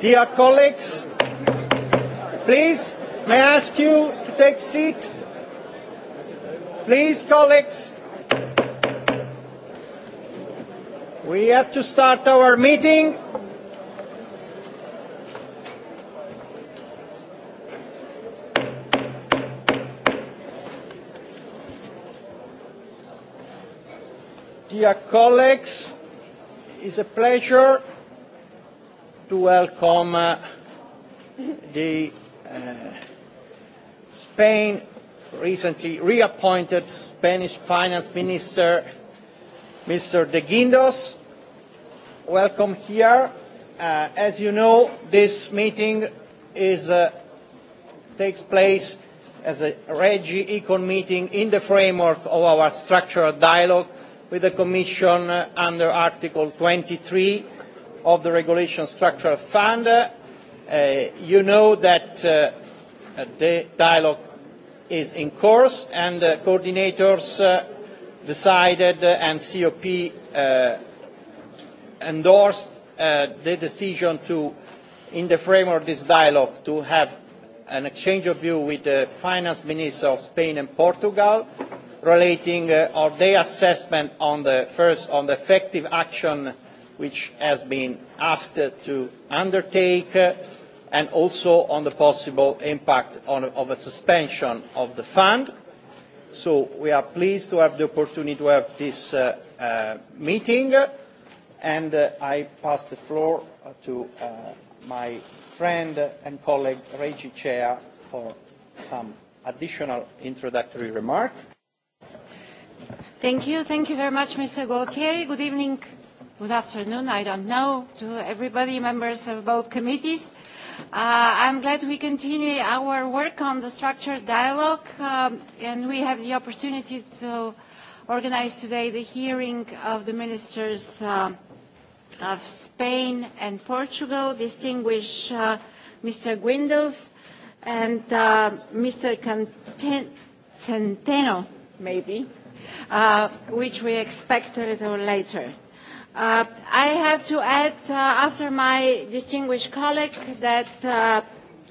Dear colleagues, please, may I ask you to take seat? Please, colleagues. We have to start our meeting. Dear colleagues, is a pleasure to welcome uh, the uh, Spain recently reappointed Spanish Finance Minister, Mr. De Guindos. Welcome here. Uh, as you know, this meeting is, uh, takes place as a REGI Econ meeting in the framework of our structural dialogue with the Commission under Article 23 of the Regulation Structural Fund. Uh, you know that the uh, dialogue is in course and uh, coordinators decided and COP endorsed the decision to in the framework of this dialogue to have an exchange of view with the finance minister of Spain and Portugal relating or their assessment on the first on the effective action which has been asked to undertake uh, and also on the possible impact on, of a suspension of the fund. So we are pleased to have the opportunity to have this uh, uh, meeting and uh, I pass the floor uh, to uh, my friend and colleague Reggie Chair for some additional introductory remarks. Thank you. Thank you very much, Mr. Gualtieri. Good evening, Good afternoon. I don't know to everybody, members of both committees. Uh, I'm glad we continue our work on the structured dialogue, um, and we have the opportunity to organize today the hearing of the ministers uh, of Spain and Portugal, distinguished uh, Mr. Guindos and uh, Mr. Centeno, maybe, which we expect a little later. Uh, I have to add, uh, after my distinguished colleague, that uh,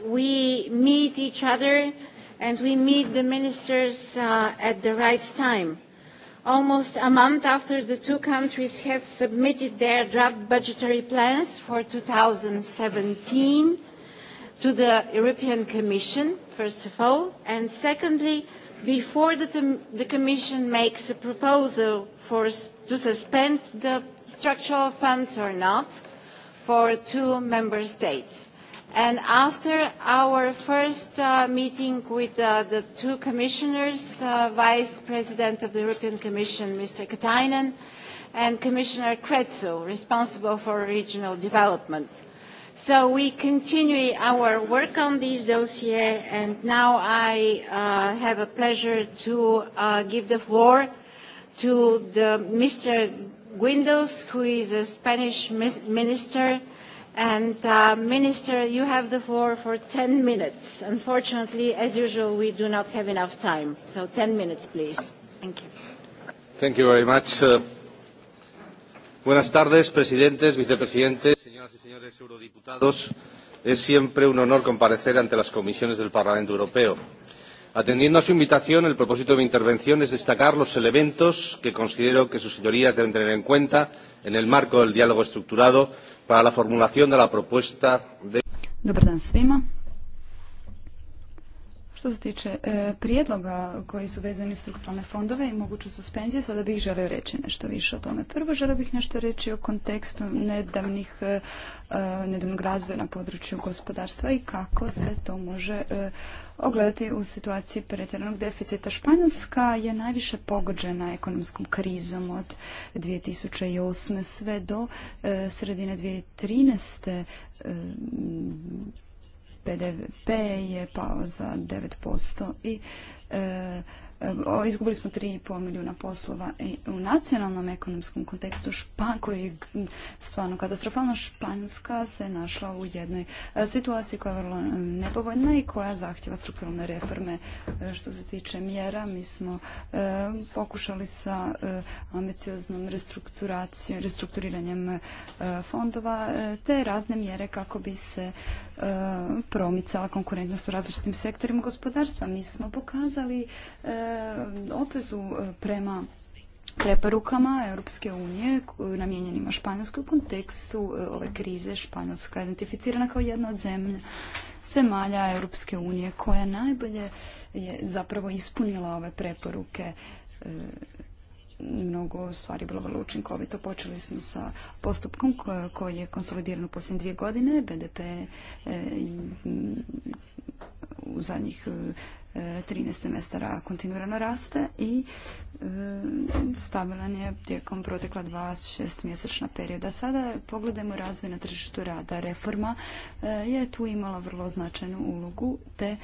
we meet each other and we meet the ministers uh, at the right time. Almost a month after the two countries have submitted their draft budgetary plans for 2017 to the European Commission, first of all, and secondly, before the, the Commission makes a proposal to suspend the structural funds or not for two member states. And after our first uh, meeting with uh, the two commissioners, uh, Vice President of the European Commission, Mr. Katainen, and Commissioner Kretsu, responsible for regional development. So we continue our work on this dossier, and now I uh, have a pleasure to uh, give the floor to the Mr. Guindos, who is a Spanish minister. And uh, Minister, you have the floor for 10 minutes. Unfortunately, as usual, we do not have enough time. So 10 minutes, please. Thank you. Thank you very much. Uh, buenas tardes, presidentes, vicepresidentes, señoras y señores eurodiputados. Es siempre un honor comparecer ante las comisiones del Parlamento Europeo Atendiendo a su invitación, el propósito de mi intervención es destacar los elementos que considero que sus señorías deben tener en cuenta en el marco del diálogo estructurado para la formulación de la propuesta de... Što se tiče e, prijedloga koji su vezani u strukturalne fondove i moguću suspenzije, sada bih želeo reći nešto više o tome. Prvo želeo bih nešto reći o kontekstu nedavnih, e, e, nedavnog razvoja na području gospodarstva i kako se to može ogledati u situaciji pretjeranog deficita. Španjolska je najviše pogođena ekonomskom krizom od 2008. sve do sredine 2013 PDV je pao za 9% i e, Izgubili smo 3,5 milijuna poslova i u nacionalnom ekonomskom kontekstu Špan, je stvarno katastrofalno. Španjska se našla u jednoj e, situaciji koja je vrlo e, nepovoljna i koja zahtjeva strukturalne reforme. E, što se tiče mjera, mi smo pokušali sa ambicioznom restrukturacijom, restrukturiranjem fondova te razne mjere kako bi se promicala konkurentnost u različitim sektorima gospodarstva. Mi smo pokazali Eh, obvezu eh, prema preporukama Europske unije namijenjenima Španjolskoj u kontekstu eh, ove krize Španjolska je identificirana kao jedna od zemlja zemalja Europske unije koja najbolje je zapravo ispunila ove preporuke mnogo stvari bilo vrlo učinkovito. Počeli smo sa postupkom koji je konsolidiran u posljednje dvije godine. BDP mm, u zadnjih 13 semestara kontinuirano raste i e, stabilan je tijekom protekla dva, šest mjesečna perioda. Sada pogledajmo razvoj na tržištu rada. Reforma e, je tu imala vrlo značajnu ulogu te e,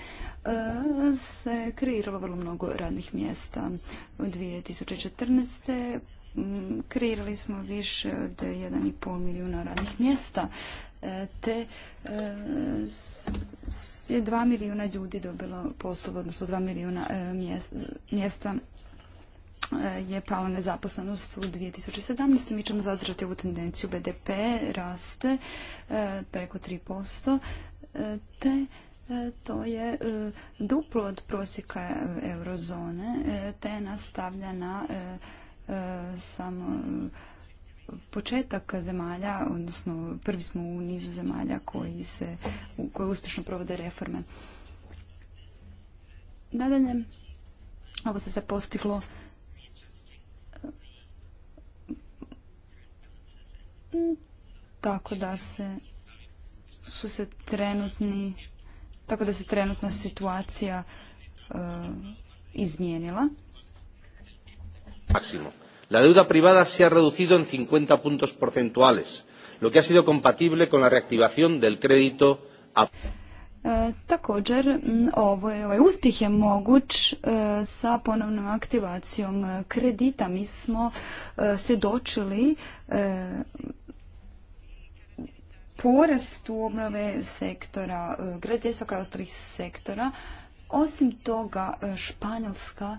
se kreiralo vrlo mnogo radnih mjesta. U 2014 kreirali smo više od 1,5 milijuna radnih mjesta te e, je dva milijuna ljudi dobilo posao, odnosno dva milijuna e, mjesta e, je pala nezaposlenost u 2017. Mi ćemo zadržati ovu tendenciju BDP, raste preko 3%, te to je duplo od prosjeka eurozone, te nastavlja na samo početak zemalja, odnosno prvi smo u nizu zemalja koji se, koje uspješno provode reforme. Nadalje, ovo se sve postiglo tako da se su se trenutni tako da se trenutna situacija e, izmijenila. Maksimum. La deuda privada se ha reducido en 50 puntos porcentuales, lo que ha sido compatible con la reactivación del crédito a e, također, ovaj, uspjeh je moguć e, sa ponovnom aktivacijom kredita. Mi smo se svjedočili e, porastu obnove sektora, graditeljstva kao sektora. Osim toga, Španjolska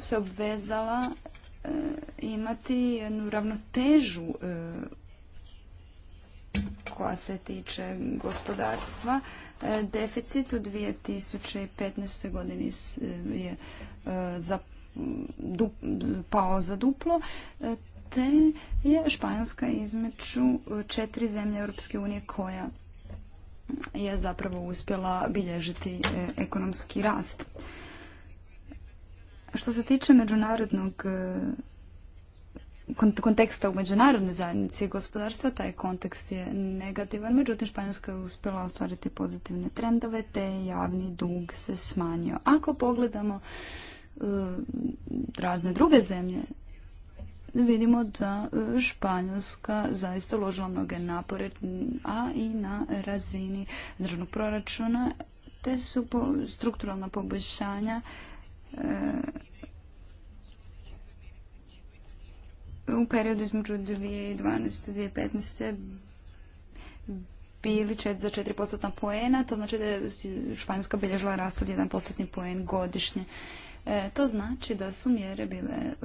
se obvezala e, imati jednu ravnotežu e, koja se tiče gospodarstva. E, deficit u 2015. godini je za, pao za duplo, te je Španjolska između četiri zemlje Europske unije koja je zapravo uspjela bilježiti ekonomski rast. Što se tiče međunarodnog e, konteksta u međunarodnoj zajednici gospodarstva, taj kontekst je negativan, međutim Španjolska je uspjela ostvariti pozitivne trendove, te javni dug se smanjio. Ako pogledamo e, razne druge zemlje, vidimo da e, Španjolska zaista uložila mnoge napore, a i na razini državnog proračuna, te su strukturalna poboljšanja E, u periodu između 2012. i 2015. bili čet za 4% poena, to znači da je Španjolska bilježila rast od 1% poen godišnje. E, to znači da su mjere bile e,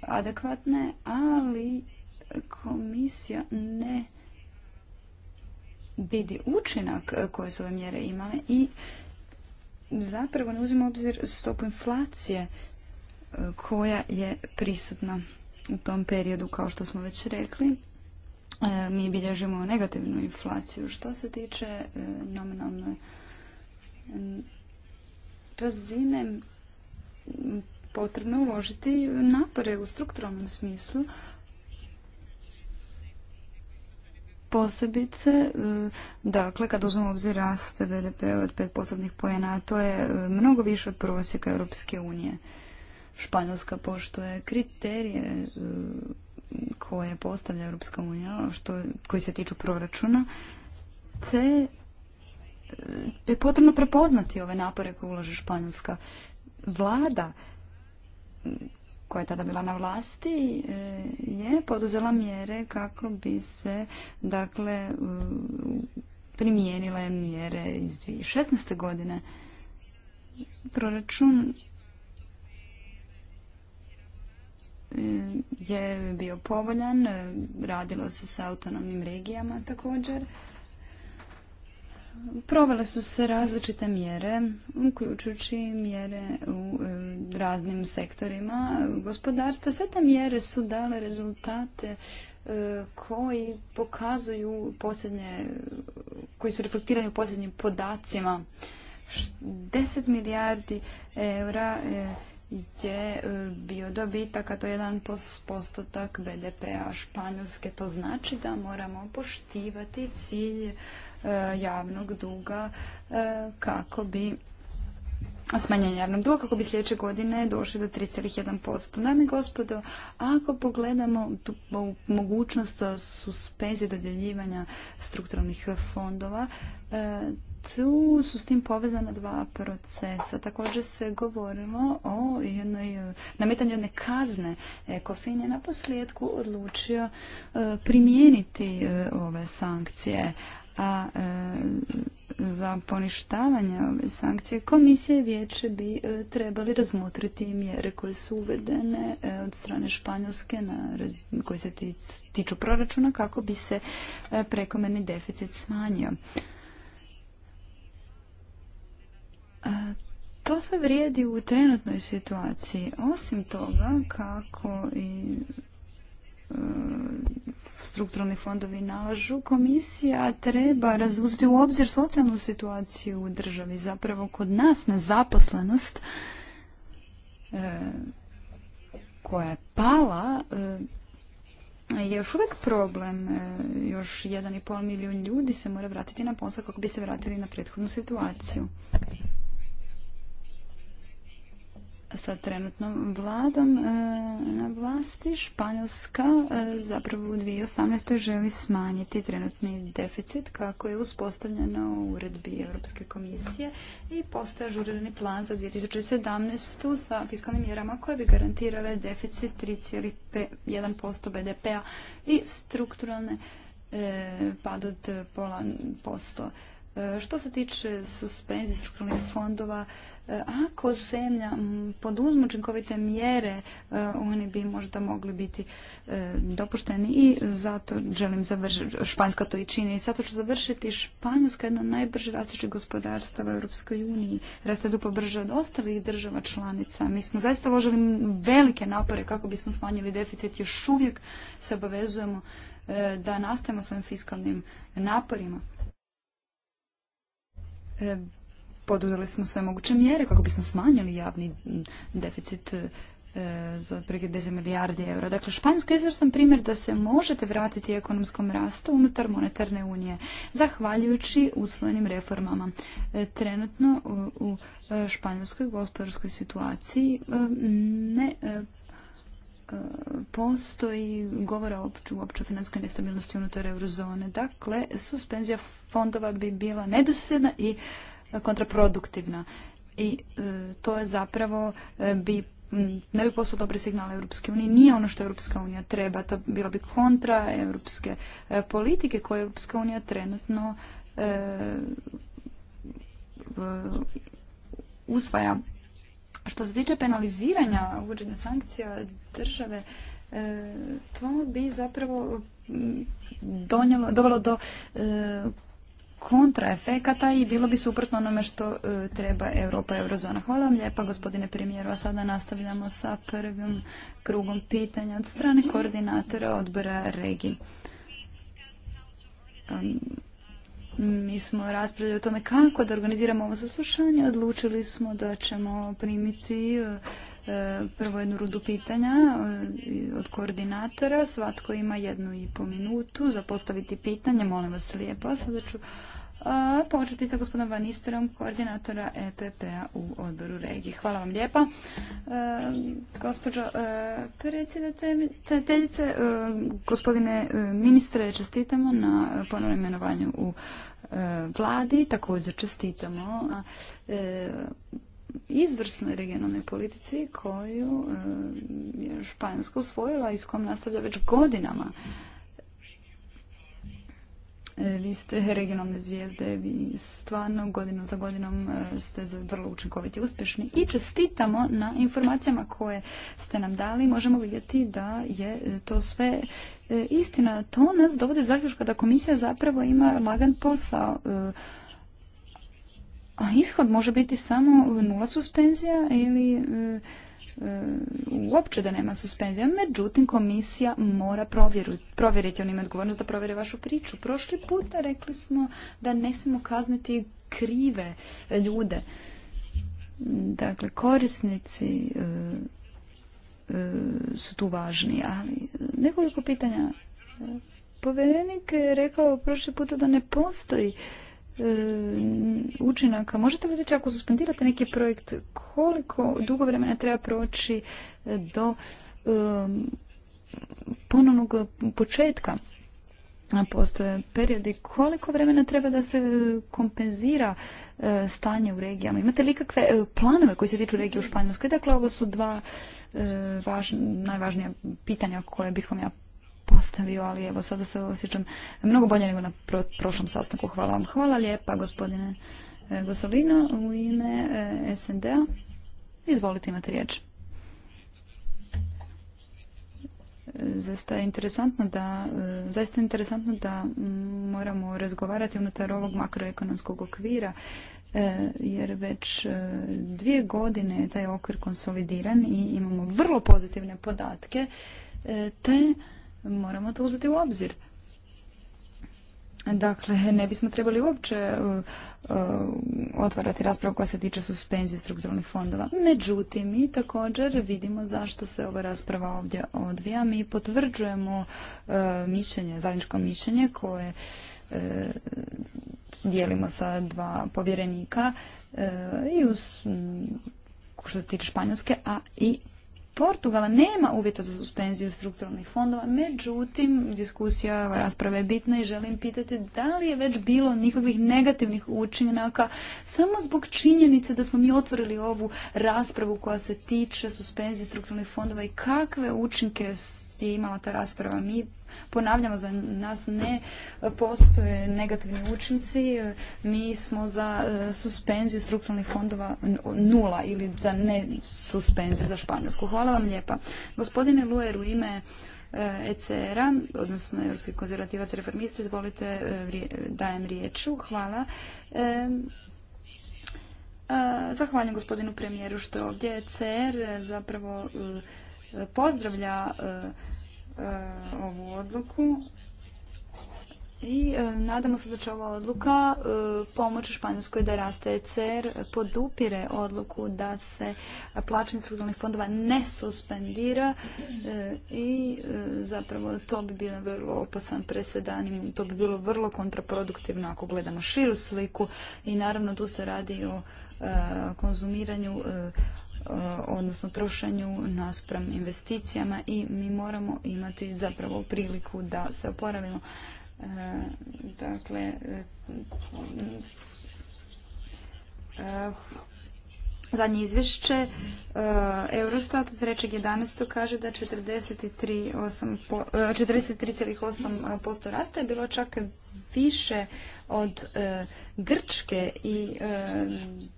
adekvatne, ali komisija ne vidi učinak koje su ove mjere imale i zapravo ne uzimo obzir stopu inflacije e, koja je prisutna u tom periodu, kao što smo već rekli. E, mi bilježimo negativnu inflaciju što se tiče e, nominalne razine potrebno uložiti napore u strukturalnom smislu posebice, e, dakle, kad uzmemo obzir rast BDP od pet poslovnih pojena, to je e, mnogo više od prosjeka Europske unije. Španjolska poštuje kriterije e, koje postavlja Europska unija, koji se tiču proračuna, se je potrebno prepoznati ove napore koje ulaže Španjolska. Vlada koja je tada bila na vlasti e, je poduzela mjere kako bi se dakle primijenile mjere iz 2016. godine. Proračun e, je bio povoljan, e, radilo se sa autonomnim regijama također. Provele su se različite mjere, uključujući mjere u raznim sektorima gospodarstva. Sve te mjere su dale rezultate e, koji pokazuju posljednje, koji su reflektirani u posljednjim podacima. 10 milijardi eura e, je e, bio dobitak, a to je jedan postotak BDP-a Španjolske. To znači da moramo poštivati cilj E, javnog duga e, kako bi smanjenje javnog duga kako bi sljedeće godine došli do 3,1%. Dame i gospodo, ako pogledamo mogućnost suspenzije dodjeljivanja strukturalnih fondova, e, tu su s tim povezana dva procesa. Također se govorimo o jednoj nametanju jedne kazne. Ekofin je na posljedku odlučio primijeniti ove sankcije, a e, za poništavanje ove sankcije komisije vijeće bi e, trebali razmotriti mjere koje su uvedene e, od strane Španjolske na koje se tiču proračuna kako bi se prekomerni deficit smanjio. To sve vrijedi u trenutnoj situaciji. Osim toga, kako i Strukturni fondovi nalažu, komisija treba razuzeti u obzir socijalnu situaciju u državi. Zapravo kod nas nezaposlenost e, koja je pala e, je još uvijek problem. E, još 1,5 milijun ljudi se mora vratiti na posao kako bi se vratili na prethodnu situaciju sa trenutnom vladom e, na vlasti. Španjolska e, zapravo u 2018. želi smanjiti trenutni deficit kako je uspostavljeno u uredbi Europske komisije i postoje žurirani plan za 2017. sa fiskalnim mjerama koje bi garantirale deficit 3,1% BDP-a i strukturalne e, pad od pola posto. Što se tiče suspenzije strukturalnih fondova, ako zemlja poduzmu učinkovite mjere, e, oni bi možda mogli biti e, dopušteni i zato želim završiti, Španjska to i čini, i zato ću završiti Španjolska je jedna najbrže rastućih gospodarstva u Europskoj uniji, raste duplo brže od ostalih država članica. Mi smo zaista uložili velike napore kako bismo smanjili deficit, još uvijek se obavezujemo e, da nastavimo svojim fiskalnim naporima poduzeli smo sve moguće mjere kako bismo smanjili javni deficit e, za otprilike 10 milijardi eura. Dakle, Španjolska je izvrstan primjer da se možete vratiti ekonomskom rastu unutar monetarne unije, zahvaljujući usvojenim reformama. E, trenutno u e, španjolskoj gospodarskoj situaciji ne postoji govora uopće općoj financijskoj nestabilnosti unutar eurozone. Dakle, suspenzija fondova bi bila nedosljedna i kontraproduktivna i e, to je zapravo e, bi ne bi poslao dobre signale Europske unije. Nije ono što Europska unija treba. To bilo bi kontra europske e, politike koje Europska unija trenutno usvaja. Što se tiče penaliziranja uvođenja sankcija države, to bi zapravo donjelo, dovelo do kontraefekata i bilo bi suprotno onome što e, treba Europa eurozona. Hvala vam lijepa gospodine premijeru, a sada nastavljamo sa prvim krugom pitanja od strane koordinatora odbora Regi. mi smo raspravljali o tome kako da organiziramo ovo saslušanje. Odlučili smo da ćemo primiti e, E, prvo jednu rudu pitanja e, od koordinatora. Svatko ima jednu i po minutu za postaviti pitanje. Molim vas lijepo. Sada ću e, početi sa gospodinom Vanisterom, koordinatora EPP-a u odboru regije. Hvala vam lijepa. Gospođo predsjedateljice, gospodine ministre, čestitamo na ponovnom imenovanju u vladi. Također čestitamo izvrsnoj regionalnoj politici koju eh, je Španjolska usvojila i s kojom nastavlja već godinama. Eh, vi ste regionalne zvijezde, vi stvarno godinu za godinom eh, ste vrlo učinkoviti, uspješni i čestitamo na informacijama koje ste nam dali. Možemo vidjeti da je to sve istina. To nas dovodi u zaključka da komisija zapravo ima lagan posao a ishod može biti samo nula suspenzija ili e, e, uopće da nema suspenzija. Međutim, komisija mora provjeriti, on ima odgovornost da provjeri vašu priču. Prošli puta rekli smo da ne smijemo kazniti krive ljude. Dakle, korisnici e, su tu važni, ali nekoliko pitanja. Povjerenik je rekao prošli puta da ne postoji E, učinaka. Možete li reći ako suspendirate neki projekt, koliko dugo vremena treba proći e, do e, ponovnog početka? Postoje periodi koliko vremena treba da se kompenzira stanje u regijama. Imate li kakve planove koji se tiču regije u Španjolskoj? Dakle, ovo su dva najvažnija pitanja koje bih vam ja postavio, ali evo sada se osjećam mnogo bolje nego na prošlom sastanku. Hvala vam. Hvala lijepa gospodine e, Gosolina, u ime e, SND-a. Izvolite imate riječ. Zaista je interesantno da, e, zaista je interesantno da moramo razgovarati unutar ovog makroekonomskog okvira jer već dvije godine je taj okvir konsolidiran i imamo vrlo pozitivne podatke te moramo to uzeti u obzir. Dakle, ne bismo trebali uopće e, e, otvarati raspravu koja se tiče suspenzije strukturalnih fondova. Međutim, mi također vidimo zašto se ova rasprava ovdje odvija. Mi potvrđujemo e, mišljenje, zajedničko mišljenje koje dijelimo sa dva povjerenika i uz što se tiče Španjolske, a i Portugala nema uvjeta za suspenziju strukturalnih fondova, međutim, diskusija rasprave je bitna i želim pitati da li je već bilo nikakvih negativnih učinaka samo zbog činjenice da smo mi otvorili ovu raspravu koja se tiče suspenzije strukturalnih fondova i kakve učinke je imala ta rasprava. Mi ponavljamo za nas ne postoje negativni učinci. Mi smo za e, suspenziju strukturnih fondova nula ili za ne suspenziju za Španjolsku. Hvala vam lijepa. Gospodine Luer u ime ECR-a, e odnosno Europskih konzervativac i reformista, izvolite, e, dajem riječu. Hvala. Zahvaljujem gospodinu premijeru što je ovdje. ECR zapravo pozdravlja e, e, ovu odluku i e, nadamo se da će ova odluka pomoći Španjolskoj da raste ECR podupire odluku da se plaćanje strukturalnih fondova ne suspendira i zapravo to bi bilo vrlo opasan presedan i to bi bilo vrlo kontraproduktivno ako gledamo širu sliku i naravno tu se radi o konzumiranju Eh, odnosno trošenju naspram investicijama i mi moramo imati zapravo priliku da se oporavimo. Eh, dakle, eh, Zadnje izvješće Eurostat 3.11. kaže da 43,8% rasta je bilo čak više od Grčke i e,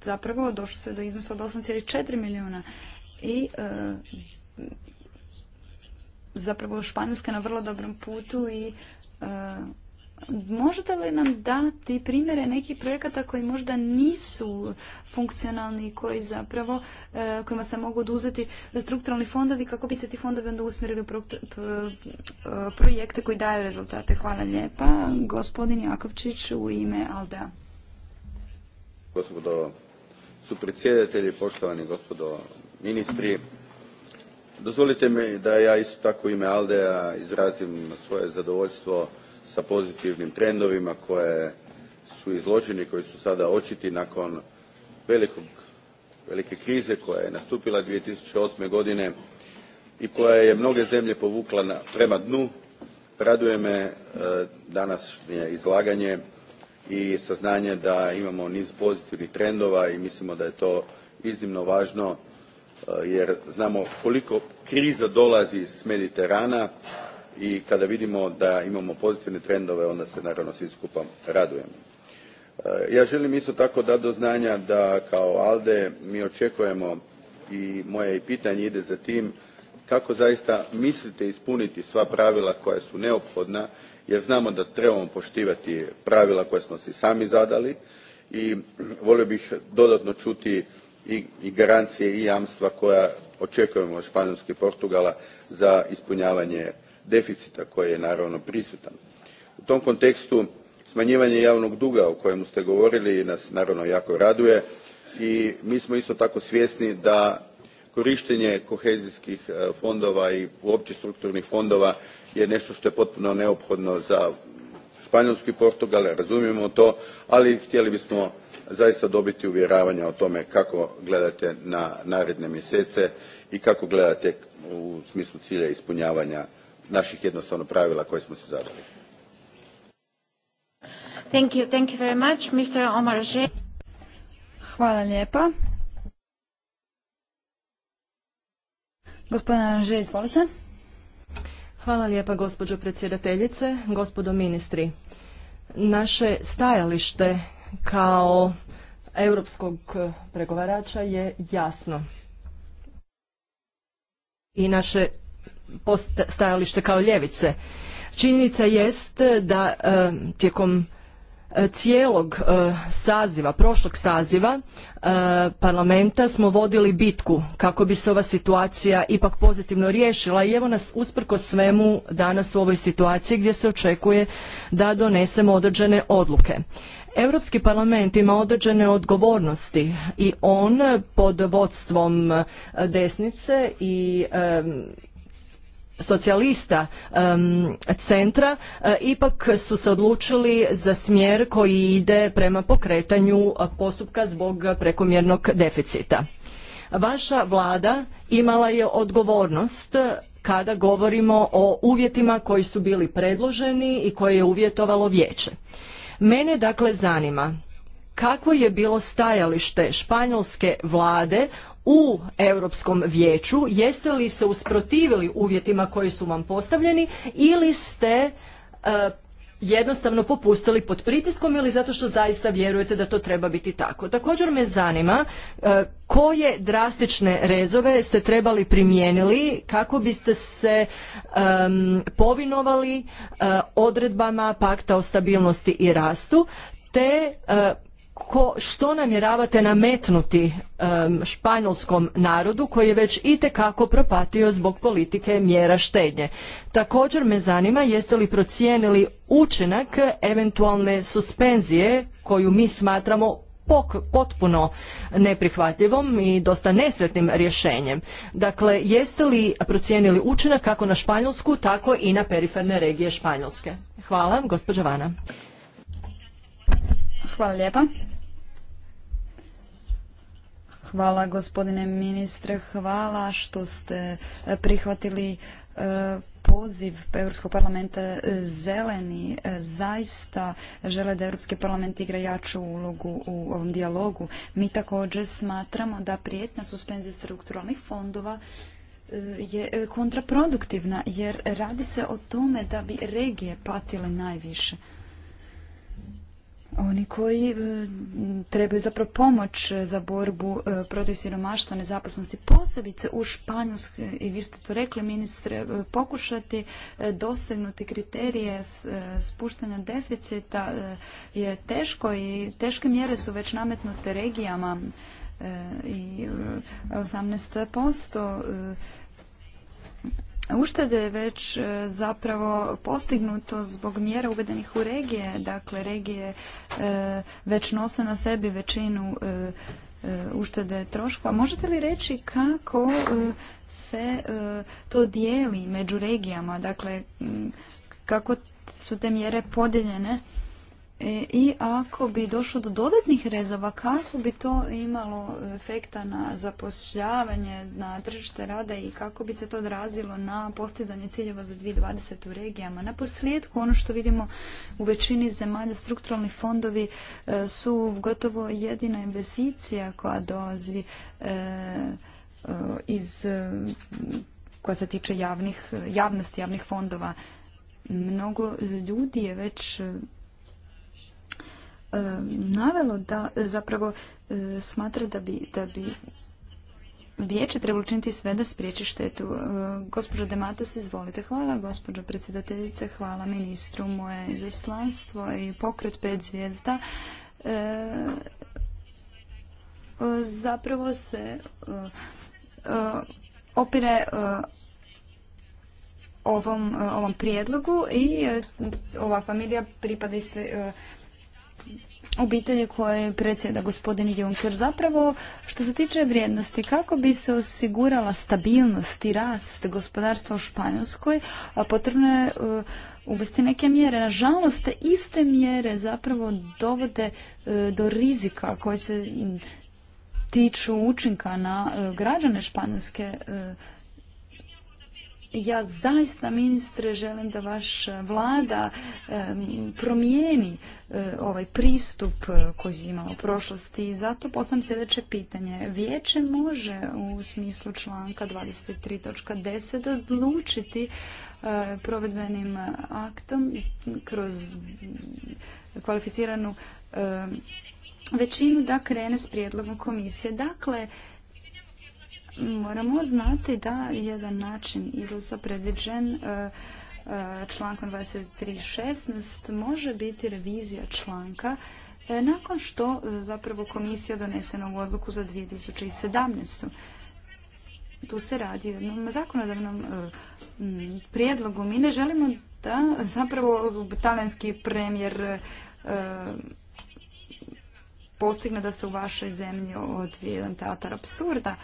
zapravo došlo se do iznosa od 8,4 milijuna i e, zapravo Španjolska je na vrlo dobrom putu i e, Možete li nam dati primjere nekih projekata koji možda nisu funkcionalni i koji zapravo, kojima se mogu oduzeti strukturalni fondovi kako bi se ti fondovi onda usmjerili u projekte koji daju rezultate? Hvala lijepa. Gospodin Jakovčić u ime Aldea gospodo supredsjedatelji, poštovani gospodo ministri. Dozvolite mi da ja isto tako u ime Aldea izrazim svoje zadovoljstvo sa pozitivnim trendovima koje su izloženi, koji su sada očiti nakon velike krize koja je nastupila 2008. godine i koja je mnoge zemlje povukla prema dnu. Raduje me e, današnje izlaganje i saznanje da imamo niz pozitivnih trendova i mislimo da je to iznimno važno e, jer znamo koliko kriza dolazi s mediterana i kada vidimo da imamo pozitivne trendove onda se naravno svi skupa radujemo. E, ja želim isto tako dati do znanja da kao ALDE mi očekujemo i moje pitanje ide za tim kako zaista mislite ispuniti sva pravila koja su neophodna jer znamo da trebamo poštivati pravila koja smo si sami zadali i volio bih dodatno čuti i garancije i jamstva koja očekujemo od španjolske i portugala za ispunjavanje deficita koji je naravno prisutan. u tom kontekstu smanjivanje javnog duga o kojemu ste govorili nas naravno jako raduje i mi smo isto tako svjesni da korištenje kohezijskih e, fondova i uopće strukturnih fondova je nešto što je potpuno neophodno za španjolsku i portugal razumijemo to ali htjeli bismo zaista dobiti uvjeravanja o tome kako gledate na naredne mjesece i kako gledate u smislu cilja ispunjavanja naših jednostavno pravila koje smo se zadali. Hvala lijepa. izvolite. Hvala lijepa gospođo predsjedateljice, gospodo ministri. Naše stajalište kao europskog pregovarača je jasno. I naše stajalište kao ljevice. Činjenica jest da tijekom E, cijelog e, saziva, prošlog saziva e, parlamenta smo vodili bitku kako bi se ova situacija ipak pozitivno riješila i evo nas usprko svemu danas u ovoj situaciji gdje se očekuje da donesemo određene odluke. Europski parlament ima određene odgovornosti i on pod vodstvom desnice i socijalista centra e, ipak su se odlučili za smjer koji ide prema pokretanju postupka zbog prekomjernog deficita. Vaša vlada imala je odgovornost kada govorimo o uvjetima koji su bili predloženi i koje je uvjetovalo vijeće. Mene dakle zanima kakvo je bilo stajalište španjolske vlade u Europskom vijeću, jeste li se usprotivili uvjetima koji su vam postavljeni ili ste e, jednostavno popustili pod pritiskom ili zato što zaista vjerujete da to treba biti tako. Također me zanima e, koje drastične rezove ste trebali primijenili kako biste se povinovali e, odredbama pakta o stabilnosti i rastu te što namjeravate nametnuti španjolskom narodu koji je već itekako propatio zbog politike mjera štednje. Također me zanima jeste li procijenili učinak eventualne suspenzije koju mi smatramo potpuno neprihvatljivom i dosta nesretnim rješenjem. Dakle, jeste li procijenili učinak kako na Španjolsku, tako i na periferne regije Španjolske? Hvala, gospođa Vana. Hvala lijepa. Hvala gospodine ministre, hvala što ste e, prihvatili e, poziv Europskog parlamenta e, zeleni zaista žele da Europski parlament igra jaču ulogu u ovom dijalogu. Mi također smatramo da prijetna suspenzija strukturalnih fondova je kontraproduktivna jer radi se o tome da bi regije patile najviše oni koji e, trebaju zapravo pomoć za borbu e, protiv siromaštva, nezaposlenosti, posebice u Španjolskoj, i vi ste to rekli, ministre, e, pokušati dosegnuti kriterije spuštanja deficita je teško i teške mjere su već nametnute regijama i 18% Uštede je već e, zapravo postignuto zbog mjera uvedenih u regije. Dakle, regije e, već nose na sebi većinu e, uštede troška. Možete li reći kako se to dijeli među regijama? Dakle, kako su te mjere podijeljene? E, i ako bi došlo do dodatnih rezova, kako bi to imalo efekta na zapošljavanje, na tržište rada i kako bi se to odrazilo na postizanje ciljeva za 2020 u regijama. Na posljedku, ono što vidimo u većini zemalja, strukturalni fondovi e, su gotovo jedina investicija koja dolazi e, iz koja se tiče javnih, javnosti javnih fondova. Mnogo ljudi je već E, navelo da e, zapravo e, smatra da bi, da bi vijeće treba učiniti sve da spriječi štetu. Gospođo Dematos, izvolite. Hvala, gospođo predsjedateljice, hvala ministru. Moje izaslanstvo i pokret pet zvijezda zapravo se opire ovom, ovom prijedlogu i ova familija pripada istoj obitelji koje predsjeda gospodin Juncker. Zapravo, što se tiče vrijednosti, kako bi se osigurala stabilnost i rast gospodarstva u Španjolskoj, potrebno je e, uvesti neke mjere. Nažalost, te iste mjere zapravo dovode e, do rizika koji se tiču učinka na e, građane Španjolske ja zaista, ministre, želim da vaša eh, vlada promijeni eh, ovaj pristup eh, koji je imao u prošlosti i zato postavljam sljedeće pitanje. Vijeće može u smislu članka 23.10 odlučiti provedbenim aktom kroz kvalificiranu većinu da krene s prijedlogom komisije. Dakle, moramo znati da jedan način izlaza predviđen e, e, člankom 23.16 može biti revizija članka e, nakon što zapravo komisija donese novu odluku za 2017. Tu se radi o jednom zakonodavnom prijedlogu. Mi ne želimo da zapravo talijanski premijer postigne da se u vašoj zemlji odvije jedan teatar absurda.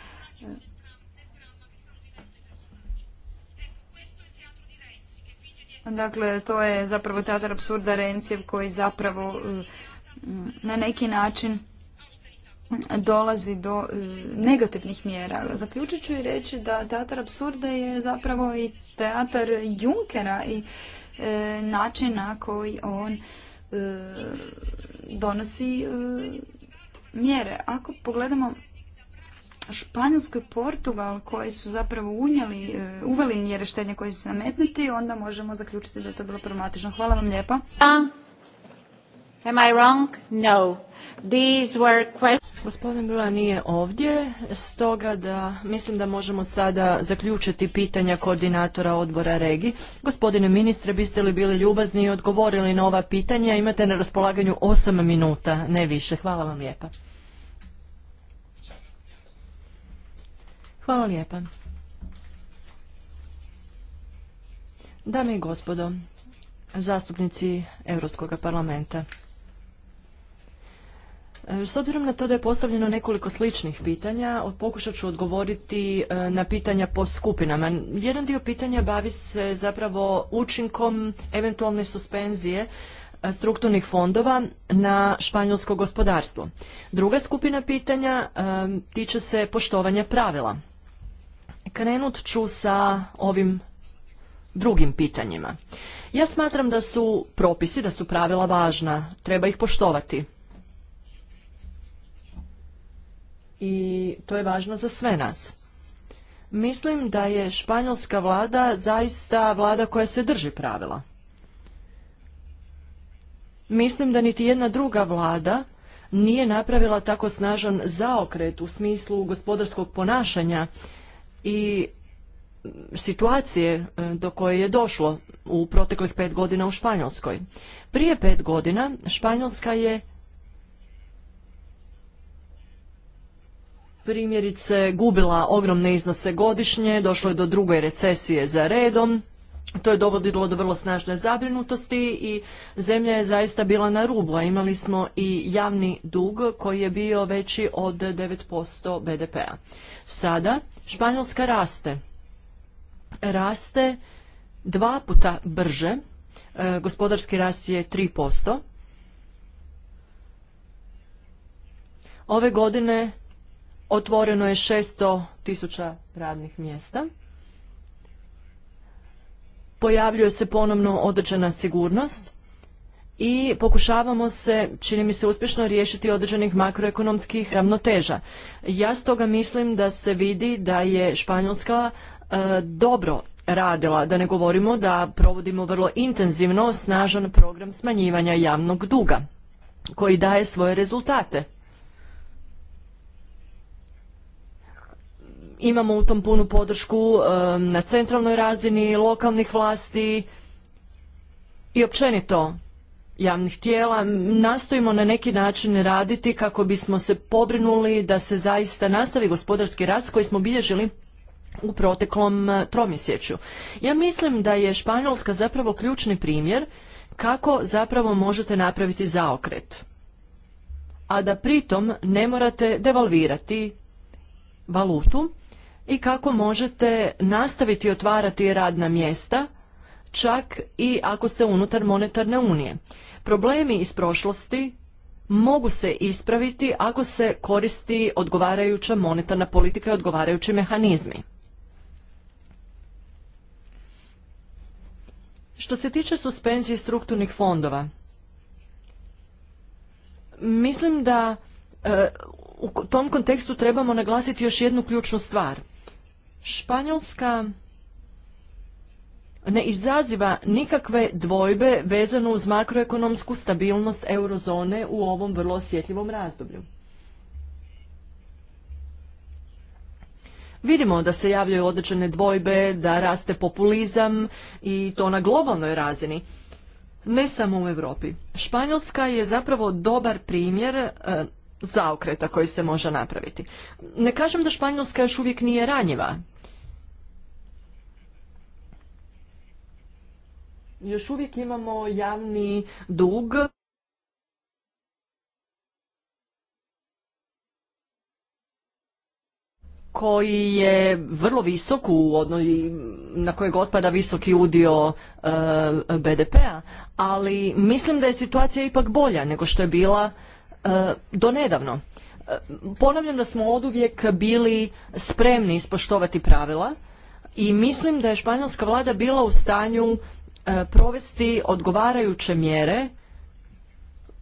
Dakle, to je zapravo teatar absurda Rencijev koji zapravo e, na neki način dolazi do e, negativnih mjera. Zaključit ću i reći da teatar absurda je zapravo i teatar Junkera i e, način na koji on donosi mjere. Ako pogledamo Španjolsku i Portugal koji su zapravo unijeli, e, uveli mjere štenja koje se nametnuti, onda možemo zaključiti da je to bilo problematično. Hvala vam lijepa. Uh, am I Gospodin Brua nije ovdje, stoga da mislim da možemo sada zaključiti pitanja koordinatora odbora Regi. Gospodine ministre, biste li bili ljubazni i odgovorili na ova pitanja? Imate na raspolaganju 8 minuta, ne više. Hvala vam lijepa. Hvala lijepa. Dame i gospodo, zastupnici Europskog parlamenta. S obzirom na to da je postavljeno nekoliko sličnih pitanja, pokušat ću odgovoriti e, na pitanja po skupinama. Jedan dio pitanja bavi se zapravo učinkom eventualne suspenzije e, strukturnih fondova na španjolsko gospodarstvo. Druga skupina pitanja e, tiče se poštovanja pravila Krenut ću sa ovim drugim pitanjima. Ja smatram da su propisi, da su pravila važna, treba ih poštovati. I to je važno za sve nas. Mislim da je španjolska vlada zaista vlada koja se drži pravila. Mislim da niti jedna druga vlada nije napravila tako snažan zaokret u smislu gospodarskog ponašanja i situacije e, do koje je došlo u proteklih pet godina u Španjolskoj. Prije pet godina Španjolska je primjerice gubila ogromne iznose godišnje, došlo je do druge recesije za redom, to je dovodilo do vrlo snažne zabrinutosti i zemlja je zaista bila na rubu, a imali smo i javni dug koji je bio veći od 9% BDP-a. Sada Španjolska raste. Raste dva puta brže, e, gospodarski rast je 3%. Ove godine otvoreno je 600 tisuća radnih mjesta pojavljuje se ponovno određena sigurnost i pokušavamo se, čini mi se uspješno, riješiti određenih makroekonomskih ravnoteža. Ja stoga mislim da se vidi da je Španjolska e, dobro radila, da ne govorimo da provodimo vrlo intenzivno snažan program smanjivanja javnog duga koji daje svoje rezultate. Imamo u tom punu podršku na centralnoj razini lokalnih vlasti i općenito javnih tijela nastojimo na neki način raditi kako bismo se pobrinuli da se zaista nastavi gospodarski rast koji smo bilježili u proteklom e, tromjesečju. Ja mislim da je Španjolska zapravo ključni primjer kako zapravo možete napraviti zaokret, a da pritom ne morate devalvirati valutu i kako možete nastaviti otvarati radna mjesta čak i ako ste unutar monetarne unije. Problemi iz prošlosti mogu se ispraviti ako se koristi odgovarajuća monetarna politika i odgovarajući mehanizmi. Što se tiče suspenzije strukturnih fondova, mislim da e, u tom kontekstu trebamo naglasiti još jednu ključnu stvar – Španjolska ne izaziva nikakve dvojbe vezano uz makroekonomsku stabilnost eurozone u ovom vrlo osjetljivom razdoblju. Vidimo da se javljaju određene dvojbe, da raste populizam i to na globalnoj razini. Ne samo u Europi. Španjolska je zapravo dobar primjer e, zaokreta koji se može napraviti. Ne kažem da Španjolska još uvijek nije ranjiva, još uvijek imamo javni dug koji je vrlo visok u na kojeg otpada visoki udio eh, BDP-a, ali mislim da je situacija ipak bolja nego što je bila eh, do nedavno. Eh, ponavljam da smo oduvijek bili spremni ispoštovati pravila i mislim da je španjolska vlada bila u stanju E, provesti odgovarajuće mjere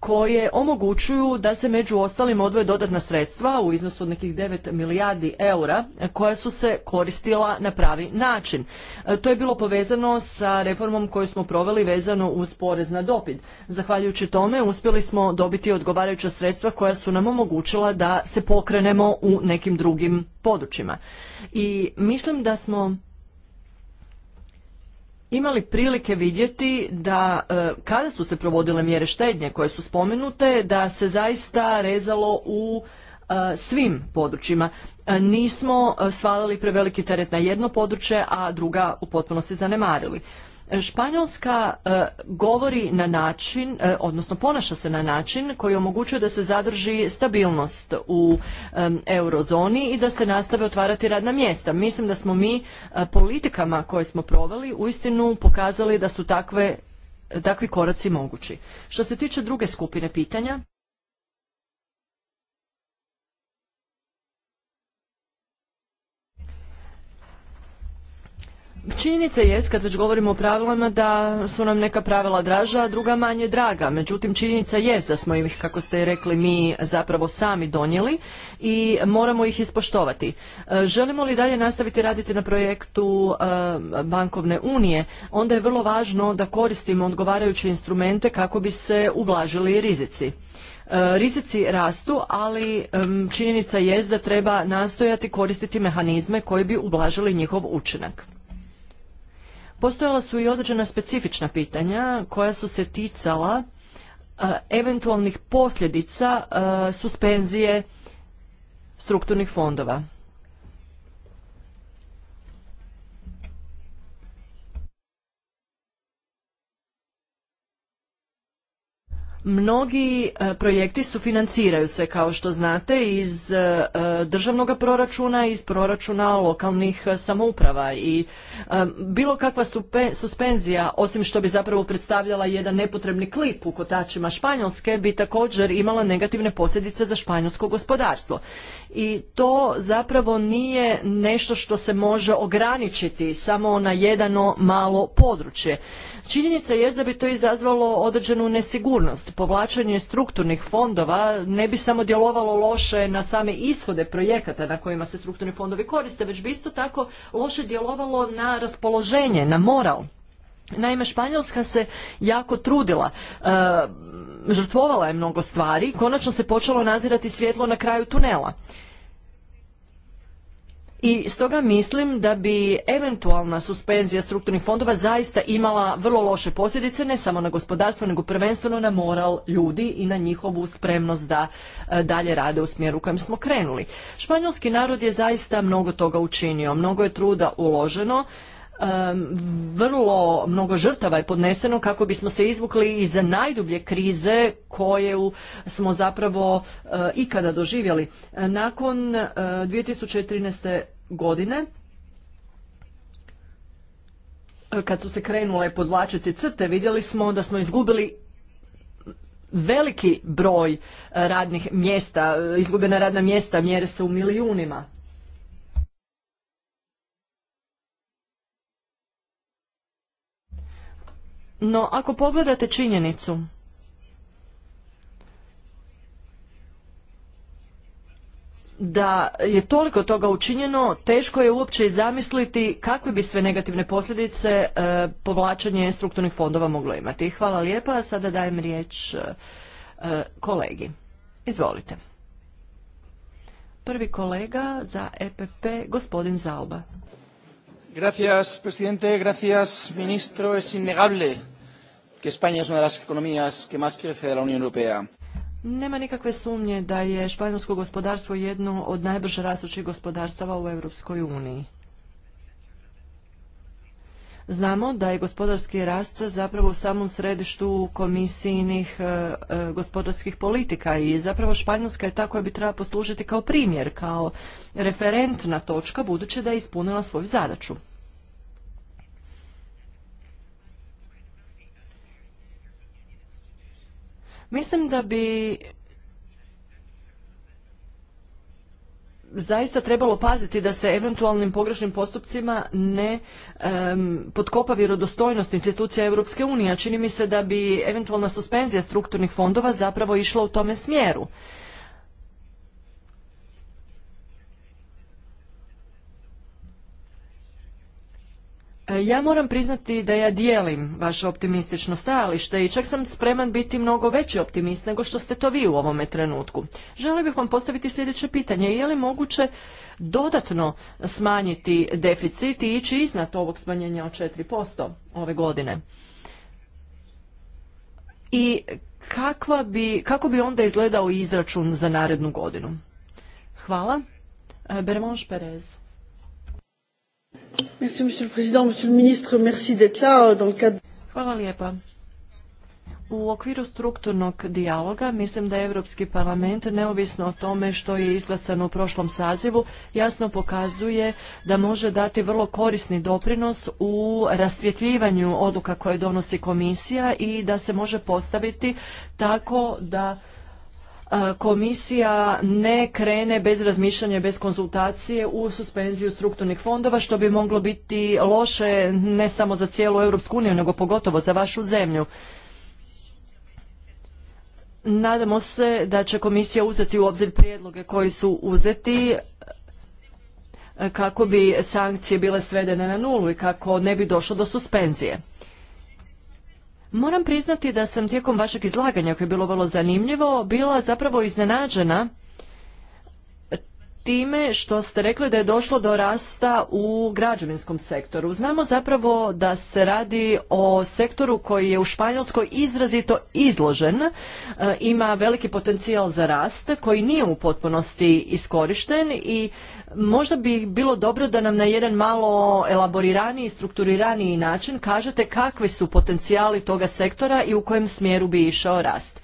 koje omogućuju da se među ostalim odvoje dodatna sredstva u iznosu od nekih 9 milijardi eura koja su se koristila na pravi način. E, to je bilo povezano sa reformom koju smo proveli vezano uz porez na dopid. Zahvaljujući tome uspjeli smo dobiti odgovarajuća sredstva koja su nam omogućila da se pokrenemo u nekim drugim područjima. I mislim da smo imali prilike vidjeti da e, kada su se provodile mjere štednje koje su spomenute, da se zaista rezalo u e, svim područjima. E, nismo svalili preveliki teret na jedno područje, a druga u potpunosti zanemarili. Španjolska e, govori na način, e, odnosno ponaša se na način koji omogućuje da se zadrži stabilnost u eurozoni i da se nastave otvarati radna mjesta. Mislim da smo mi e, politikama koje smo proveli uistinu pokazali da su takve, takvi koraci mogući. Što se tiče druge skupine pitanja, Činjenica je, kad već govorimo o pravilima, da su nam neka pravila draža, a druga manje draga. Međutim, činjenica je da smo ih, kako ste rekli, mi zapravo sami donijeli i moramo ih ispoštovati. E, želimo li dalje nastaviti raditi na projektu e, bankovne unije, onda je vrlo važno da koristimo odgovarajuće instrumente kako bi se ublažili rizici. E, rizici rastu, ali činjenica je da treba nastojati koristiti mehanizme koji bi ublažili njihov učinak. Postojala su i određena specifična pitanja koja su se ticala e, eventualnih posljedica e, suspenzije strukturnih fondova. Mnogi e, projekti sufinanciraju se, kao što znate, iz e, e, državnog proračuna, iz proračuna lokalnih samouprava i bilo kakva suspenzija, osim što bi zapravo predstavljala jedan nepotrebni klip u kotačima Španjolske, bi također imala negativne posljedice za španjolsko gospodarstvo. I to zapravo nije nešto što se može ograničiti samo na jedano malo područje. Činjenica je da bi to izazvalo određenu nesigurnost. Povlačenje strukturnih fondova ne bi samo djelovalo loše na same ishode projekata na kojima se strukturni fondovi koriste, već bi isto tako loše djelovalo na raspoloženje, na moral. Naime, Španjolska se jako trudila, e, žrtvovala je mnogo stvari, konačno se počelo nazirati svjetlo na kraju tunela i stoga mislim da bi eventualna suspenzija strukturnih fondova zaista imala vrlo loše posljedice ne samo na gospodarstvo nego prvenstveno na moral ljudi i na njihovu spremnost da e, dalje rade u smjeru u kojem smo krenuli. Španjolski narod je zaista mnogo toga učinio, mnogo je truda uloženo, vrlo mnogo žrtava je podneseno kako bismo se izvukli iz najdublje krize koje smo zapravo eh, ikada doživjeli. Eh, nakon 2013. Eh, godine kad su se krenule podvlačiti crte vidjeli smo da smo izgubili veliki broj radnih mjesta, izgubljena radna mjesta mjere se u milijunima. No, ako pogledate činjenicu da je toliko toga učinjeno, teško je uopće i zamisliti kakve bi sve negativne posljedice e, povlačenje strukturnih fondova moglo imati. Hvala lijepa, sada dajem riječ e, kolegi. Izvolite. Prvi kolega za EPP, gospodin Zalba. Gracias, presidente, gracias, ministro, es innegable que Nema nikakve sumnje da je španjolsko gospodarstvo jedno od najbrže rastućih gospodarstava u Europskoj uniji. Znamo da je gospodarski rast zapravo u samom središtu komisijnih e, e, gospodarskih politika i zapravo Španjolska je ta koja bi trebala poslužiti kao primjer, kao referentna točka budući da je ispunila svoju zadaću. Mislim da bi zaista trebalo paziti da se eventualnim pogrešnim postupcima ne um, potkopa vjerodostojnost institucija Europske unije. Čini mi se da bi eventualna suspenzija strukturnih fondova zapravo išla u tome smjeru. E, ja moram priznati da ja dijelim vaše optimistično stajalište i čak sam spreman biti mnogo veći optimist nego što ste to vi u ovome trenutku. Želio bih vam postaviti sljedeće pitanje. Je li moguće dodatno smanjiti deficit i ići iznad ovog smanjenja od 4% ove godine? I bi, kako bi onda izgledao izračun za narednu godinu? Hvala. E, Bermonš Perez. Hvala lijepa. U okviru strukturnog dijaloga mislim da je Europski parlament, neovisno o tome što je izglasano u prošlom sazivu, jasno pokazuje da može dati vrlo korisni doprinos u rasvjetljivanju odluka koje donosi komisija i da se može postaviti tako da E, komisija ne krene bez razmišljanja, bez konzultacije u suspenziju strukturnih fondova, što bi moglo biti loše ne samo za cijelu Europsku uniju, nego pogotovo za vašu zemlju. Nadamo se da će komisija uzeti u obzir prijedloge koji su uzeti e, kako bi sankcije bile svedene na nulu i kako ne bi došlo do suspenzije. Moram priznati da sam tijekom vašeg izlaganja, koje je bilo vrlo zanimljivo, bila zapravo iznenađena time što ste rekli da je došlo do rasta u građevinskom sektoru. Znamo zapravo da se radi o sektoru koji je u Španjolskoj izrazito izložen, e, ima veliki potencijal za rast koji nije u potpunosti iskorišten i možda bi bilo dobro da nam na jedan malo elaboriraniji, strukturiraniji način kažete kakvi su potencijali toga sektora i u kojem smjeru bi išao rast.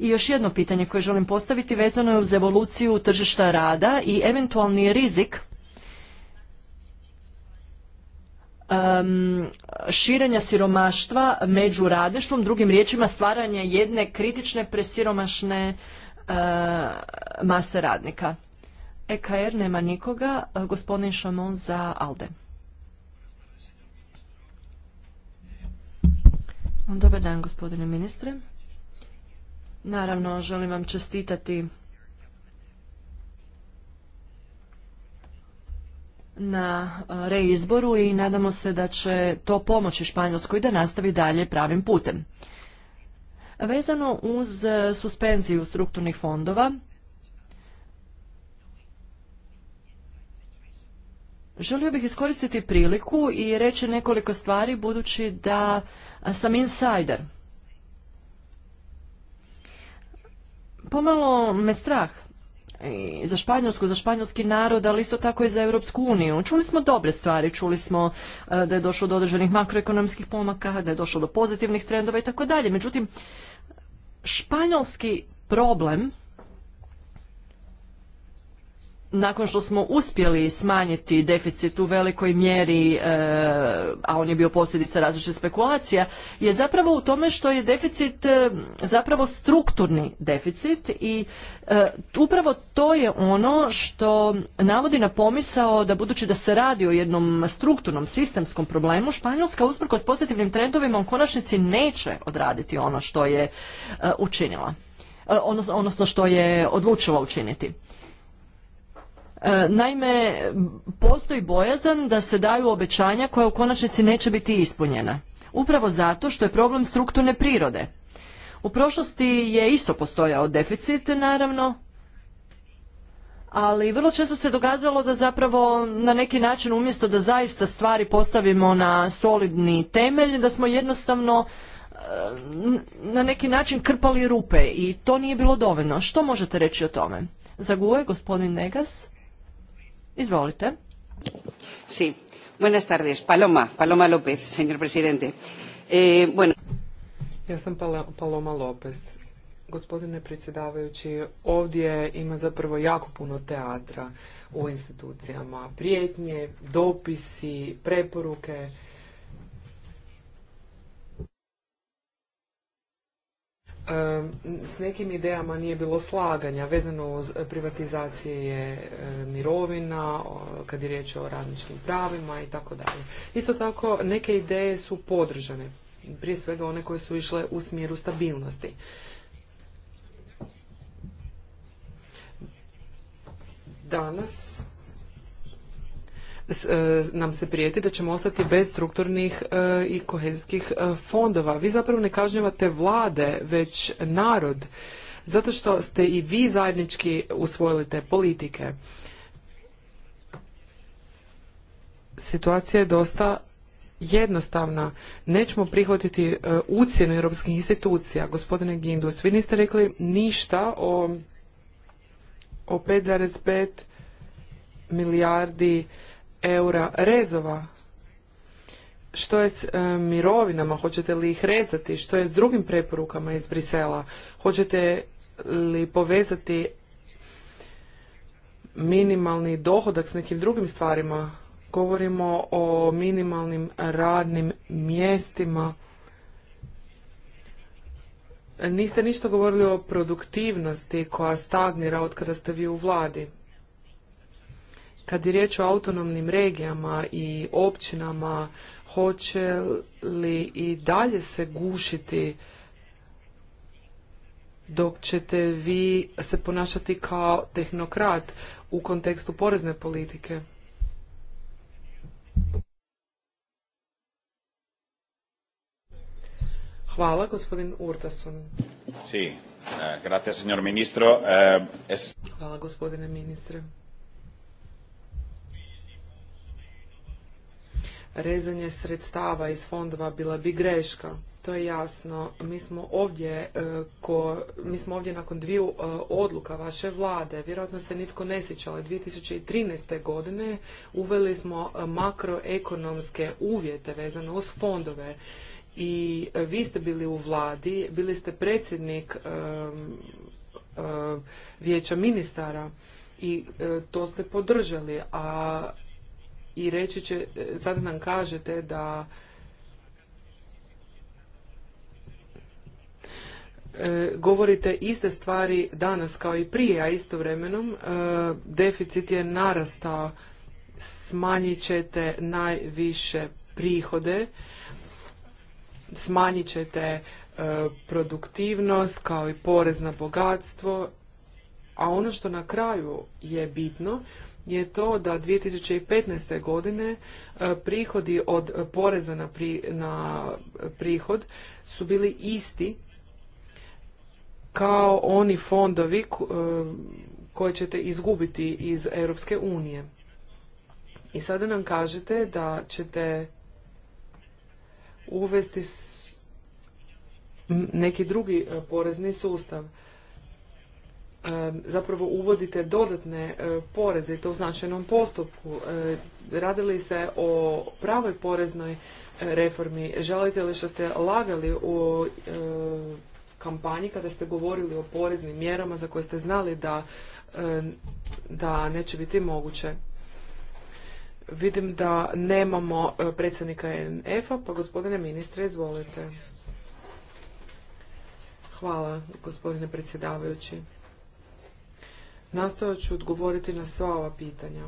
I još jedno pitanje koje želim postaviti vezano je uz evoluciju tržišta rada i eventualni rizik širenja siromaštva među radništvom, drugim riječima stvaranje jedne kritične presiromašne eh, mase radnika. EKR er nema nikoga, eh, gospodin Šamon za ALDE. Dobar dan, gospodine ministre. Naravno, želim vam čestitati na e, reizboru i nadamo se da će to pomoći Španjolskoj da nastavi dalje pravim putem. Vezano uz e, suspenziju strukturnih fondova, Želio bih iskoristiti priliku i reći nekoliko stvari budući da sam insider. Pomalo me strah i za Španjolsku, za španjolski narod, ali isto tako i za Europsku uniju. Čuli smo dobre stvari, čuli smo e, da je došlo do određenih makroekonomskih pomaka, da je došlo do pozitivnih trendova i tako dalje. Međutim, španjolski problem nakon što smo uspjeli smanjiti deficit u velikoj mjeri, e, a on je bio posljedica različitih spekulacija, je zapravo u tome što je deficit e, zapravo strukturni deficit i e, upravo to je ono što navodi na pomisao da budući da se radi o jednom strukturnom sistemskom problemu, Španjolska usprkos pozitivnim trendovima u konačnici neće odraditi ono što je učinila, odnosno što je odlučila učiniti. E, naime, postoji bojazan da se daju obećanja koja u konačnici neće biti ispunjena. Upravo zato što je problem strukturne prirode. U prošlosti je isto postojao deficit, naravno, ali vrlo često se događalo da zapravo na neki način umjesto da zaista stvari postavimo na solidni temelj, da smo jednostavno e, na neki način krpali rupe i to nije bilo dovoljno. Što možete reći o tome? Zaguje, gospodin Negas. Izvolite. Sí. Buenas tardes. Paloma, Paloma López, señor presidente. Eh, bueno. Ja sam Paloma Lopez. Gospodine predsjedavajući, ovdje ima zapravo jako puno teatra u institucijama. Prijetnje, dopisi, preporuke s nekim idejama nije bilo slaganja vezano uz privatizacije mirovina, kad je riječ o radničkim pravima i tako dalje. Isto tako neke ideje su podržane, prije svega one koje su išle u smjeru stabilnosti. Danas E, nam se prijeti da ćemo ostati bez strukturnih e, i kohezijskih e, fondova. Vi zapravo ne kažnjavate vlade, već narod, zato što ste i vi zajednički usvojili te politike. Situacija je dosta jednostavna. Nećemo prihvatiti ucjenu europskih institucija. Gospodine Gindus, vi niste rekli ništa o, o 5,5 milijardi eura rezova. Što je s e, mirovinama? Hoćete li ih rezati? Što je s drugim preporukama iz Brisela? Hoćete li povezati minimalni dohodak s nekim drugim stvarima? Govorimo o minimalnim radnim mjestima. Niste ništa govorili o produktivnosti koja stagnira od kada ste vi u vladi. Kad je riječ o autonomnim regijama i općinama, hoće li i dalje se gušiti dok ćete vi se ponašati kao tehnokrat u kontekstu porezne politike? Hvala, gospodin Urtasun. Eh, eh, Hvala, gospodine ministre. rezanje sredstava iz fondova bila bi greška. To je jasno. Mi smo ovdje, e, ko, mi smo ovdje nakon dviju e, odluka vaše vlade. Vjerojatno se nitko ne sjeća, ali 2013. godine uveli smo e, makroekonomske uvjete vezano uz fondove. I vi ste bili u vladi, bili ste predsjednik vijeća ministara i to ste podržali, a i reći će, e, sad nam kažete da e, govorite iste stvari danas kao i prije, a istovremenom e, deficit je narastao, smanjit ćete najviše prihode, smanjit ćete produktivnost kao i porez na bogatstvo, a ono što na kraju je bitno je to da 2015. godine e, prihodi od poreza na, prihod su bili isti kao oni fondovi e, koje ćete izgubiti iz Europske unije. I sada nam kažete da ćete uvesti neki drugi e, porezni sustav zapravo uvodite dodatne e, poreze i to u značajnom postupku. E, Radi li se o pravoj poreznoj e, reformi? Želite li što ste lagali u kampanji kada ste govorili o poreznim mjerama za koje ste znali da, da neće biti moguće? Vidim da nemamo predsjednika NF-a, pa gospodine ministre, izvolite. Hvala, gospodine predsjedavajući. Nastojat ću odgovoriti na sva ova pitanja.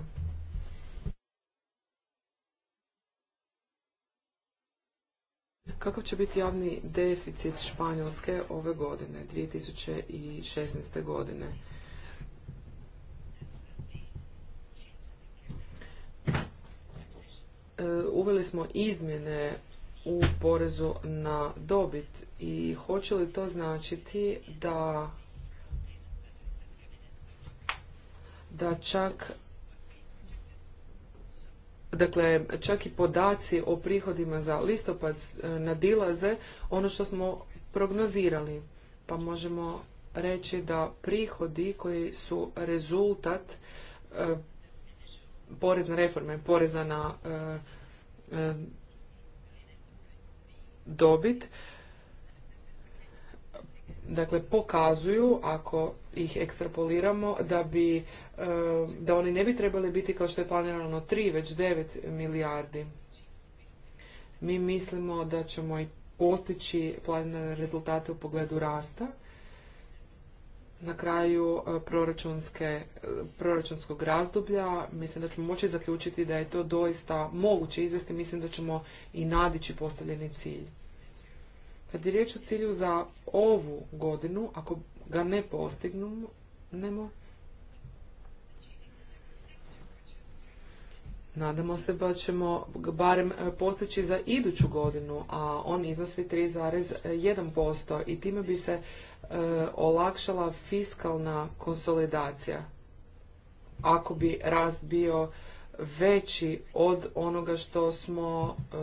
Kakav će biti javni deficit Španjolske ove godine, 2016. godine? E, uveli smo izmjene u porezu na dobit i hoće li to značiti da da čak dakle čak i podaci o prihodima za listopad e, nadilaze ono što smo prognozirali pa možemo reći da prihodi koji su rezultat e, porezne reforme poreza na e, dobit dakle pokazuju ako ih ekstrapoliramo da bi e, da oni ne bi trebali biti kao što je planirano 3 već 9 milijardi. Mi mislimo da ćemo i postići planirane rezultate u pogledu rasta. Na kraju e, proračunske, e, proračunskog razdoblja mislim da ćemo moći zaključiti da je to doista moguće izvesti. Mislim da ćemo i nadići postavljeni cilj. Kad je riječ o cilju za ovu godinu, ako ga ne postignemo, nadamo se da ćemo barem e, postići za iduću godinu, a on iznosi 3,1% i time bi se e, olakšala fiskalna konsolidacija. Ako bi rast bio veći od onoga što smo e,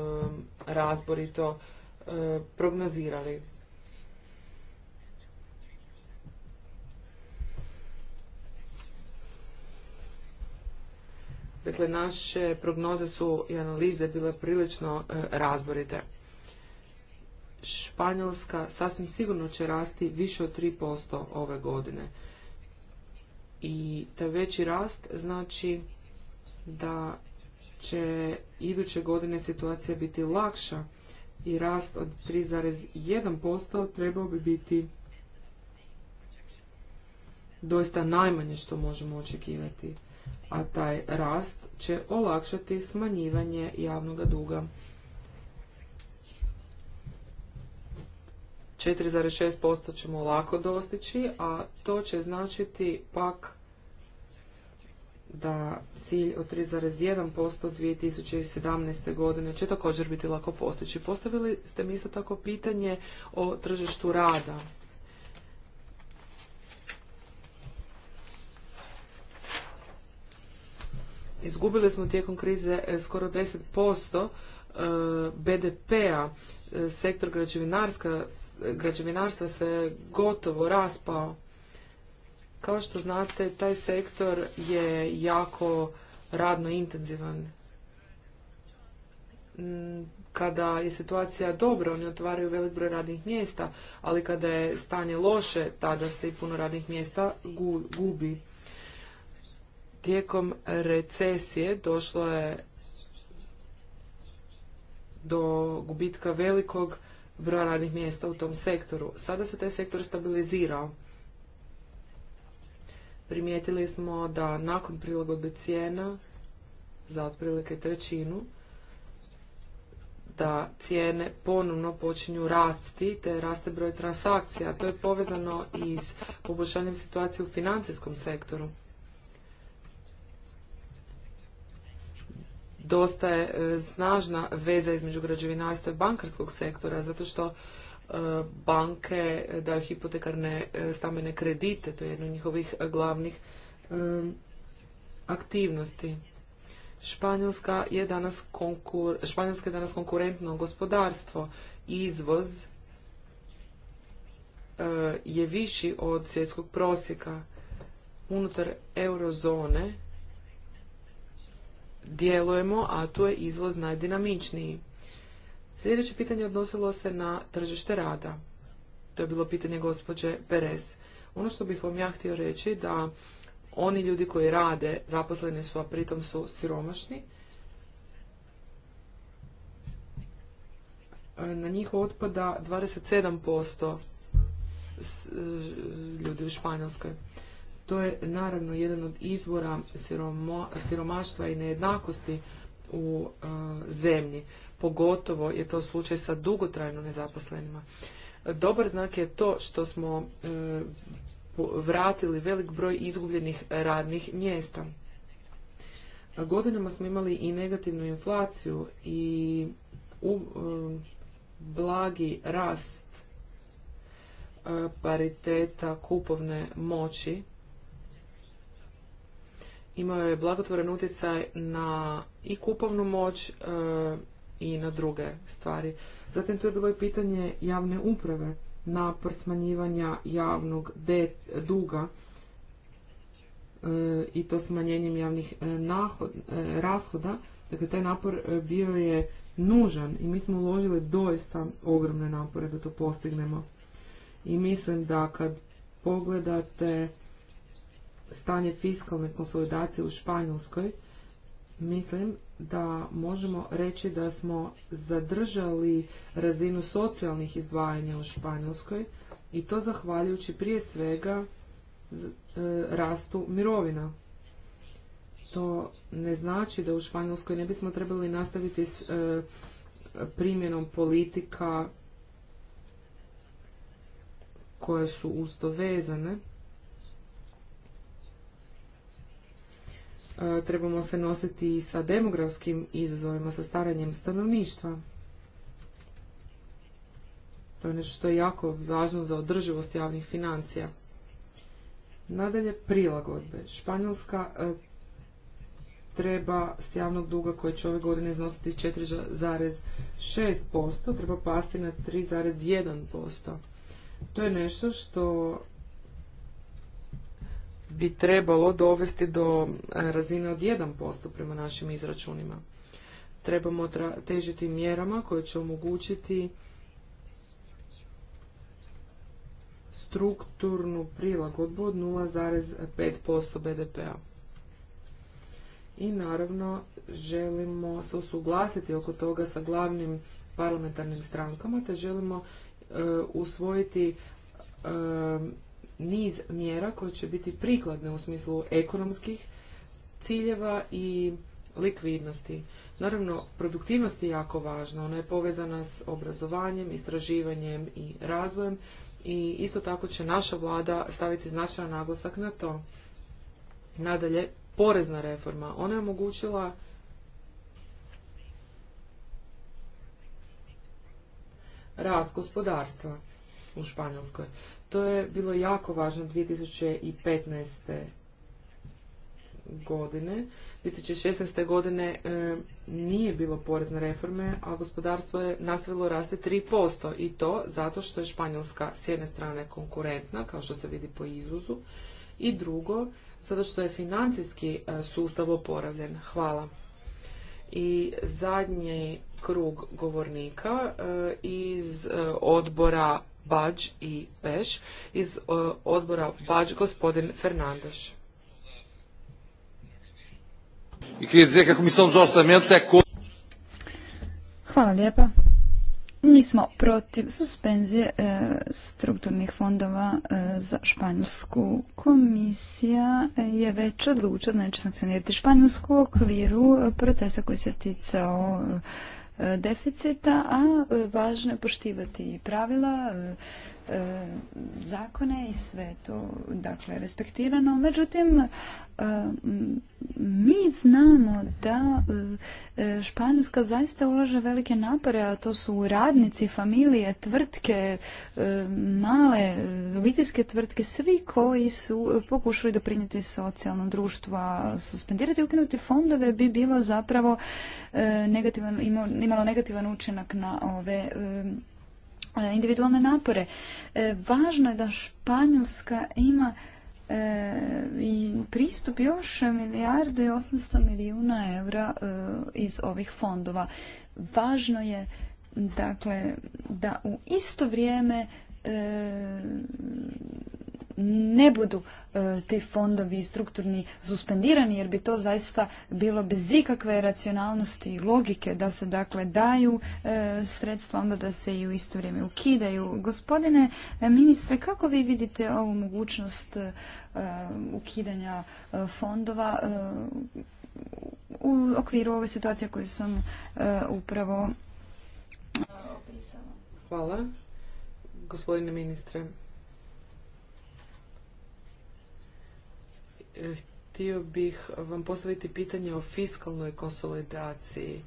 razborito E, prognozirali. Dakle, naše prognoze su i analize bile prilično e, razborite. Španjolska sasvim sigurno će rasti više od 3% ove godine. I taj veći rast znači da će iduće godine situacija biti lakša i rast od 3,1% trebao bi biti doista najmanje što možemo očekivati, a taj rast će olakšati smanjivanje javnog duga. 4,6% ćemo lako dostići, a to će značiti pak da cilj od 3,1% 2017. godine će također biti lako postići. Postavili ste mi isto tako pitanje o tržištu rada. Izgubili smo tijekom krize e, skoro 10% e, BDP-a. E, sektor građevinarstva se gotovo raspao. Kao što znate, taj sektor je jako radno intenzivan. Mm, kada je situacija dobra, oni otvaraju velik broj radnih mjesta, ali kada je stanje loše, tada se i puno radnih mjesta gubi. Tijekom recesije došlo je do gubitka velikog broja radnih mjesta u tom sektoru. Sada se taj sektor stabilizirao primijetili smo da nakon prilagodbe cijena za otprilike trećinu, da cijene ponovno počinju rasti, te raste broj transakcija. To je povezano i s poboljšanjem situacije u financijskom sektoru. Dosta je e, snažna veza između građevinarstva i bankarskog sektora, zato što banke daju hipotekarne e, stamene kredite, to je jedna od njihovih e, glavnih e, aktivnosti. Španjolska je danas, Španjolska je danas konkurentno gospodarstvo. Izvoz je viši od svjetskog prosjeka. Unutar eurozone djelujemo, a tu je izvoz najdinamičniji. Sljedeće pitanje odnosilo se na tržište rada. To je bilo pitanje gospođe Perez. Ono što bih vam ja htio reći da oni ljudi koji rade, zaposleni su, a pritom su siromašni, na njih otpada 27% e, ljudi u Španjolskoj. To je naravno jedan od izvora siromaštva i nejednakosti u e, zemlji pogotovo je to slučaj sa dugotrajno nezaposlenima. Dobar znak je to što smo e, vratili velik broj izgubljenih radnih mjesta. Godinama smo imali i negativnu inflaciju i e, blagi rast e, pariteta kupovne moći imao je blagotvoren utjecaj na i kupovnu moć i na druge stvari. Zatim tu je bilo i pitanje javne uprave, na smanjivanja javnog duga e, i to smanjenjem javnih e, e, rashoda. Dakle, taj napor bio je nužan i mi smo uložili doista ogromne napore da to postignemo. I mislim da kad pogledate stanje fiskalne konsolidacije u Španjolskoj, mislim da možemo reći da smo zadržali razinu socijalnih izdvajanja u Španjolskoj i to zahvaljujući prije svega e, rastu mirovina. To ne znači da u Španjolskoj ne bismo trebali nastaviti s e, primjenom politika koje su usto vezane E, trebamo se nositi i sa demografskim izazovima, sa staranjem stanovništva. To je nešto što je jako važno za održivost javnih financija. Nadalje, prilagodbe. Španjolska e, treba s javnog duga koje će ove godine iznositi 4,6%, treba pasti na 3,1%. To je nešto što bi trebalo dovesti do e, razine od 1% prema našim izračunima. Trebamo težiti mjerama koje će omogućiti strukturnu prilagodbu od 0,5% BDP-a. I naravno želimo se usuglasiti oko toga sa glavnim parlamentarnim strankama te želimo e, usvojiti e, niz mjera koje će biti prikladne u smislu ekonomskih ciljeva i likvidnosti. Naravno, produktivnost je jako važna. Ona je povezana s obrazovanjem, istraživanjem i razvojem i isto tako će naša vlada staviti značajan naglasak na to. Nadalje, porezna reforma. Ona je omogućila rast gospodarstva u Španjolskoj. To je bilo jako važno 2015. godine. 2016. godine e, nije bilo porezne reforme, a gospodarstvo je nastavilo rasti 3%. I to zato što je Španjolska s jedne strane konkurentna, kao što se vidi po izvozu, i drugo, zato što je financijski e, sustav oporavljen. Hvala. I zadnji krug govornika e, iz odbora Bađ i Peš, iz e, odbora Bađ gospodin Fernandes. Hvala lijepa. Mi smo protiv suspenzije e, strukturnih fondova e, za Španjolsku. Komisija je već odlučila da neće sankcionirati Španjolsku u okviru procesa koji se ticao deficita, a e, važno je poštivati pravila e, E, zakone i sve to dakle respektirano. Međutim, e, mi znamo da e, Španjolska zaista ulaže velike napore, a to su radnici, familije, tvrtke, male obiteljske tvrtke, svi koji su pokušali doprinijeti socijalno društvo, a suspendirati i ukinuti fondove bi bilo zapravo negativan, imalo negativan učinak na ove E, individualne napore. E, važno je da Španjolska ima e, pristup još milijardu i 800 milijuna eura iz ovih fondova. Važno je dakle da u isto vrijeme ne budu e, ti fondovi strukturni suspendirani jer bi to zaista bilo bez ikakve racionalnosti i logike da se dakle daju e, sredstva onda da se i u isto vrijeme ukidaju. Gospodine e, ministre, kako vi vidite ovu mogućnost ukidanja fondova u okviru ove situacije koju sam upravo opisala? Hvala. Gospodine ministre, htio bih vam postaviti pitanje o fiskalnoj konsolidaciji,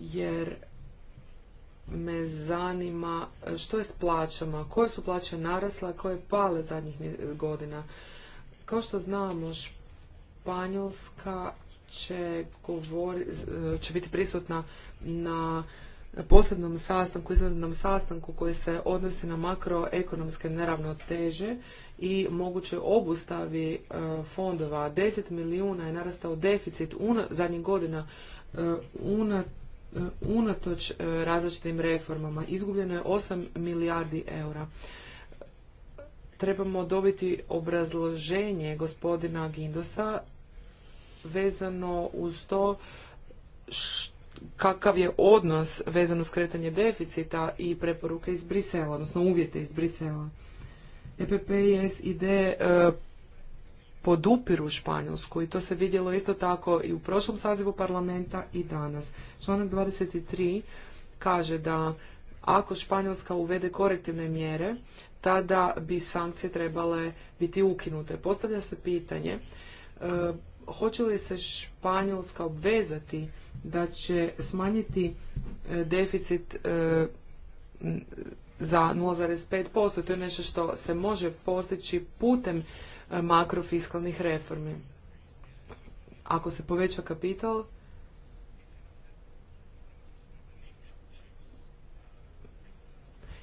jer me zanima što je s plaćama, koje su plaće narasle, a koje pale zadnjih godina. Kao što znamo, Španjolska će, biti prisutna na posebnom sastanku, izvanrednom sastanku koji se odnosi na makroekonomske neravnoteže i mogućoj obustavi e, fondova. Deset milijuna je narastao deficit una, zadnjih godina e, e, unatoč različitim reformama. Izgubljeno je osam milijardi eura. Trebamo dobiti obrazloženje gospodina Gindosa vezano uz to kakav je odnos vezano s kretanje deficita i preporuke iz Brisela, odnosno uvjete iz Brisela. EPP e i SID e, podupiru Španjolsku i to se vidjelo isto tako i u prošlom sazivu parlamenta i danas. Članak 23 kaže da ako Španjolska uvede korektivne mjere, tada bi sankcije trebale biti ukinute. Postavlja se pitanje e, hoće li se Španjolska obvezati da će smanjiti deficit za 0,5%. To je nešto što se može postići putem e, makrofiskalnih reformi. Ako se poveća kapital,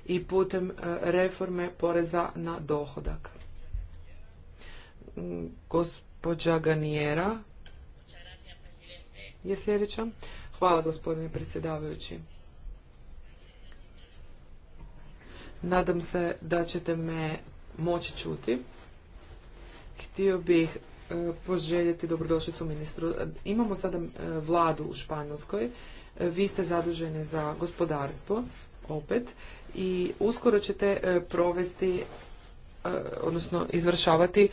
i putem e, reforme poreza na dohodak. Mm, gospođa Ganijera je sljedeća. Hvala gospodine predsjedavajući. Nadam se da ćete me moći čuti. Htio bih e, poželjeti dobrodošlicu ministru. E, imamo sada e, vladu u Španjolskoj. Vi ste zaduženi za gospodarstvo, opet, i uskoro ćete provesti, odnosno izvršavati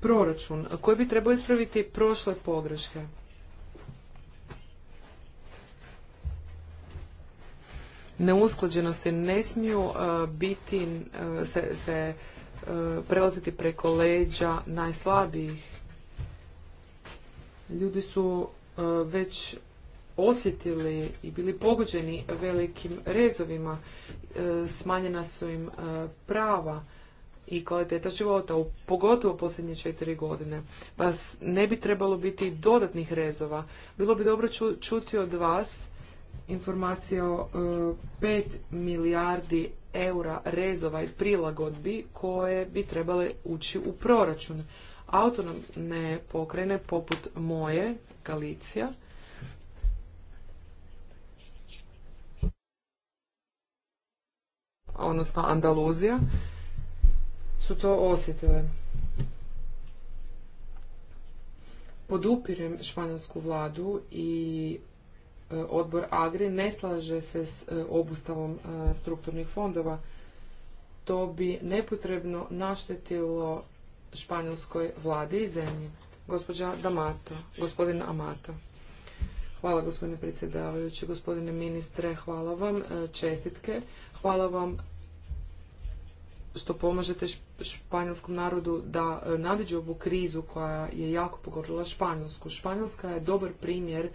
proračun koji bi trebao ispraviti prošle pogreške. neusklađenosti ne smiju uh, biti, uh, se, se uh, prelaziti preko leđa najslabijih. Ljudi su već osjetili i bili pogođeni velikim rezovima, smanjena su im prava i kvaliteta života, pogotovo posljednje četiri godine. Vas ne bi trebalo biti dodatnih rezova. Bilo bi dobro čuti od vas informaciju o 5 e, milijardi eura rezova i prilagodbi koje bi trebale ući u proračun. Autonomne pokrene poput moje, Galicija, odnosno Andaluzija, su to osjetile. Podupirem španjolsku vladu i E, odbor Agri ne slaže se s e, obustavom e, strukturnih fondova. To bi nepotrebno naštetilo španjolskoj vladi i zemlji. Gospođa D'Amato, gospodin Amato. Hvala gospodine predsjedavajući, gospodine ministre, hvala vam, čestitke. Hvala vam što pomažete španjolskom narodu da nadiđe ovu krizu koja je jako pogodila Španjolsku. Španjolska je dobar primjer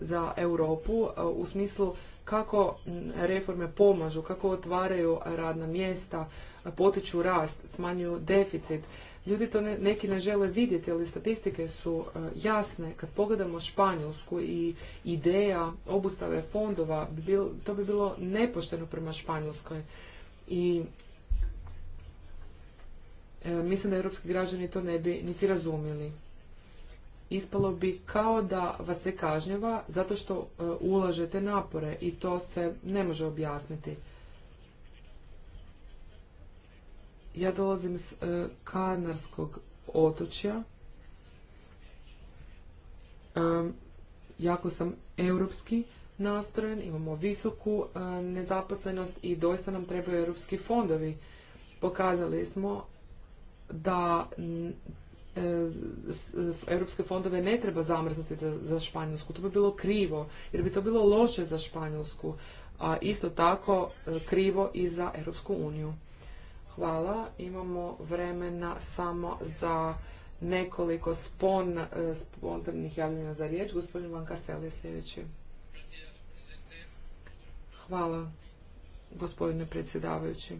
za Europu e, u smislu kako reforme pomažu, kako otvaraju radna mjesta, potiču rast, smanjuju deficit. Ljudi to neki ne žele vidjeti, ali statistike su e, jasne. Kad pogledamo Španjolsku i ideja obustave fondova, to bi bilo nepošteno prema Španjolskoj. I e, mislim da europski građani to ne bi niti razumjeli ispalo bi kao da vas se kažnjava zato što e, ulažete napore i to se ne može objasniti. Ja dolazim s e, Kanarskog otočja. E, jako sam europski nastrojen, imamo visoku nezaposlenost i doista nam trebaju europski fondovi. Pokazali smo da E, europske fondove ne treba zamrznuti za, Španjolsku. To bi bilo krivo, jer bi to bilo loše za Španjolsku, a isto tako e, krivo i za Europsku uniju. Hvala. Imamo vremena samo za nekoliko spon, e, spontanih javljanja za riječ. Gospodin Van Kasel je sljedeći. Hvala, gospodine predsjedavajući.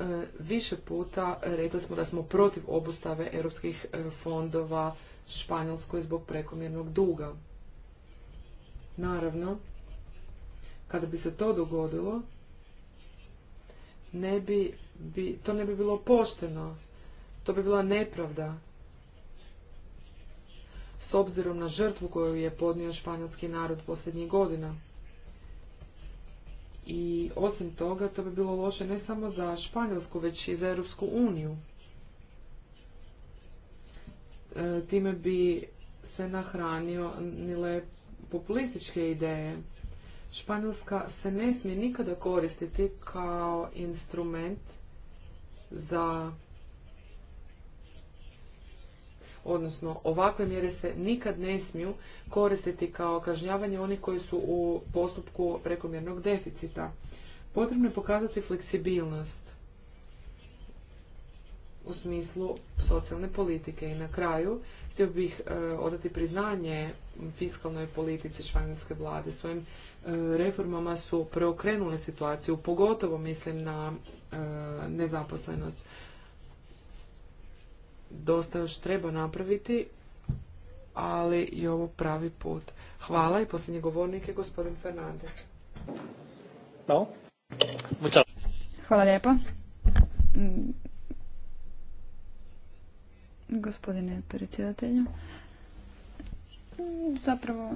E, više puta rekli smo da smo protiv obustave europskih e, fondova Španjolskoj zbog prekomjernog duga. Naravno, kada bi se to dogodilo, ne bi, bi, to ne bi bilo pošteno. To bi bila nepravda. S obzirom na žrtvu koju je podnio španjolski narod posljednjih godina. I osim toga, to bi bilo loše ne samo za Španjolsku, već i za Europsku uniju. E, time bi se nahranio nile populističke ideje. Španjolska se ne smije nikada koristiti kao instrument za odnosno ovakve mjere se nikad ne smiju koristiti kao kažnjavanje onih koji su u postupku prekomjernog deficita. Potrebno je pokazati fleksibilnost u smislu socijalne politike i na kraju htio bih e, odati priznanje fiskalnoj politici švajcarske vlade. Svojim e, reformama su preokrenule situaciju, pogotovo mislim na e, nezaposlenost dosta još treba napraviti, ali i ovo pravi put. Hvala i posljednji govornik je gospodin Fernandez. No. Hvala lijepa. Mm. Gospodine predsjedatelju, zapravo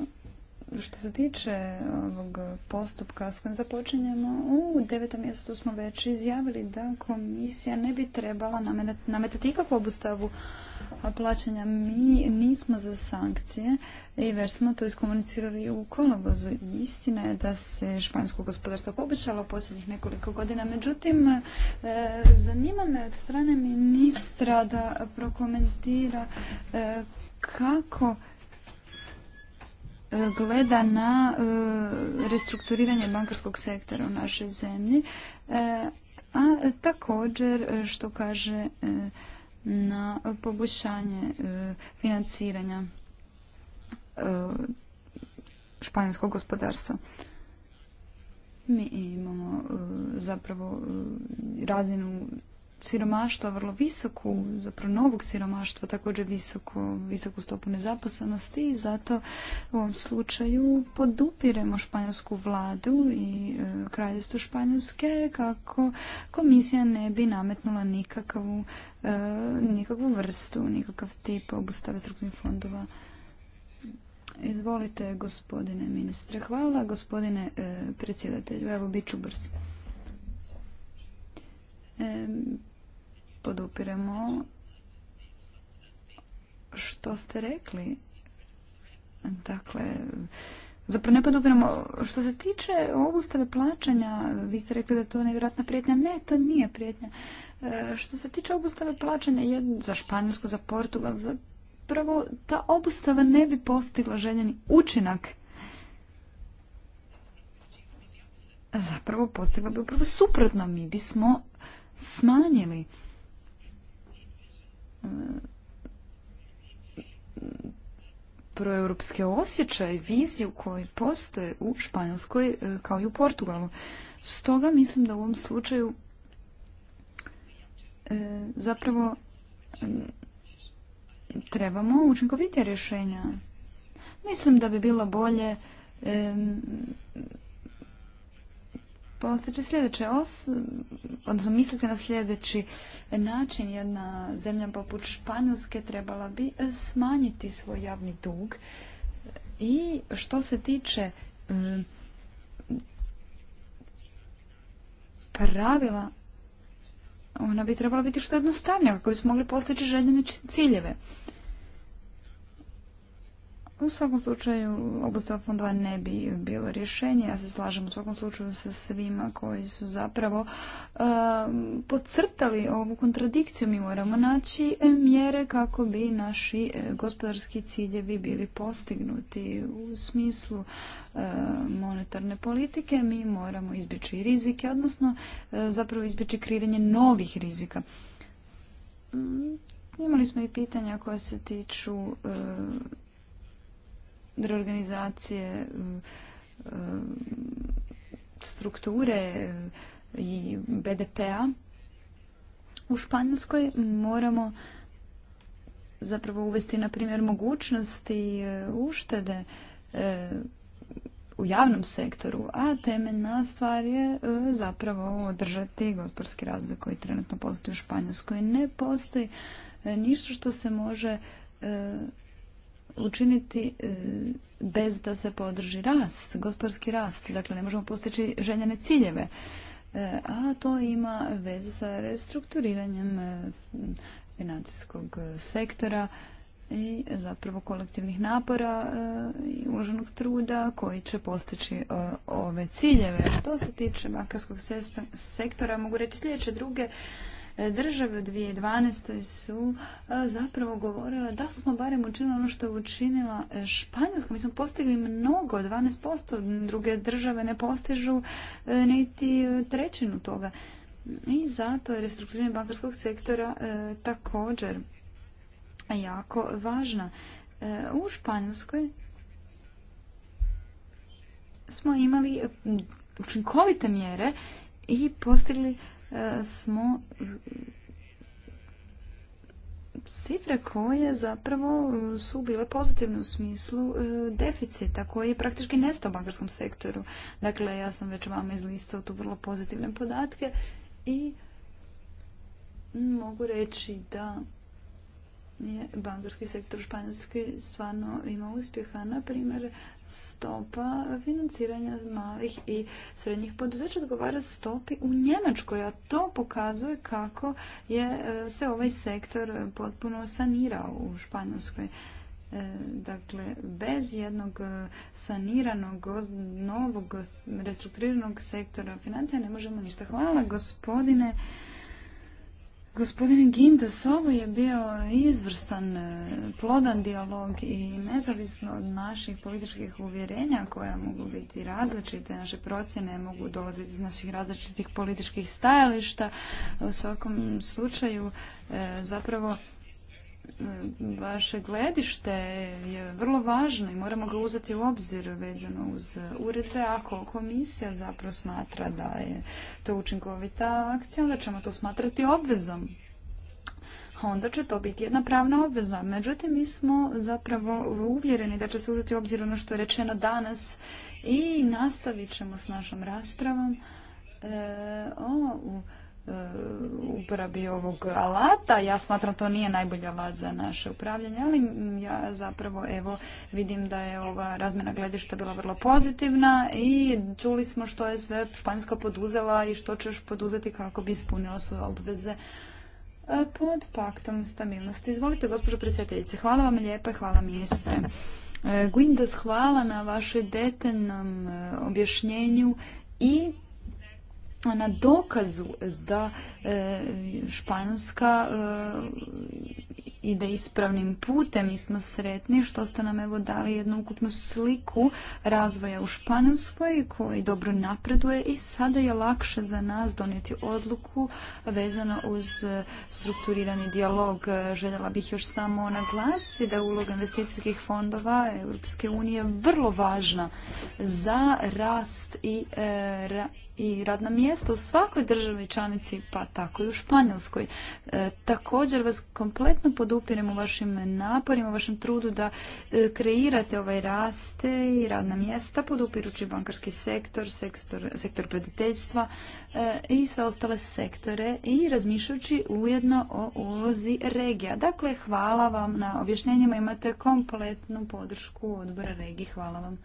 što se tiče ovog postupka s kojim započinjemo, u devetom mjesecu smo već izjavili da komisija ne bi trebala nametati ikakvu obustavu plaćanja. Mi nismo za sankcije i već smo to iskomunicirali u kolobozu. Istina je da se španjsko gospodarstvo poboljšalo posljednjih nekoliko godina. Međutim, e, zanima me od strane ministra da prokomentira e, kako gleda na e, restrukturiranje bankarskog sektora u našoj zemlji, e, a također e, što kaže na poboljšanje financiranja španjolskog gospodarstva. Mi imamo zapravo razinu siromaštva vrlo visoku, zapravo novog siromaštva, također visoku, visoku stopu nezaposlenosti i zato u ovom slučaju podupiremo španjolsku vladu i e, kraljevstvo Španjolske kako komisija ne bi nametnula nikakvu, e, nikakvu vrstu, nikakav tip obustave strukturnih fondova. Izvolite, gospodine ministre. Hvala, gospodine e, predsjedatelju. Evo, bit ću brz podupiremo što ste rekli. Dakle, zapravo ne podupiramo. Što se tiče obustave plaćanja, vi ste rekli da je to nevjerojatna prijetnja. Ne, to nije prijetnja. E, što se tiče obustave plaćanja za Španjolsku, za Portugal, zapravo ta obustava ne bi postigla željeni učinak. Zapravo postigla bi upravo suprotno. Mi bismo smanjili proeuropske osjećaje, viziju koji postoje u Španjolskoj e, kao i u Portugalu. Stoga mislim da u ovom slučaju e, zapravo trebamo učinkovite rješenja. Mislim da bi bilo bolje postići sljedeće, os, odnosno mislite na sljedeći način. Jedna zemlja poput Španjolske trebala bi e, smanjiti svoj javni dug i što se tiče mm, pravila ona bi trebala biti što jednostavnija kako bismo mogli postići željene ciljeve. U svakom slučaju obustava fondova ne bi bilo rješenje. Ja se slažem u svakom slučaju sa svima koji su zapravo uh, podcrtali ovu kontradikciju. Mi moramo naći e, mjere kako bi naši e, gospodarski ciljevi bili postignuti u smislu e, monetarne politike. Mi moramo izbjeći rizike, odnosno zapravo izbjeći krivenje novih rizika. Mm, imali smo i pitanja koja se tiču reorganizacije e, e, strukture e, i BDP-a u Španjolskoj moramo zapravo uvesti na primjer mogućnosti uštede u javnom sektoru, a temeljna stvar je zapravo održati gospodarski razvoj koji trenutno postoji u Španjolskoj. Ne postoji ništa što se može učiniti e, bez da se podrži rast, gospodarski rast. Dakle, ne možemo postići željene ciljeve. E, a to ima veze sa restrukturiranjem e, financijskog sektora i zapravo kolektivnih napora i uloženog truda koji će postići ove ciljeve. Što se tiče bankarskog sektora, mogu reći sljedeće druge E, države u 2012. su e, zapravo govorile da smo barem učinili ono što je učinila e, Španjolska. Mi smo postigli mnogo, 12%, druge države ne postižu niti trećinu toga. I zato je restrukturiranje bankarskog sektora također jako važna. u Španjolskoj smo imali učinkovite mjere i postigli smo cifre koje zapravo su bile pozitivne u smislu e, deficita koji je praktički nestao u bankarskom sektoru. Dakle, ja sam već vama izlistao tu vrlo pozitivne podatke i mogu reći da je bankarski sektor Španjolski stvarno ima uspjeha. Na primjer, stopa financiranja malih i srednjih poduzeća odgovara stopi u Njemačkoj, a to pokazuje kako je e, se ovaj sektor potpuno sanirao u Španjolskoj. E, dakle, bez jednog e, saniranog, novog, restrukturiranog sektora financija ne možemo ništa. Hvala gospodine Gospodin Gindus, ovo je bio izvrstan, e, plodan dijalog i nezavisno od naših političkih uvjerenja koja mogu biti različite, naše procjene mogu dolaziti iz naših različitih političkih stajališta. U svakom slučaju e, zapravo vaše gledište je vrlo važno i moramo ga uzeti u obzir vezano uz uredbe. Ako komisija zapravo smatra da je to učinkovita akcija, onda ćemo to smatrati obvezom. Onda će to biti jedna pravna obveza. Međutim, mi smo zapravo uvjereni da će se uzeti u obzir ono što je rečeno danas i nastavit ćemo s našom raspravom e, o uporabi ovog alata. Ja smatram to nije najbolji alat za naše upravljanje, ali ja zapravo evo vidim da je ova razmjena gledišta bila vrlo pozitivna i čuli smo što je sve španjska poduzela i što ćeš poduzeti kako bi ispunila svoje obveze e, pod paktom stabilnosti. Izvolite, gospođo predsjedateljice. Hvala vam lijepa i hvala ministre. E, Guindos, hvala na vašoj detaljnom e, objašnjenju i na dokazu da e, Španjolska e, ide ispravnim putem i smo sretni što ste nam evo dali jednu ukupnu sliku razvoja u Španjolskoj koji dobro napreduje i sada je lakše za nas donijeti odluku vezano uz strukturirani dijalog. Željela bih još samo naglasiti da je uloga investicijskih fondova Europske unije vrlo važna za rast i e, i radna mjesta u svakoj državi članici, pa tako i u Španjolskoj. E, također vas kompletno podupirem u vašim naporima, u vašem trudu da e, kreirate ovaj raste i radna mjesta, podupirući bankarski sektor, sektor, sektor prediteljstva e, i sve ostale sektore i razmišljajući ujedno o ulozi regija. Dakle, hvala vam na objašnjenjima, imate kompletnu podršku odbora regiji. Hvala vam.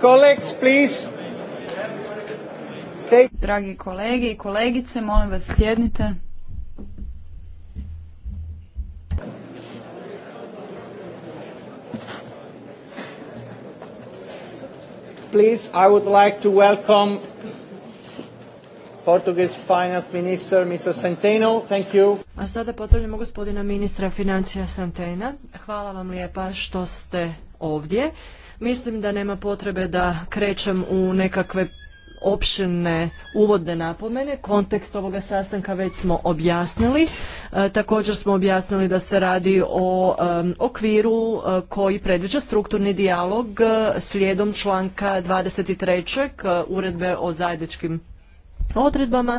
colleagues, Dragi kolege i kolegice, molim vas sjednite. Please, I would like to welcome Portuguese Finance Minister, Mr. Centeno. Thank you. A sada pozdravljamo gospodina ministra financija Santena. Hvala vam lijepa što ste ovdje. Mislim da nema potrebe da krećem u nekakve opširne uvodne napomene. Kontekst ovoga sastanka već smo objasnili. E, također smo objasnili da se radi o okviru e, koji predviđa strukturni dijalog e, slijedom članka 23. uredbe o zajedničkim odredbama.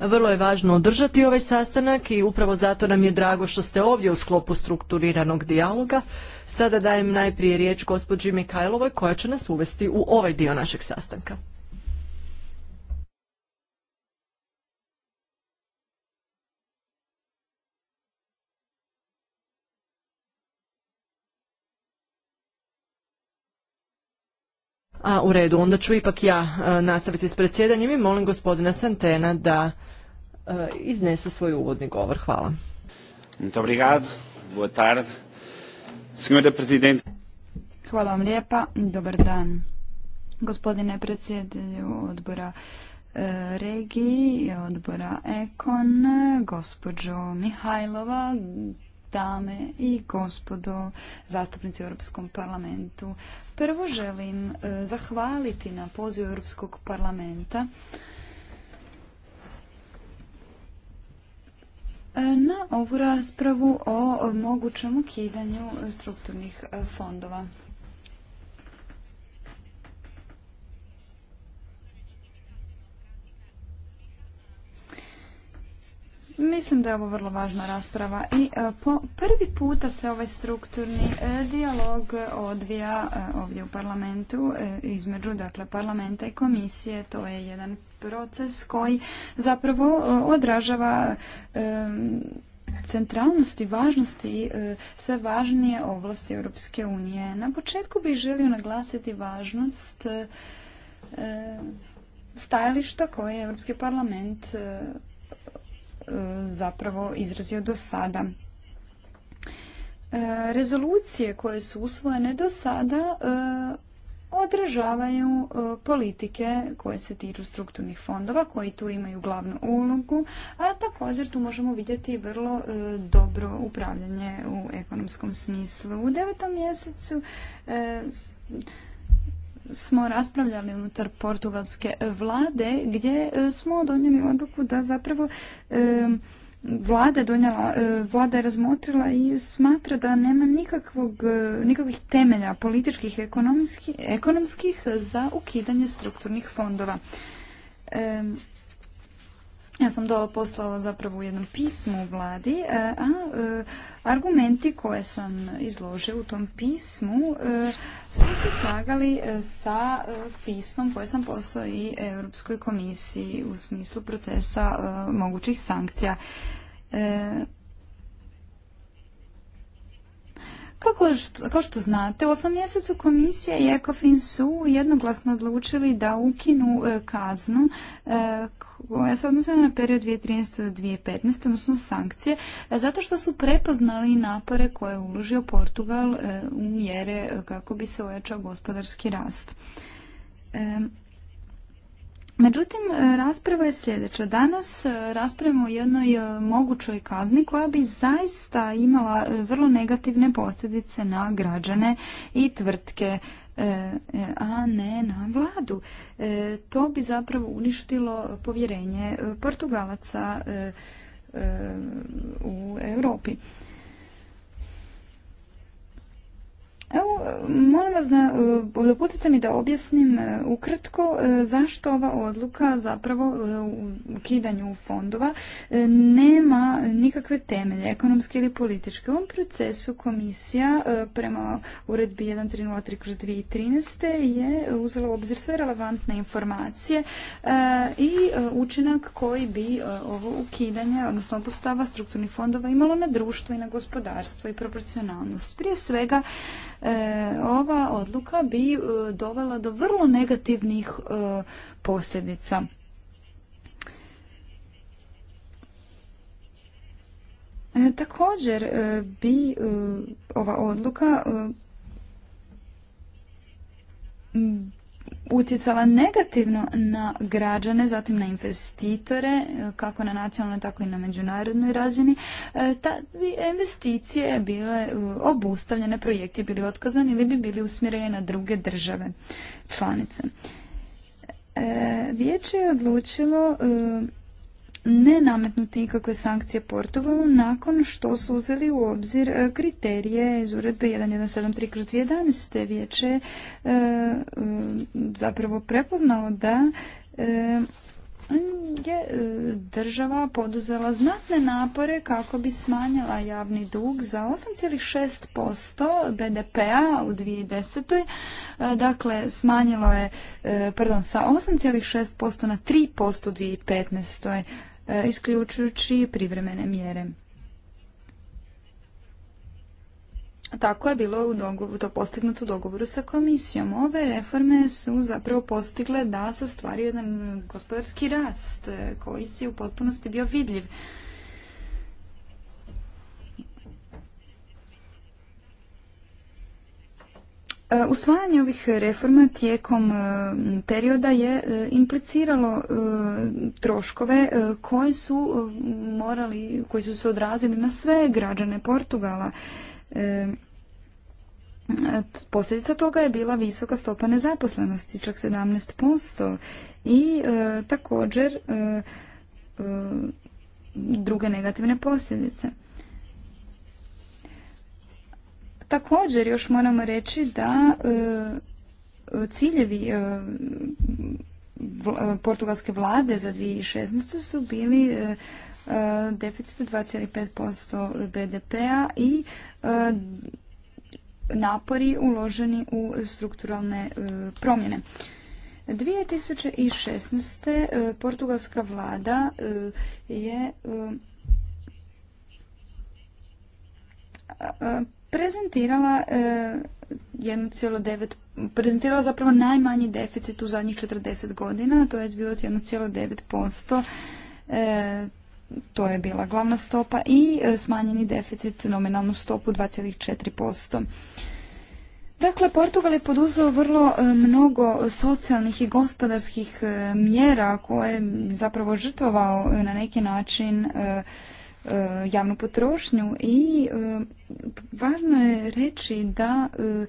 Vrlo je važno održati ovaj sastanak i upravo zato nam je drago što ste ovdje u sklopu strukturiranog dijaloga. Sada dajem najprije riječ gospođi Mikajlovoj koja će nas uvesti u ovaj dio našeg sastanka. A u redu, onda ću ipak ja e, nastaviti s predsjedanjem i molim gospodina Santena da e, iznese svoj uvodni govor. Hvala. Hvala vam lijepa. Dobar dan. Gospodine predsjedaju odbora e, regiji, odbora Ekon, gospođo Mihajlova, dame i gospodo zastupnici u Europskom parlamentu. Prvo želim e, zahvaliti na pozivu Europskog parlamenta e, na ovu raspravu o mogućem ukidanju strukturnih e, fondova. Mislim da je ovo vrlo važna rasprava i e, po prvi puta se ovaj strukturni e, dijalog e, odvija ovdje u parlamentu između dakle parlamenta i komisije. To je jedan proces koji zapravo odražava centralnosti, važnosti sve važnije ovlasti Europske unije. Na početku bih želio naglasiti važnost stajališta koje je Europski parlament zapravo izrazio do sada. E, rezolucije koje su usvojene do sada e, odražavaju e, politike koje se tiču strukturnih fondova koji tu imaju glavnu ulogu, a također tu možemo vidjeti vrlo dobro upravljanje u ekonomskom smislu. U devetom mjesecu smo raspravljali unutar portugalske vlade gdje e, smo donijeli odluku da zapravo e, vlada donijela, e, vlada je razmotrila i smatra da nema nikakvih temelja političkih i ekonomskih za ukidanje strukturnih fondova. Ja sam to poslao zapravo u jednom pismu vladi, e, a, e, argumenti koje sam izložio u tom pismu e, su se slagali sa pismom koje sam poslao i Europskoj komisiji u smislu procesa mogućih sankcija. Kako što, kao što znate, u osam mjesecu komisija i ECOFIN su jednoglasno odlučili da ukinu e, kaznu e, koja se odnose na period 2013. do 2015. odnosno sankcije, e, zato što su prepoznali napore koje je uložio Portugal e, u mjere kako bi se ojačao gospodarski rast. Međutim, e, rasprava je sljedeća. Danas e, raspravimo o jednoj e, mogućoj kazni koja bi zaista imala vrlo negativne posljedice na građane i tvrtke, a ne na vladu. To bi zapravo uništilo povjerenje Portugalaca u Europi. Evo, molim vas da e, dopustite mi da objasnim e, ukratko e, zašto ova odluka zapravo u ukidanju fondova nema nikakve temelje ekonomske ili političke. U ovom procesu komisija prema uredbi 1303 kroz 2013. je uzela u obzir sve relevantne informacije i učinak koji bi ovo ukidanje, odnosno postava strukturnih fondova imalo na društvo i na gospodarstvo i proporcionalnost. Prije svega, E, ova odluka bi e, dovela do vrlo negativnih e, posljedica. Također bi ova odluka utjecala negativno na građane, zatim na investitore, e, kako na nacionalnoj, tako i na međunarodnoj razini. E, ta bi investicije bile e, obustavljene, projekti bili otkazani ili bi bili usmjereni na druge države članice. Vijeće je odlučilo ne nametnuti ikakve sankcije Portugalu nakon što su uzeli u obzir e, kriterije iz uredbe 1173/2011. Vijeće e, e, zapravo prepoznalo da je država poduzela znatne napore kako bi smanjila javni dug za 8,6% BDP-a u 2010. Dakle, smanjilo je, pardon, sa 8,6% na 3% u 2015. E, isključujući privremene mjere. Tako je bilo u dogovoru, to postignuto u dogovoru sa komisijom. Ove reforme su zapravo postigle da se ostvari jedan gospodarski rast e, koji si u potpunosti bio vidljiv. E, usvajanje ovih reforma tijekom e, perioda je e, impliciralo troškove koji su morali, koji su se odrazili na sve građane Portugala. Posljedica toga je bila visoka stopa nezaposlenosti, čak 17% i također druge negativne posljedice. Također još moramo reći da e, ciljevi e, portugalske vlade za 2016. su bili e, deficit 2,5% BDP-a i napori uloženi u strukturalne promjene. 2016. portugalska vlada je prezentirala 1,9, e, prezentirala zapravo najmanji deficit u zadnjih 40 godina, to je bilo 1,9%. posto e, to je bila glavna stopa i e, smanjeni deficit nominalnu stopu 2,4%. Dakle, Portugal je poduzeo vrlo mnogo socijalnih i gospodarskih mjera koje je zapravo žrtvovao na neki način E, javnu potrošnju i e, važno je reći da e,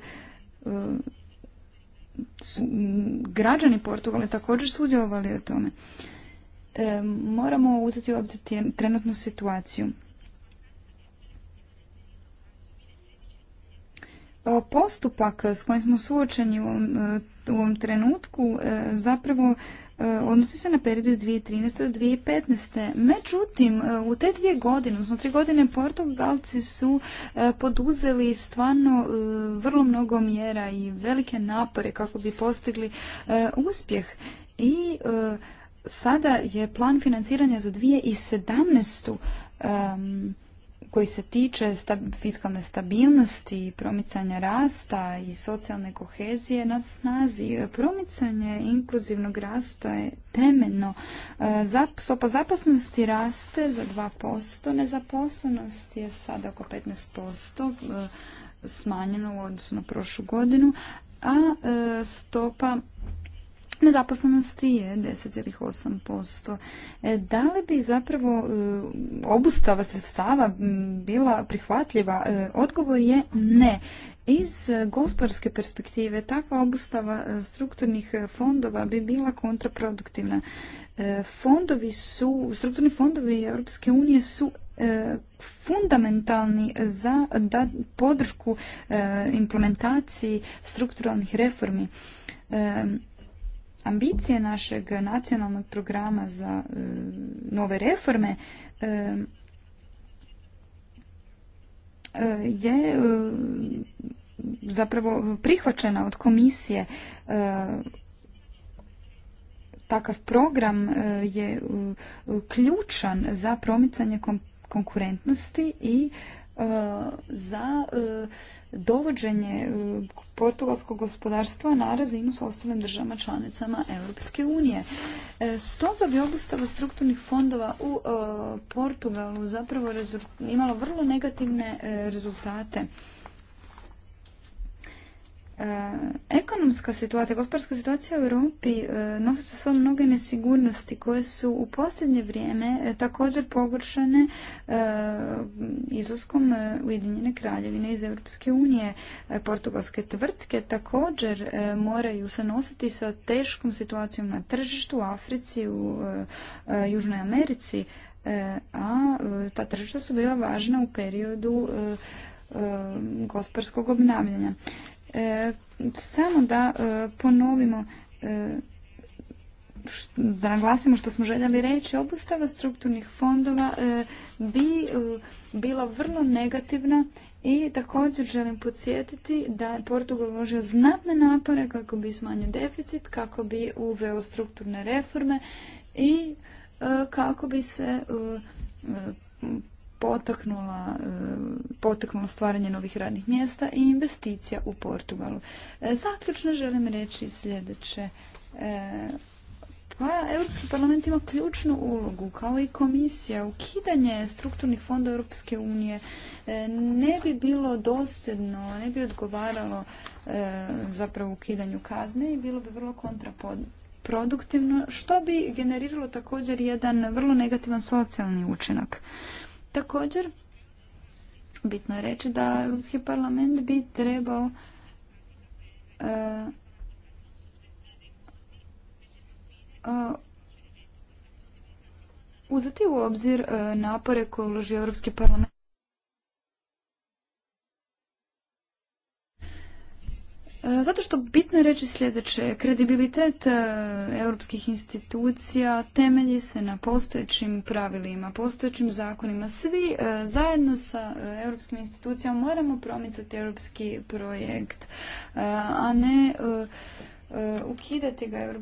građani Portugale također sudjelovali o tome. Moramo uzeti u obzir trenutnu situaciju. Postupak s kojim smo suočeni u ovom trenutku zapravo E, odnosi se na period iz 2013. do 2015. Međutim, e, u te dvije godine, odnosno tri godine, Portugalci su e, poduzeli stvarno vrlo mnogo mjera i velike napore kako bi postigli uspjeh. I sada je plan financiranja za 2017. Um, koji se tiče fiskalne stabilnosti, i promicanja rasta i socijalne kohezije na snazi. E, promicanje inkluzivnog rasta je temeljno. E, stopa zaposlenosti raste za 2%, nezaposlenost je sad oko 15% e, smanjeno u odnosu na prošlu godinu, a stopa Nezaposlenosti je 10,8%. E, da li bi zapravo e, obustava sredstava bila prihvatljiva? E, odgovor je ne. Iz gospodarske perspektive takva obustava strukturnih fondova bi bila kontraproduktivna. Fondovi su, strukturni fondovi Europske unije su fundamentalni za podršku implementaciji strukturalnih reformi ambicije našeg nacionalnog programa za e, nove reforme e, e, je zapravo prihvaćena od komisije takav program je ključan za promicanje konkurentnosti i za dovođenje portugalskog gospodarstva na razinu s ostalim državama članicama Europske unije. E, stoga bi obustava strukturnih fondova u e, Portugalu zapravo imala vrlo negativne e, rezultate Eh, ekonomska situacija, gospodarska situacija u Europi eh, nosi se mnoge nesigurnosti koje su u posljednje vrijeme eh, također pogoršane izlaskom Ujedinjene kraljevine iz Europske unije. Portugalske tvrtke također moraju se nositi sa teškom situacijom na tržištu u Africi, u Južnoj Americi, a ta tržišta su bila važna u periodu gospodarskog obnavljanja. E, samo da e, ponovimo e, da naglasimo što smo željeli reći, obustava strukturnih fondova bi bila vrlo negativna i također želim podsjetiti da je Portugal uložio znatne napore kako bi smanjio deficit, kako bi uveo strukturne reforme i kako bi se potaknula, e, potaknulo stvaranje novih radnih mjesta i investicija u Portugalu. E, zaključno želim reći sljedeće. E, pa, Europski parlament ima ključnu ulogu, kao i komisija. Ukidanje strukturnih fonda Europske unije ne bi bilo dosjedno, ne bi odgovaralo zapravo ukidanju kazne i bilo bi vrlo kontraproduktivno, što bi generiralo također jedan vrlo negativan socijalni učinak. Također, bitno je reći da Europski parlament bi trebao e, e, uzeti u obzir e, napore koje uloži Europski parlament E, zato što bitno je reći sljedeće, kredibilitet e, europskih institucija temelji se na postojećim pravilima, postojećim zakonima. Svi e, zajedno sa europskim institucijama moramo promicati europski projekt, a ne Eh, ukidati ga.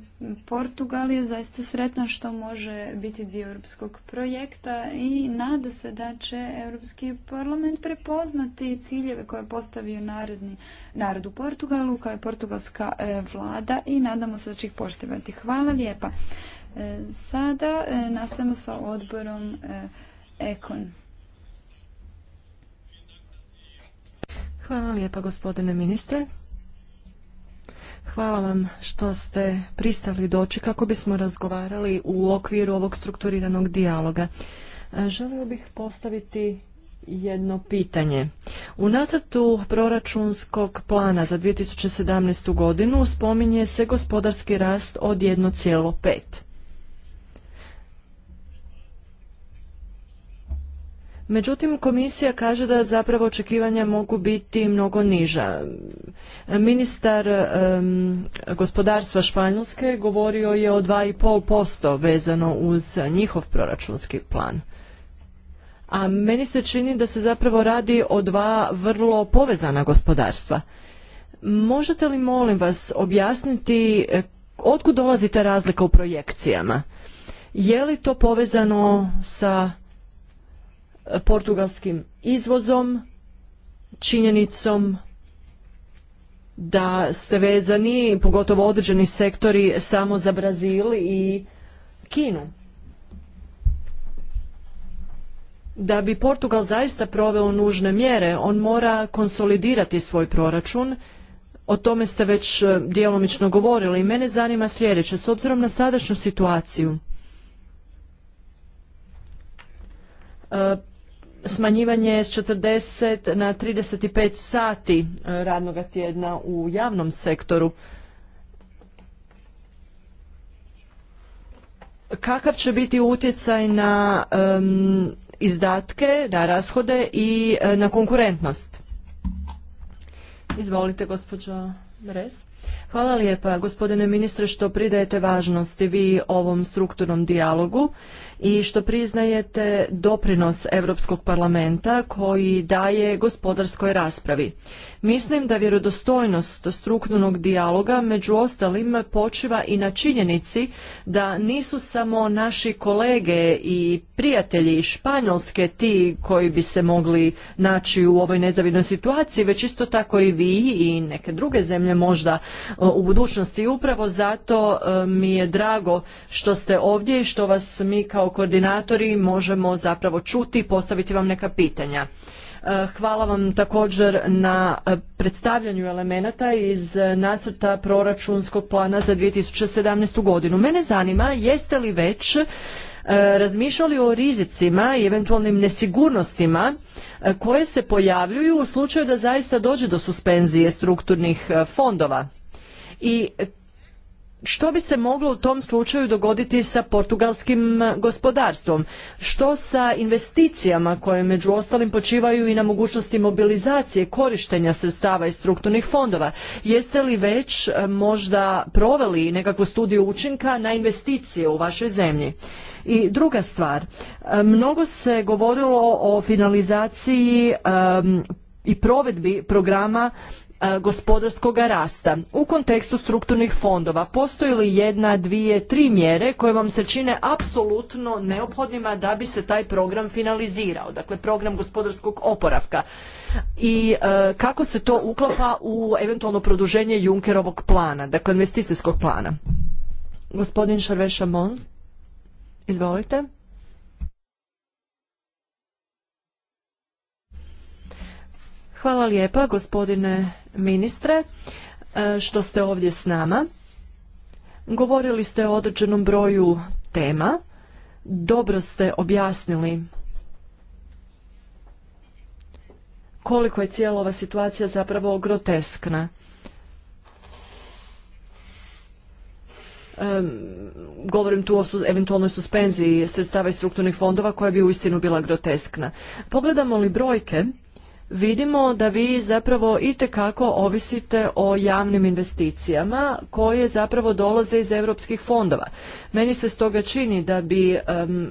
Portugal je zaista sretna što može biti dio europskog projekta i nada se da će Europski parlament prepoznati ciljeve koje je postavio narodni, narod u Portugalu, kao je portugalska eh, vlada i nadamo se da će ih poštivati. Hvala lijepa. Eh, sada nastavimo sa odborom Ekon. Hvala lijepa gospodine ministre. Hvala vam što ste pristali doći kako bismo razgovarali u okviru ovog strukturiranog dijaloga. E, želio bih postaviti jedno pitanje. U nacrtu proračunskog plana za 2017. godinu spominje se gospodarski rast od 1,5. Međutim, komisija kaže da zapravo očekivanja mogu biti mnogo niža. Ministar gospodarstva Španjolske govorio je o 2,5% vezano uz njihov proračunski plan. A meni se čini da se zapravo radi o dva vrlo povezana gospodarstva. Možete li molim vas objasniti e, otkud dolazi ta razlika u projekcijama? Je li to povezano sa portugalskim izvozom, činjenicom da ste vezani, pogotovo određeni sektori, samo za Brazil i Kinu. Da bi Portugal zaista proveo nužne mjere, on mora konsolidirati svoj proračun. O tome ste već e, djelomično govorili i mene zanima sljedeće. S obzirom na sadašnju situaciju, e, smanjivanje s 40 na 35 sati e, radnog tjedna u javnom sektoru. Kakav će biti utjecaj na izdatke, na rashode i e, na konkurentnost? Izvolite, gospođo mres Hvala lijepa gospodine ministre što pridajete važnosti vi ovom strukturnom dijalogu i što priznajete doprinos Europskog parlamenta koji daje gospodarskoj raspravi. Mislim da vjerodostojnost strukturnog dijaloga među ostalim počiva i na činjenici da nisu samo naši kolege i prijatelji Španjolske ti koji bi se mogli naći u ovoj nezavidnoj situaciji, već isto tako i vi i neke druge zemlje možda u budućnosti. I upravo zato e, mi je drago što ste ovdje i što vas mi kao koordinatori možemo zapravo čuti i postaviti vam neka pitanja. E, hvala vam također na e, predstavljanju elemenata iz nacrta proračunskog plana za 2017. godinu. Mene zanima jeste li već razmišljali o rizicima i eventualnim nesigurnostima koje se pojavljuju u slučaju da zaista dođe do suspenzije strukturnih fondova i što bi se moglo u tom slučaju dogoditi sa portugalskim gospodarstvom? Što sa investicijama koje među ostalim počivaju i na mogućnosti mobilizacije korištenja sredstava iz strukturnih fondova? Jeste li već e, možda proveli nekakvu studiju učinka na investicije u vašoj zemlji? I druga stvar, e, mnogo se govorilo o finalizaciji e, i provedbi programa E, gospodarskog rasta u kontekstu strukturnih fondova postoji li jedna, dvije, tri mjere koje vam se čine apsolutno neophodnima da bi se taj program finalizirao, dakle program gospodarskog oporavka i e, kako se to uklapa u eventualno produženje Junkerovog plana, dakle investicijskog plana. Gospodin Šarveša Mons, izvolite. Hvala lijepa gospodine ministre e, što ste ovdje s nama. Govorili ste o određenom broju tema. Dobro ste objasnili koliko je cijela ova situacija zapravo groteskna. E, govorim tu o eventualnoj suspenziji sredstava i strukturnih fondova koja bi uistinu bila groteskna. Pogledamo li brojke, vidimo da vi zapravo itekako ovisite o javnim investicijama koje zapravo dolaze iz europskih fondova. Meni se stoga čini da bi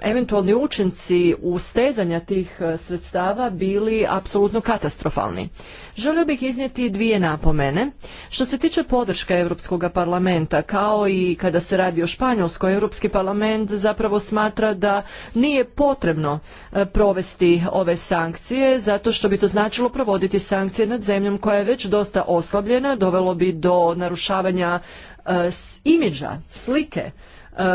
eventualni učinci stezanja tih e, sredstava bili apsolutno katastrofalni. Želio bih iznijeti dvije napomene. Što se tiče podrške Europskog parlamenta, kao i kada se radi o Španjolskoj, Europski parlament zapravo smatra da nije potrebno e, provesti ove sankcije zato što bi to značilo, počelo provoditi sankcije nad zemljom koja je već dosta oslabljena, dovelo bi do narušavanja e, imidža, slike e,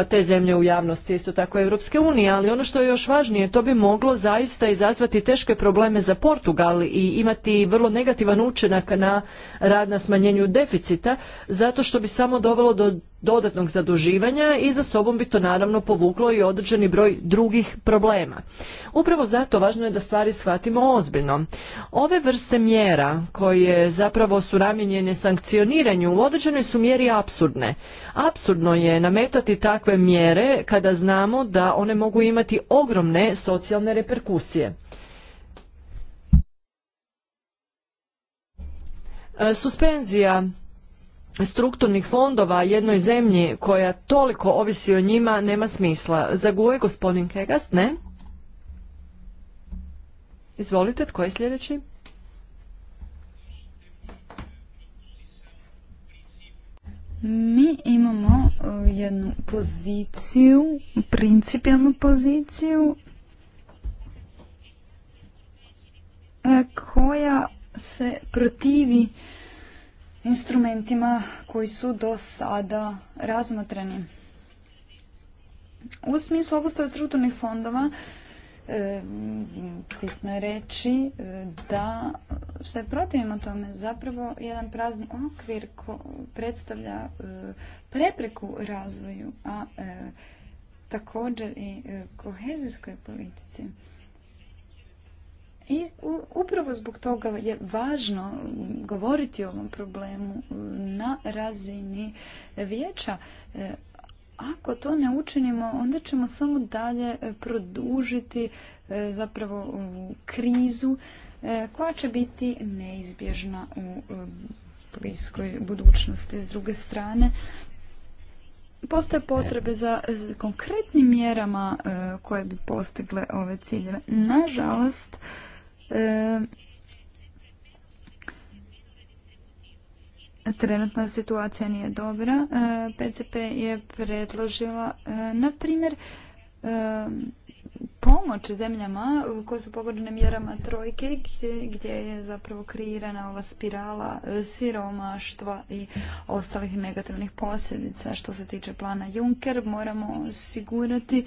te zemlje u javnosti, isto tako Europske unije, ali ono što je još važnije, to bi moglo zaista izazvati teške probleme za Portugal i imati vrlo negativan učinak na rad na smanjenju deficita, zato što bi samo dovelo do dodatnog zaduživanja i za sobom bi to naravno povuklo i određeni broj drugih problema. Upravo zato važno je da stvari shvatimo ozbiljno. Ove vrste mjera koje zapravo su namijenjene sankcioniranju u određenoj su mjeri apsurdne. Apsurdno je nametati takve mjere kada znamo da one mogu imati ogromne socijalne reperkusije. E, suspenzija strukturnih fondova jednoj zemlji koja toliko ovisi o njima nema smisla. Zaguje gospodin Kegas, ne? Izvolite, tko je sljedeći? Mi imamo e, jednu poziciju, principijalnu poziciju e, koja se protivi instrumentima koji su do sada razmotreni U smislu obustave strukturnih fondova e, bitno je reći e, da se protivimo tome zapravo jedan prazni okvir ko predstavlja e, prepreku razvoju, a također i kohezijskoj politici. I upravo zbog toga je važno govoriti o ovom problemu e, na razini vijeća. E, ako to ne učinimo, onda ćemo samo dalje e, produžiti zapravo krizu koja će biti neizbježna u bliskoj budućnosti. S druge strane, postoje potrebe za konkretnim mjerama koje bi postigle ove ciljeve. Nažalost, E, trenutna situacija nije dobra. PCP e, je predložila, e, na primjer, pomoć zemljama koje su pogodne mjerama trojke gdje je zapravo kreirana ova spirala siromaštva i ostalih negativnih posljedica. Što se tiče plana Juncker moramo osigurati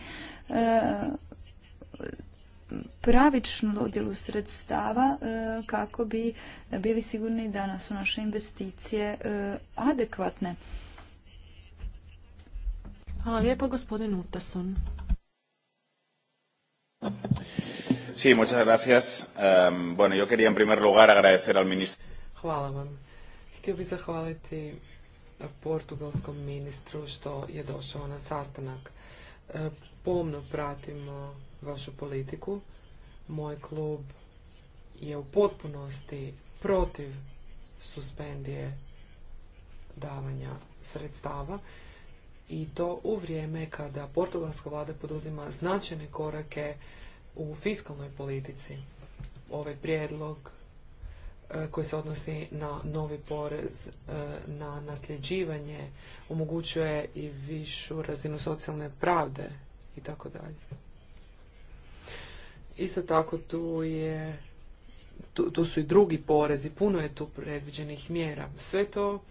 pravičnu dodjelu sredstava e, kako bi bili sigurni da nas su naše investicije e, adekvatne. Hvala lijepo, gospodin Utasun. Sí, Hvala vam. Htio bih zahvaliti portugalskom ministru što je došao na sastanak. E, pomno pratimo vašu politiku. Moj klub je u potpunosti protiv suspendije davanja sredstava i to u vrijeme kada portugalska vlada poduzima značajne korake u fiskalnoj politici. Ovaj prijedlog e, koji se odnosi na novi porez, e, na nasljeđivanje, omogućuje i višu razinu socijalne pravde i tako dalje. Isto tako tu je tu, su i drugi porezi, puno je tu predviđenih mjera. Sve to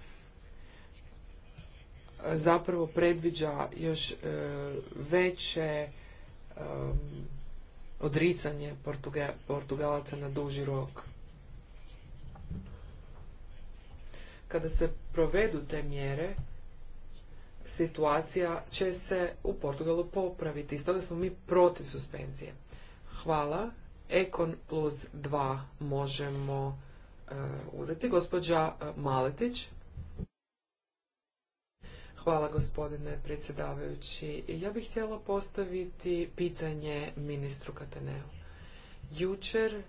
e, zapravo predviđa još e, veće e, odricanje Portugalaca na duži rok. Kada se provedu te mjere, situacija će se u Portugalu popraviti. Stoga smo mi protiv suspenzije. Hvala. Ekon plus dva možemo e, uzeti. Gospođa e, Maletić. Hvala gospodine predsjedavajući. Ja bih htjela postaviti pitanje ministru Kateneo. Jučer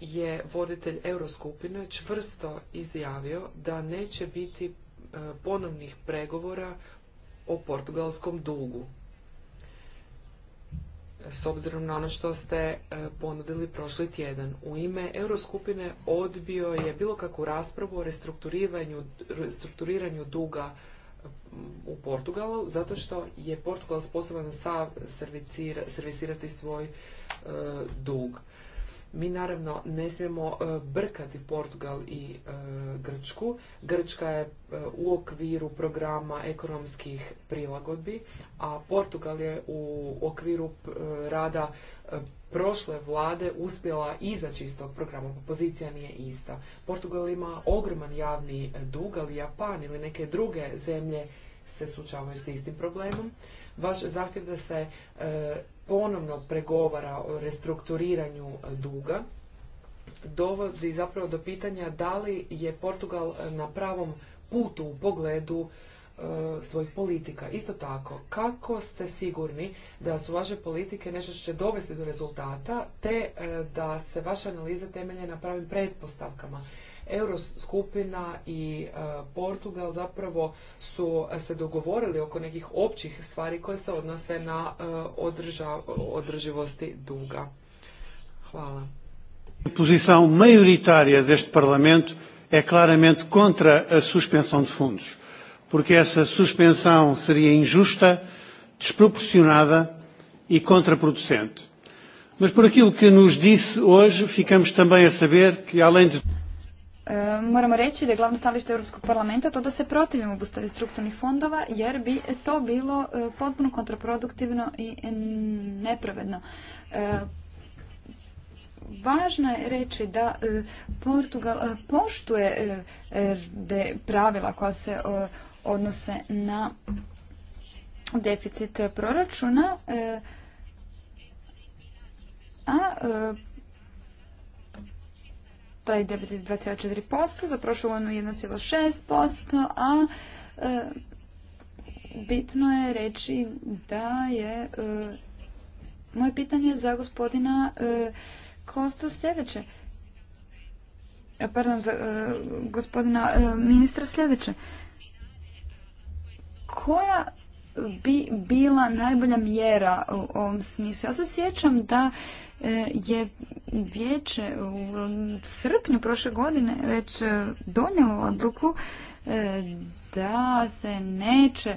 je voditelj Euroskupine čvrsto izjavio da neće biti e, ponovnih pregovora o portugalskom dugu s obzirom na ono što ste e, ponudili prošli tjedan. U ime Euroskupine odbio je bilo kakvu raspravu o restrukturiranju, duga mm, u Portugalu, zato što je Portugal sposoban sav servisirati svoj e, dug. Mi naravno ne smijemo e, brkati Portugal i e, Grčku. Grčka je e, u okviru programa ekonomskih prilagodbi, a Portugal je u okviru rada prošle vlade uspjela izaći iz tog programa, pa pozicija nije ista. Portugal ima ogroman javni dug, ali Japan ili neke druge zemlje se suočavaju s istim problemom. Vaš zahtjev da se ponovno pregovara o restrukturiranju duga dovodi zapravo do pitanja da li je Portugal na pravom putu u pogledu e, svojih politika. Isto tako, kako ste sigurni da su vaše politike nešto što će dovesti do rezultata, te e, da se vaša analiza temelje na pravim pretpostavkama? Euroskupina i e, Portugal zapravo su se dogovorili oko nekih općih stvari koje se odnose na e, održivosti duga. Hvala. Posição maioritária deste Parlamento é claramente contra a suspensão de fundos, porque essa suspensão seria injusta, desproporcionada e contraproducente. Mas por aquilo que nos disse hoje, ficamos também a saber que, além de moramo reći da je glavno stavište Europskog parlamenta to da se protivimo obustavi strukturnih fondova jer bi to bilo e, potpuno kontraproduktivno i nepravedno. E, važno je reći da e, Portugal poštuje pravila koja se odnose na deficit proračuna, a taj deficit 2,4%, za prošlu godinu 1,6%, a e, bitno je reći da je e, moje pitanje za gospodina e, Kostu sljedeće. Pardon, za gospodina ministra sljedeće. Koja bi bila najbolja mjera u ovom smislu? Ja se sjećam da E, je vijeće u srpnju prošle godine već e, donijelo odluku e, da se neće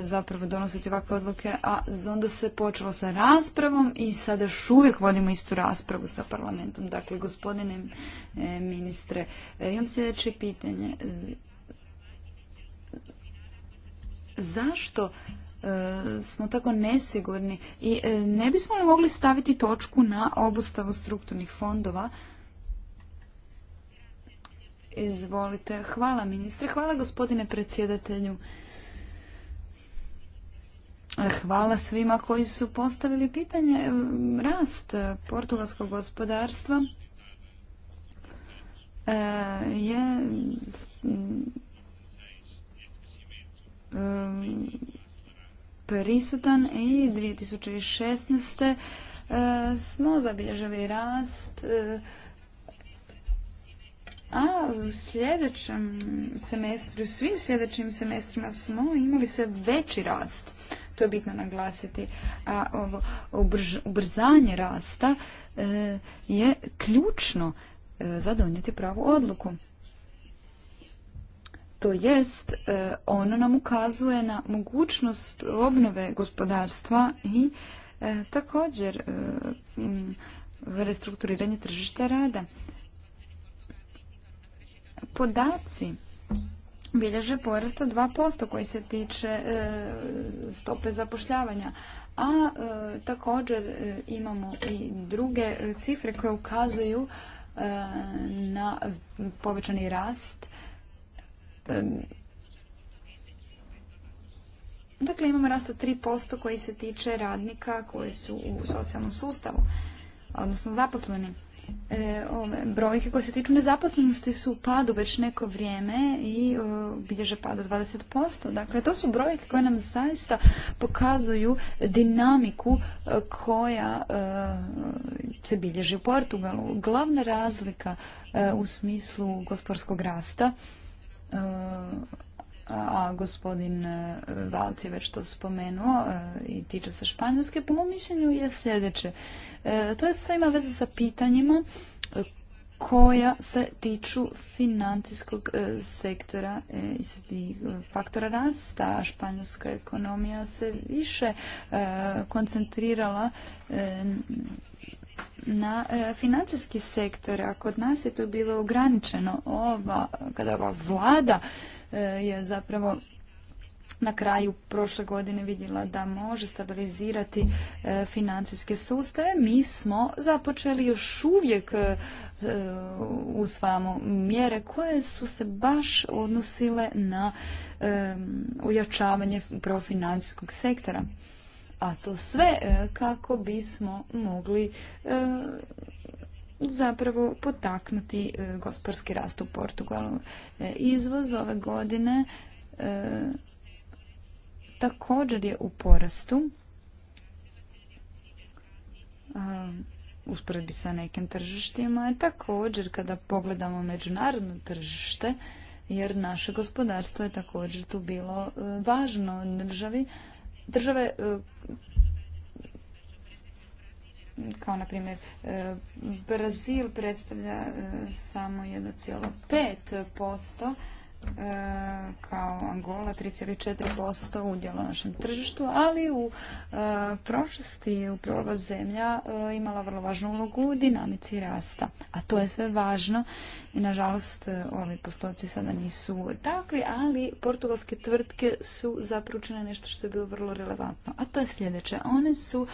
zapravo donositi ovakve odluke, a onda se počelo sa raspravom i sada još uvijek vodimo istu raspravu sa parlamentom. Dakle, gospodine ministre, imam sljedeće pitanje. Zašto smo tako nesigurni i e, ne bismo li mogli staviti točku na obustavu strukturnih fondova Izvolite. Hvala ministre. Hvala gospodine predsjedatelju. Hvala svima koji su postavili pitanje. E, rast portugalskog gospodarstva e, je prisutan i 2016. Eh, smo zabilježili rast eh, a u sljedećem semestru, svim sljedećim semestrima smo imali sve veći rast. To je bitno naglasiti. A ovo ubrzanje rasta eh, je ključno za donijeti pravu odluku. To jest, e, ono nam ukazuje na mogućnost obnove gospodarstva i e, također e, restrukturiranje tržišta rada. Podaci bilježe dva 2% koji se tiče stope zapošljavanja, a također imamo i druge cifre koje ukazuju na povećani rast Dakle, imamo rast od 3% koji se tiče radnika koji su u socijalnom sustavu, odnosno zaposleni. E, brojke koje se tiču nezaposlenosti su u padu već neko vrijeme i e, bilježe pad od 20%. Dakle, to su brojke koje nam zaista pokazuju dinamiku e, koja se bilježi u Portugalu. Glavna razlika u smislu gospodarskog rasta a gospodin e, Valci je već to spomenuo e, i tiče se Španjolske, po mom mišljenju je sljedeće. E, to je sve ima veze sa pitanjima koja se tiču financijskog sektora i faktora rasta. Španjolska ekonomija se više koncentrirala na e, financijski sektor, a kod nas je to bilo ograničeno. Ova, kada ova vlada e, je zapravo na kraju prošle godine vidjela da može stabilizirati e, financijske sustave, mi smo započeli još uvijek e, usvajamo mjere koje su se baš odnosile na e, ujačavanje sektora a to sve e, kako bismo mogli e, zapravo potaknuti e, gospodarski rast u Portugalu. Izvoz ove godine također je u porastu usporedbi sa nekim tržištima. Također kada pogledamo međunarodno tržište, jer naše gospodarstvo je također tu bilo važno državi, Države e, kao na primjer e, Brazil predstavlja e, samo 1,5% E, kao Angola 3,4% udjela na našem tržištu, ali u e, prošlosti je upravo zemlja e, imala vrlo važnu ulogu u dinamici rasta. A to je sve važno i nažalost ovi postoci sada nisu takvi, ali portugalske tvrtke su zapručene nešto što je bilo vrlo relevantno. A to je sljedeće. One su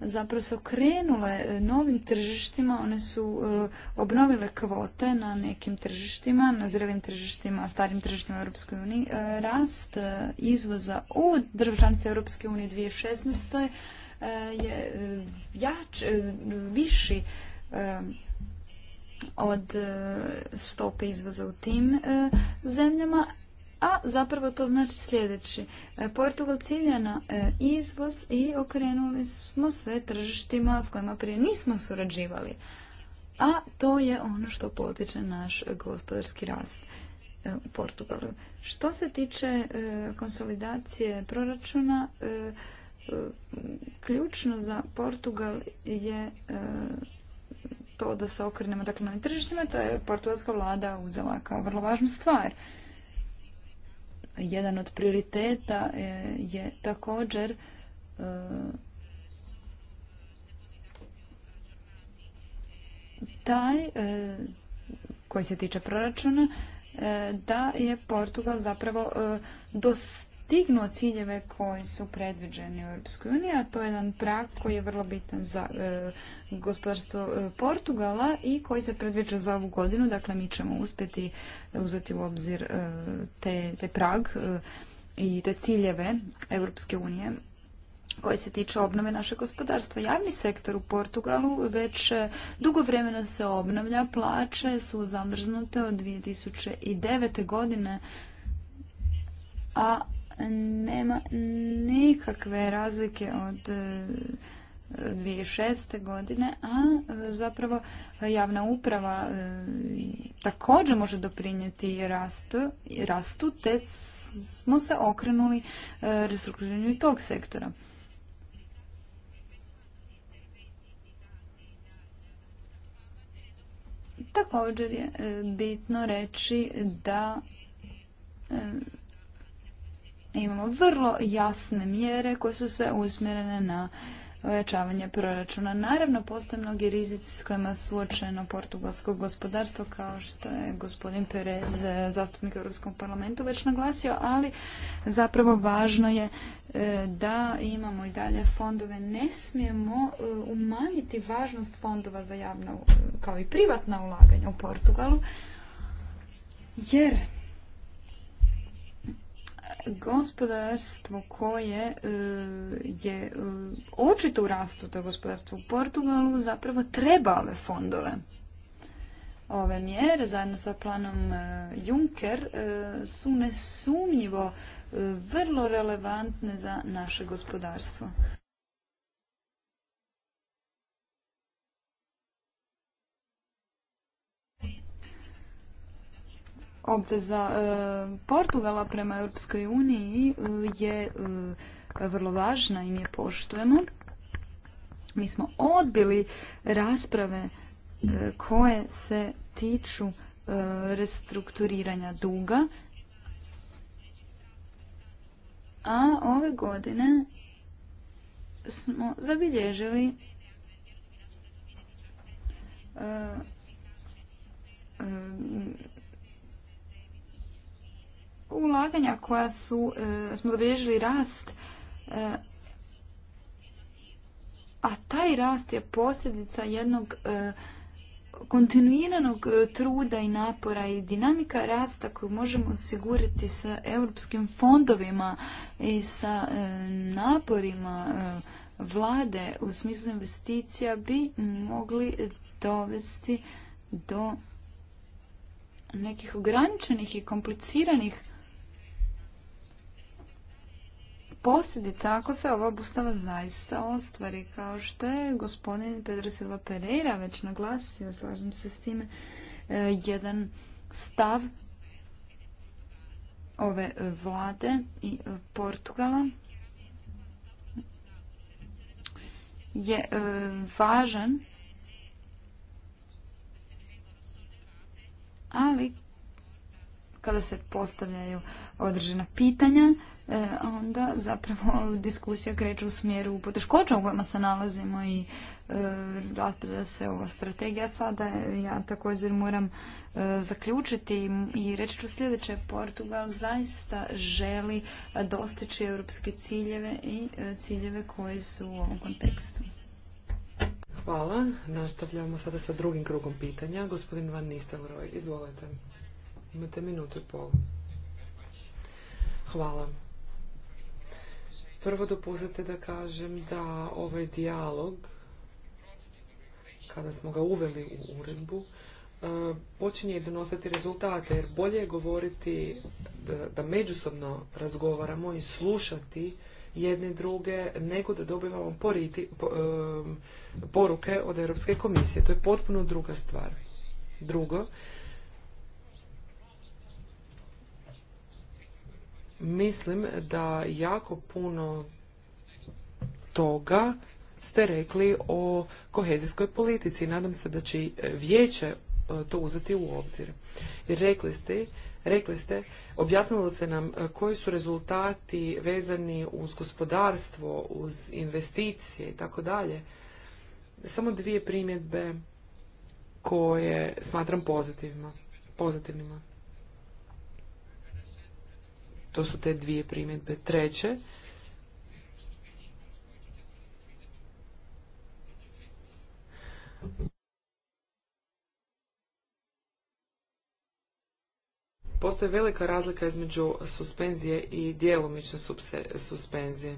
zapravo se okrenule e, novim tržištima, one su e, obnovile kvote na nekim tržištima, na zrelim tržištima, starim tržištima Europskoj uniji. E, rast izvoza u državčanice Europske unije 2016. je jač, viši od stope izvoza u tim zemljama, a zapravo to znači sljedeći. E, Portugal cilja na e, izvoz i okrenuli smo se tržištima s kojima prije nismo surađivali. A to je ono što potiče naš gospodarski rast e, u Portugalu. Što se tiče konsolidacije proračuna, ključno za Portugal je to da se okrenemo dakle novim tržištima, to je portugalska vlada uzela kao vrlo važnu stvar. Jedan od prioriteta e, je također e, taj e, koji se tiče proračuna da je Portugal zapravo do postignuo ciljeve koji su predviđeni u Europskoj a to je jedan prag koji je vrlo bitan za e, gospodarstvo e, Portugala i koji se predviđa za ovu godinu. Dakle, mi ćemo uspjeti uzeti u obzir e, te, prag e, i te ciljeve Europske unije koji se tiče obnove našeg gospodarstva. Javni sektor u Portugalu već dugo vremena se obnavlja, plaće su zamrznute od 2009. godine, a nema nikakve razlike od 2006. E, godine, a e, zapravo javna uprava e, također može doprinijeti rastu, rastu te smo se okrenuli restrukturiranju tog sektora. Također je bitno reći da Imamo vrlo jasne mjere koje su sve usmjerene na ojačavanje proračuna. Naravno, postoje mnogi rizici s kojima su očeno portugalsko gospodarstvo, kao što je gospodin Perez, e, zastupnik Europskom parlamentu, već naglasio, ali zapravo važno je e, da imamo i dalje fondove. Ne smijemo e, umanjiti važnost fondova za javno, kao i privatna ulaganja u Portugalu, jer gospodarstvo koje e, je e, očito u rastu, to gospodarstvo u Portugalu, zapravo treba ove fondove. Ove mjere zajedno sa planom e, Juncker su nesumnjivo vrlo relevantne za naše gospodarstvo. obveza e, Portugala prema Europskoj uniji e, je e, vrlo važna i mi je poštujemo. Mi smo odbili rasprave koje se tiču restrukturiranja duga. A ove godine smo zabilježili ulaganja koja su, e, smo zabilježili rast, e, a taj rast je posljedica jednog e, kontinuiranog truda i napora i dinamika rasta koju možemo osigurati sa europskim fondovima i sa naporima vlade u smislu investicija bi mogli dovesti do nekih ograničenih i kompliciranih posljedica ako se ova obustava zaista ostvari, kao što je gospodin Pedro Silva Pereira već naglasio, slažem se s time, e, jedan stav ove vlade i Portugala je e, važan ali kada se postavljaju određena pitanja, e, onda zapravo diskusija kreće u smjeru poteškoća u kojima se nalazimo i e, raspravlja se ova strategija sada. Ja također moram e, zaključiti i reći ću sljedeće. Portugal zaista želi dostići europske ciljeve i ciljeve koji su u ovom kontekstu. Hvala. Nastavljamo sada sa drugim krugom pitanja. Gospodin Van Nistelroj, izvolite. Imate minutu i pol. Hvala. Prvo dopustite da kažem da ovaj dijalog, kada smo ga uveli u uredbu, e, počinje donositi rezultate, jer bolje je govoriti e, da, međusobno razgovaramo i slušati jedne druge, nego da dobivamo poriti, e, poruke od Europske komisije. To je potpuno druga stvar. Drugo, Mislim da jako puno toga ste rekli o kohezijskoj politici. Nadam se da će e, vijeće e, to uzeti u obzir. i rekli ste, rekli ste, objasnilo se nam e, koji su rezultati vezani uz gospodarstvo, uz investicije i tako dalje. Samo dvije primjedbe koje smatram pozitivnima. To su te dvije primjedbe. Treće, Postoji velika razlika između suspenzije i djelomične suspenzije.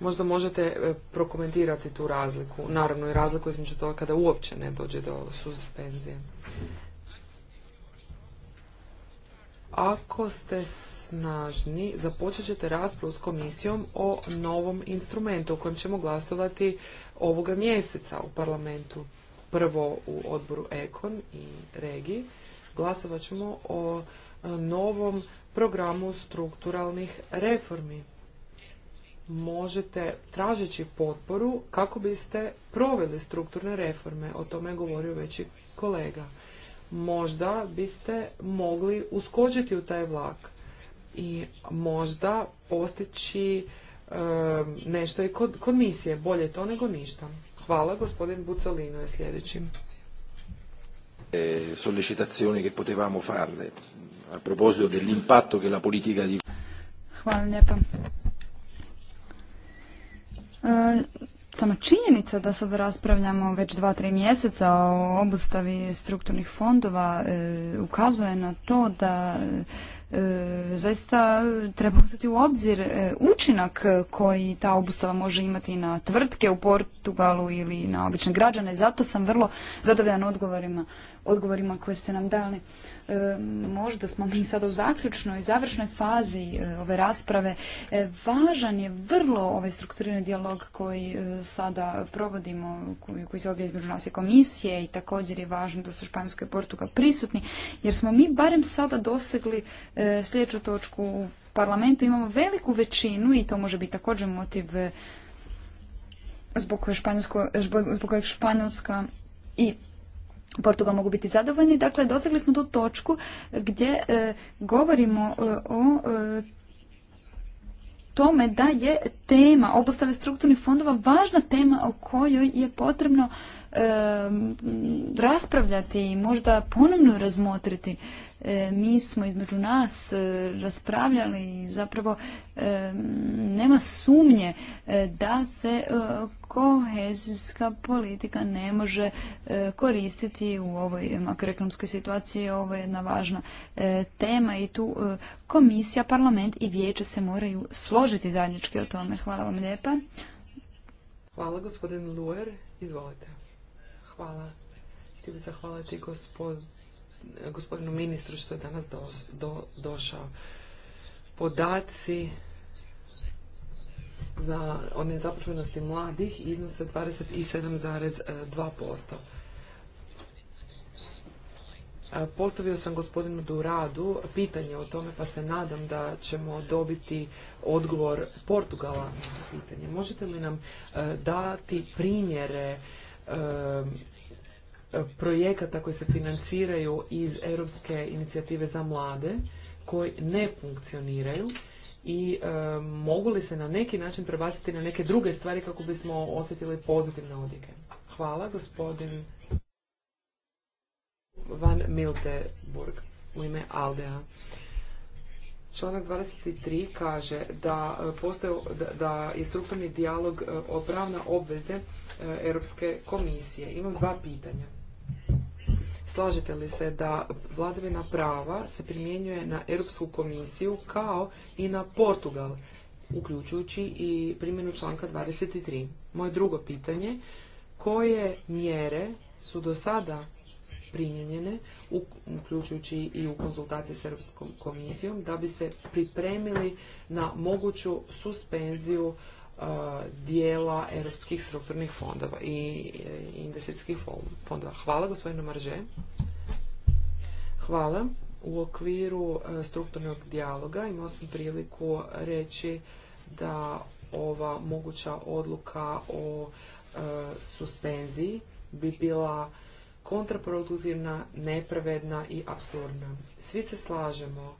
Možda možete e, prokomentirati tu razliku, naravno i razliku između toga kada uopće ne dođe do suspenzije. Ako ste snažni, započet ćete raspravu s komisijom o novom instrumentu o kojem ćemo glasovati ovoga mjeseca u parlamentu. Prvo u odboru Ekon i Regi glasovat ćemo o e, novom programu strukturalnih reformi. Možete tražeći potporu kako biste proveli strukturne reforme, o tome je govorio već i kolega možda biste mogli uskočiti u taj vlak i možda postići e, nešto i kod misije. Bolje to nego ništa. Hvala, gospodin Bucolino je sljedeći. E, sollecitazioni che potevamo farle a proposito dell'impatto che la politica di... Hvala lijepa. E, sama činjenica da sad raspravljamo već dva, tri mjeseca o obustavi strukturnih fondova e, ukazuje na to da e, zaista treba uzeti u obzir e, učinak koji ta obustava može imati na tvrtke u Portugalu ili na obične građane. Zato sam vrlo zadovoljan odgovorima, odgovorima koje ste nam dali. E, možda smo mi sada u zaključnoj i završnoj fazi e, ove rasprave, e, važan je vrlo ovaj strukturirani dijalog koji sada provodimo, koji se odvija između nas i komisije i također je važno da su Španjolska i Portugal prisutni, jer smo mi barem sada dosegli sljedeću točku u parlamentu, imamo veliku većinu i to može biti također motiv zbog, zbog kojeg Španjolska i Portugal mogu biti zadovoljni. Dakle, dosegli smo tu točku gdje e, govorimo e, o e, tome da je tema obustave strukturnih fondova važna tema o kojoj je potrebno raspravljati i možda ponovno razmotriti. E, mi smo između nas e, raspravljali i zapravo nema sumnje e, da se kohezijska politika ne može koristiti u ovoj makroekonomskoj situaciji. Ovo je jedna važna tema i tu komisija, parlament i vijeće se moraju složiti zajednički o tome. Hvala vam lijepa. Hvala gospodin Luer. Izvolite. Hvala. Htio bih zahvaliti gospodinu ministru što je danas došao. Podaci za o nezaposlenosti mladih iznose 27,2%. Postavio sam gospodinu Duradu pitanje o tome, pa se nadam da ćemo dobiti odgovor Portugala na pitanje. Možete li nam dati primjere Eh, projekata koji se financiraju iz Europske inicijative za mlade koji ne funkcioniraju i eh, mogu li se na neki način prebaciti na neke druge stvari kako bismo osjetili pozitivne odjeke. Hvala gospodin Van Milteburg u ime Aldea. Članak 23 kaže da, e, postoje, da je strukturni dijalog e, pravna obveze e, Europske komisije. Imam dva pitanja. Slažete li se da vladavina prava se primjenjuje na Europsku komisiju kao i na Portugal, uključujući i primjenu članka 23? Moje drugo pitanje, koje mjere su do sada primijenjene, uključujući i u konzultaciji s Europskom komisijom, da bi se pripremili na moguću suspenziju uh, dijela europskih strukturnih fondova i investicijskih fondova. Hvala gospodinu Marže. Hvala. U okviru uh, strukturnog dijaloga imao sam priliku reći da ova moguća odluka o uh, suspenziji bi bila kontraproduktivna, nepravedna i absurdna. Svi se slažemo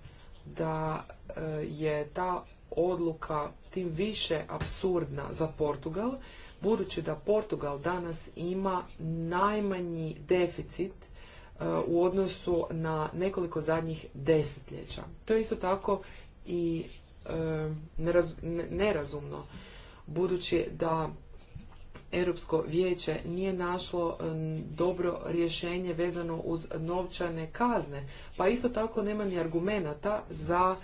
da e, je ta odluka tim više absurdna za Portugal, budući da Portugal danas ima najmanji deficit e, u odnosu na nekoliko zadnjih desetljeća. To je isto tako i e, nerazumno, budući da Europsko vijeće nije našlo dobro rješenje vezano uz novčane kazne, pa isto tako nema ni argumenata za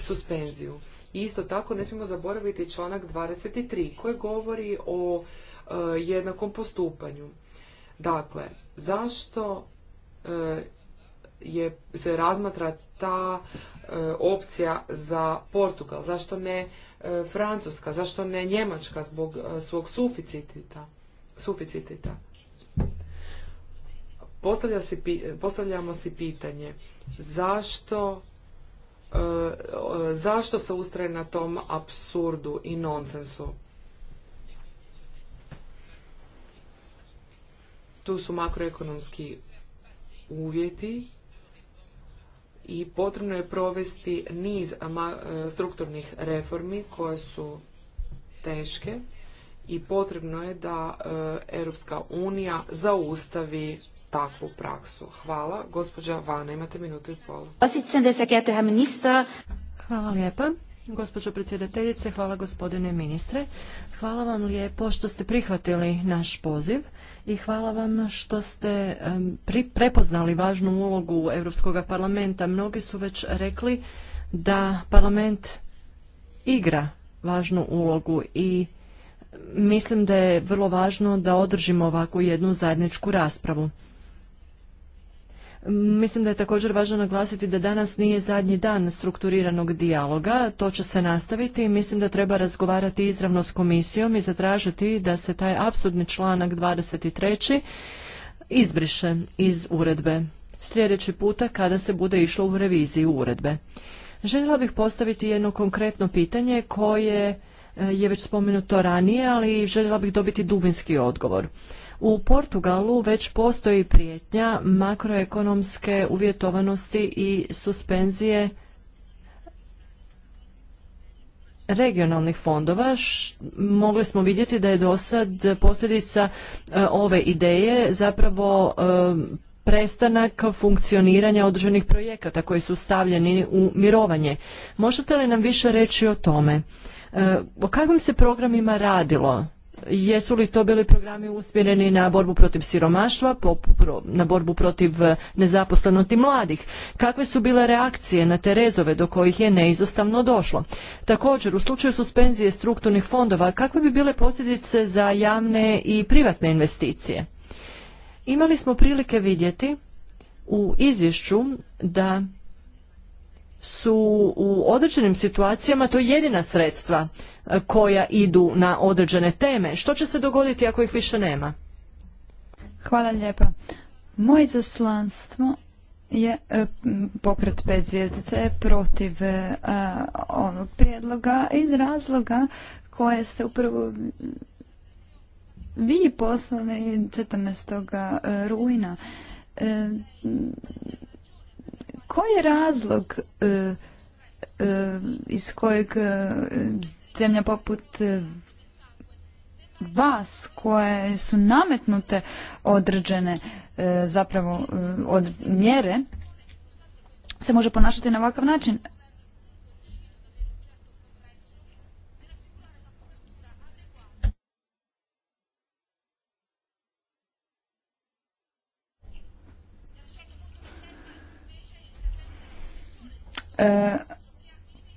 suspenziju. I isto tako ne smijemo zaboraviti članak 23 koji govori o e, jednakom postupanju. Dakle, zašto e, je, se razmatra ta e, opcija za Portugal? Zašto ne E, Francuska, zašto ne Njemačka zbog e, svog suficitita? Postavlja e, postavljamo si pitanje zašto zašto se ustraje na tom apsurdu i nonsensu? Tu su makroekonomski uvjeti i potrebno je provesti niz e, strukturnih reformi koje su teške i potrebno je da e, Europska unija zaustavi takvu praksu. Hvala. Gospođa Vana, imate minutu i pol. Hvala lijepa. Gospođo predsjedateljice, hvala gospodine ministre. Hvala vam lijepo što ste prihvatili naš poziv i hvala vam što ste prepoznali važnu ulogu Europskog parlamenta. Mnogi su već rekli da parlament igra važnu ulogu i mislim da je vrlo važno da održimo ovakvu jednu zajedničku raspravu. Mislim da je također važno naglasiti da danas nije zadnji dan strukturiranog dijaloga, to će se nastaviti i mislim da treba razgovarati izravno s komisijom i zatražiti da se taj apsurdni članak 23. izbriše iz uredbe sljedeći puta kada se bude išlo u reviziju uredbe. Željela bih postaviti jedno konkretno pitanje koje e, je već spomenuto ranije, ali željela bih dobiti dubinski odgovor. U Portugalu već postoji prijetnja makroekonomske uvjetovanosti i suspenzije regionalnih fondova mogli smo vidjeti da je do sad posljedica e, ove ideje zapravo e, prestanak funkcioniranja određenih projekata koji su stavljeni u mirovanje. Možete li nam više reći o tome? E, o kakvim se programima radilo? Jesu li to bili programi usmjereni na borbu protiv siromaštva, na borbu protiv e, nezaposlenosti mladih? Kakve su bile reakcije na te rezove do kojih je neizostavno došlo? Također, u slučaju suspenzije strukturnih fondova, kakve bi bile posljedice za javne i privatne investicije? Imali smo prilike vidjeti u izvješću da su u određenim situacijama to jedina sredstva koja idu na određene teme. Što će se dogoditi ako ih više nema? Hvala lijepa. Moje zaslanstvo je e, pokret pet zvijezdice protiv e, ovog prijedloga iz razloga koje ste upravo vi poslali 14. E, rujna. koji je razlog iz kojeg zemlja poput e, vas koje su nametnute određene e, zapravo e, od mjere se može ponašati na ovakav način.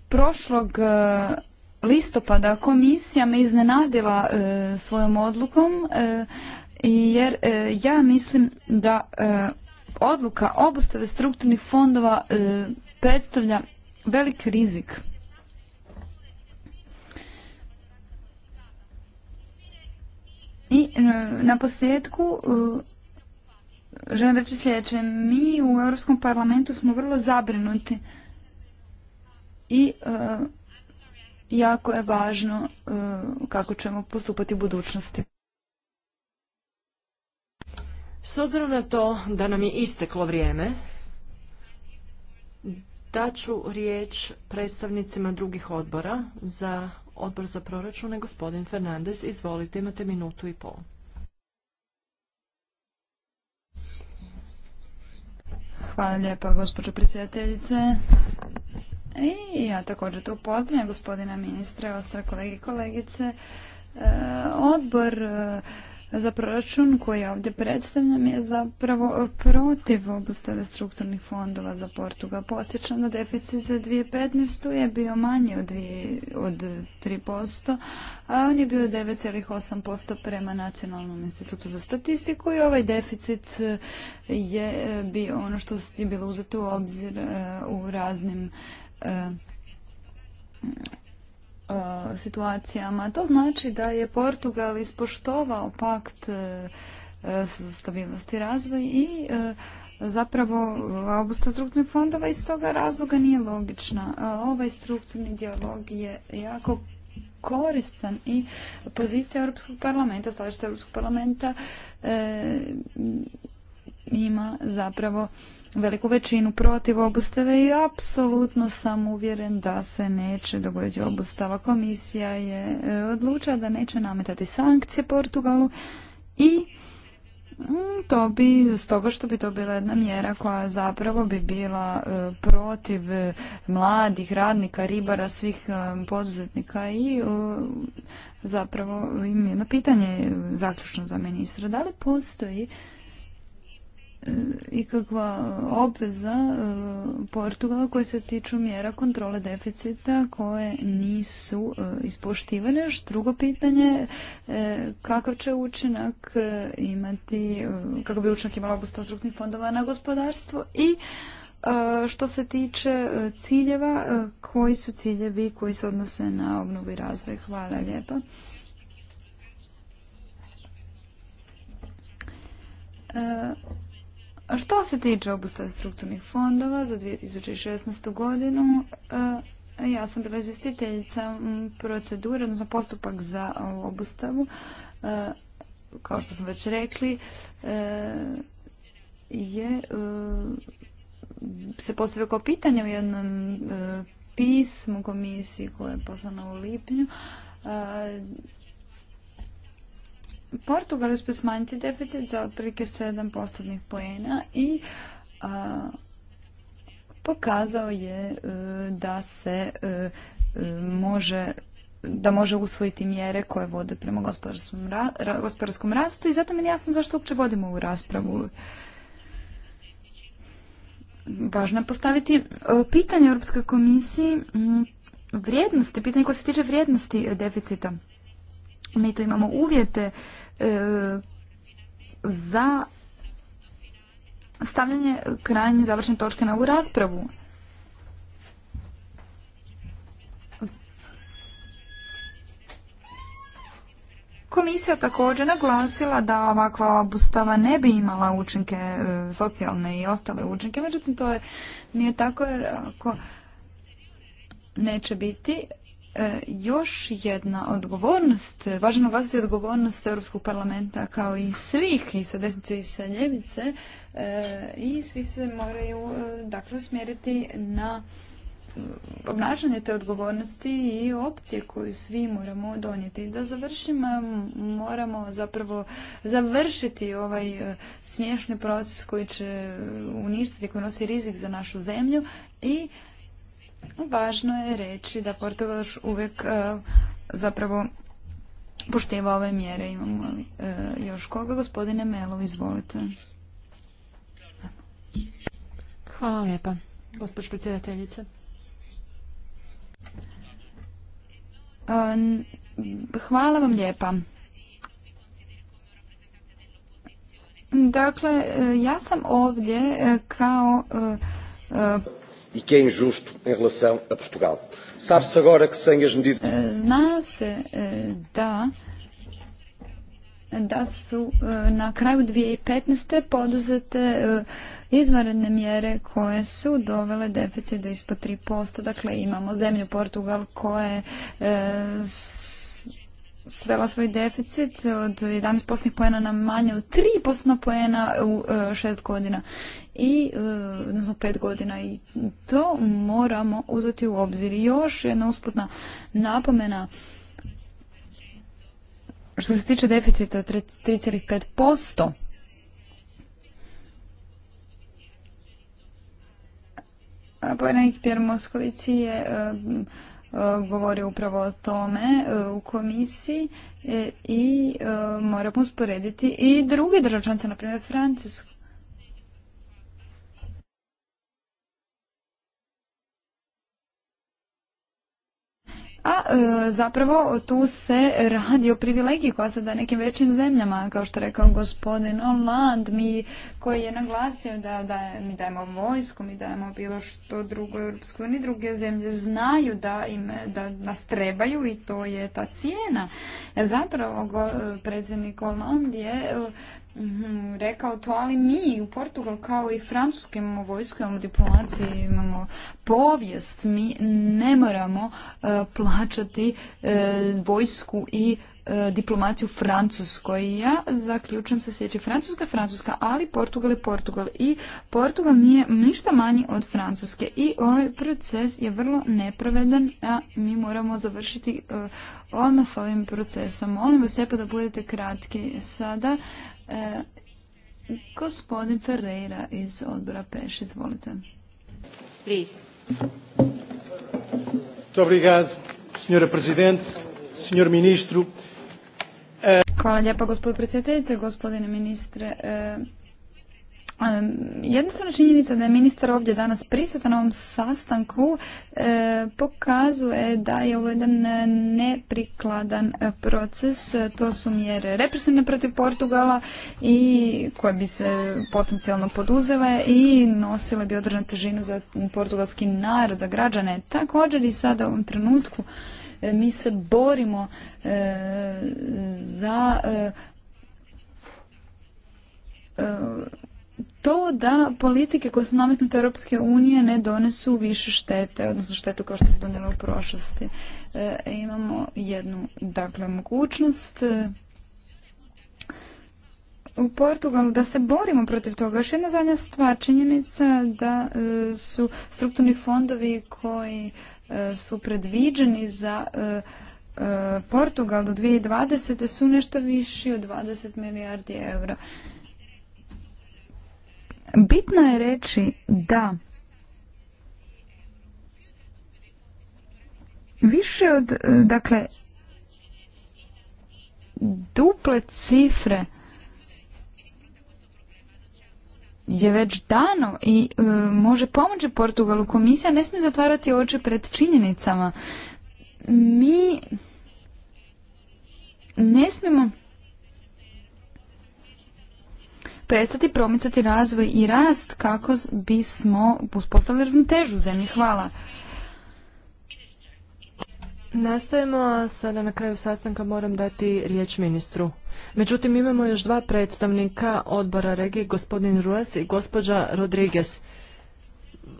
prošlog listopada komisija me iznenadila e, svojom odlukom e, jer e, ja mislim da odluka obustave strukturnih fondova predstavlja velik rizik. I na posljedku želim reći sljedeće. Mi u Europskom parlamentu smo vrlo zabrinuti i jako je važno eh, kako ćemo postupati u budućnosti. S obzirom na to da nam je isteklo vrijeme, daću riječ predstavnicima drugih odbora za odbor za proračune. Gospodin Fernandez, izvolite, imate minutu i pol. Hvala lijepa, gospođo predsjedateljice. I ja također to pozdravljam gospodina ministra, ostale kolege i kolegice. E, odbor e, za proračun koji ovdje predstavljam je zapravo protiv obustave strukturnih fondova za Portugal. Podsjećam da deficit za 2015. je bio manji od, 2, od 3%, a on je bio 9,8% prema Nacionalnom institutu za statistiku i ovaj deficit e, je bio ono što je bilo uzeto u obzir u raznim E, e, situacijama. To znači da je Portugal ispoštovao pakt e, stabilnosti i razvoj i zapravo obusta strukturnih fondova iz toga razloga nije logična. Ovaj strukturni dijalog je jako koristan i pozicija Europskog parlamenta, slažete Europskog parlamenta e, ima zapravo veliku većinu protiv obustave i apsolutno sam uvjeren da se neće dogoditi obustava. Komisija je e, odlučila da neće nametati sankcije Portugalu i mm, to bi, toga što bi to bila jedna mjera koja zapravo bi bila e, protiv e, mladih radnika, ribara, svih poduzetnika i zapravo im jedno pitanje zaključno za ministra. Da li postoji ikakva obveza e, Portugala koje se tiču mjera kontrole deficita koje nisu e, ispoštivane. Još drugo pitanje, e, kakav će učinak imati, kako bi učinak imala obustav strukturnih fondova na gospodarstvo i što se tiče ciljeva, koji su ciljevi koji se odnose na obnovu i razvoj? Hvala lijepa što se tiče obustave strukturnih fondova za 2016. godinu, e, ja sam bila izvjestiteljica procedure, odnosno postupak za obustavu. E, kao što smo već rekli, e, je se postavio kao pitanje u jednom pismu komisiji koja je poslana u lipnju Portugal uspio smanjiti deficit za otprilike 7 postotnih pojena i pokazao je e, da se e, e, može da može usvojiti mjere koje vode prema gospodarskom, rastu i zato mi je jasno zašto uopće vodimo ovu raspravu. Važno je postaviti pitanje Europskoj komisiji vrijednosti, pitanje koje se tiče vrijednosti deficita mi to imamo uvjete e, za stavljanje krajnje završne točke na ovu raspravu. Komisija također naglasila da ovakva obustava ne bi imala učinke e, socijalne i ostale učinke, međutim to je, nije tako jer ako neće biti E, još jedna odgovornost, važno naglasiti odgovornost Europskog parlamenta kao i svih, i sa desnice i sa ljevice, e, i svi se moraju e, dakle usmjeriti na obnažanje te odgovornosti i opcije koju svi moramo donijeti. Da završimo moramo zapravo završiti ovaj smiješni proces koji će uništiti, koji nosi rizik za našu zemlju i Važno je reći da Portugal još uvijek e, zapravo poštiva ove mjere. Imamo li e, još koga? Gospodine Melov, izvolite. Hvala lijepa, gospođo predsjedateljice. E, hvala vam lijepa. Dakle, ja sam ovdje kao e que é injusto em relação a Portugal. Sabe-se agora que sem as medidas... Eh, Zna se eh, da da su eh, na kraju 2015. poduzete izvanredne mjere koje su dovele deficit do ispod 3%. Dakle, imamo zemlju Portugal koja je svela svoj deficit od 11 pojena poena na manje od 3 pojena poena u 6 godina i e, pet godina i to moramo uzeti u obzir. Još jedna usputna napomena što se tiče deficita 3,5%, Povjerenik Pjer Moskovici je e, e, govorio upravo o tome u komisiji i moramo usporediti i drugi državčance, na primjer Francusku a e, zapravo tu se radi o privilegiji koja da nekim većim zemljama, kao što rekao gospodin Oland, mi koji je naglasio da, da mi dajemo vojsku, mi dajemo bilo što drugo Europsku ni druge zemlje znaju da, im, da nas trebaju i to je ta cijena. E, zapravo go, e, predsjednik Oland je Mhm, rekao to, ali mi u Portugal kao i Francuske imamo vojsku, imamo diplomaciju, imamo povijest. Mi ne moramo e, plaćati e, vojsku i e, diplomaciju Francuskoj. Ja zaključujem se sjeći Francuska Francuska, ali Portugal je Portugal. I Portugal nije ništa manji od Francuske. I ovaj proces je vrlo nepravedan, a mi moramo završiti odmah s ovim procesom. Molim vas lijepo da budete kratki sada. E, gospodin Ferreira iz odbora Peš, izvolite. Please. Obrigado, senhora presidente, senhor ministro. Hvala lijepa gospodine predsjedateljice, gospodine ministre. E, Jednostavna činjenica da je ministar ovdje danas prisutan na ovom sastanku e, pokazuje da je ovo jedan e, neprikladan e, proces. To su mjere represivne protiv Portugala i koje bi se potencijalno poduzele i nosile bi određenu težinu za portugalski narod, za građane. Također i sada u ovom trenutku mi se borimo za to da politike koje su nametnute Europske unije ne donesu više štete, odnosno štetu kao što se donijela u prošlosti. E, imamo jednu dakle mogućnost e, u Portugalu da se borimo protiv toga. Još jedna zadnja stvar, činjenica da e, su strukturni fondovi koji su predviđeni za Portugal do 2020. su nešto viši od 20 milijardi eura. Bitno je reći da više od, dakle, duple cifre je već dano i e, može pomoći Portugalu. Komisija ne smije zatvarati oči pred činjenicama. Mi ne smijemo prestati promicati razvoj i rast kako bismo uspostavili ravnotežu zemlji. Hvala. Nastavimo sada na kraju sastanka moram dati riječ ministru. Međutim, imamo još dva predstavnika odbora regije, gospodin Ruas i gospođa Rodriguez.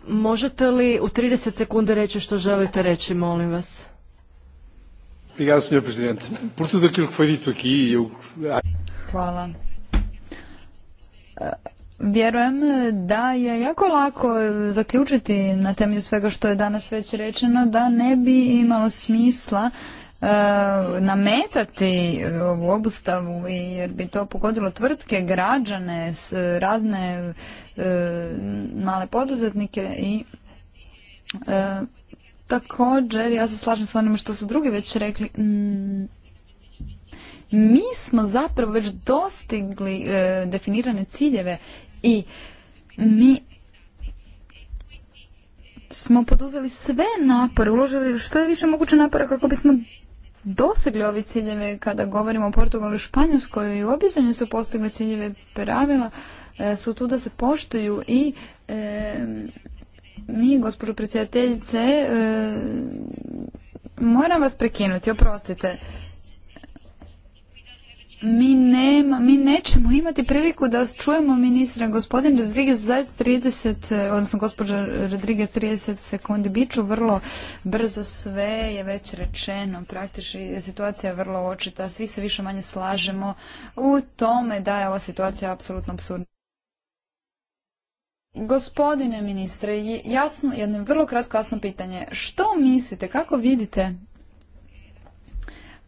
Možete li u 30 sekunde reći što želite reći, molim vas? Hvala. Vjerujem da je jako lako zaključiti na temelju svega što je danas već rečeno da ne bi imalo smisla e, nametati ovu obustavu jer bi to pogodilo tvrtke, građane, razne e, male poduzetnike i e, također ja se slažem s onim što su drugi već rekli mi smo zapravo već dostigli e, definirane ciljeve i mi smo poduzeli sve napore, uložili što je više moguće napora kako bismo dosegli ove ciljeve kada govorimo o Portugalu i Španjolskoj i običajno su postigli ciljeve pravila e, su tu da se poštuju i e, mi, gospođo predsjedateljice, moram vas prekinuti, oprostite mi, nema, mi nećemo imati priliku da čujemo ministra. Gospodin Rodriguez za 30, odnosno gospođa Rodriguez 30 sekundi, bit vrlo brzo sve je već rečeno. Praktički situacija je vrlo očita, svi se više manje slažemo u tome da je ova situacija apsolutno absurdna. Gospodine ministre, jasno, jedno vrlo kratko jasno pitanje. Što mislite, kako vidite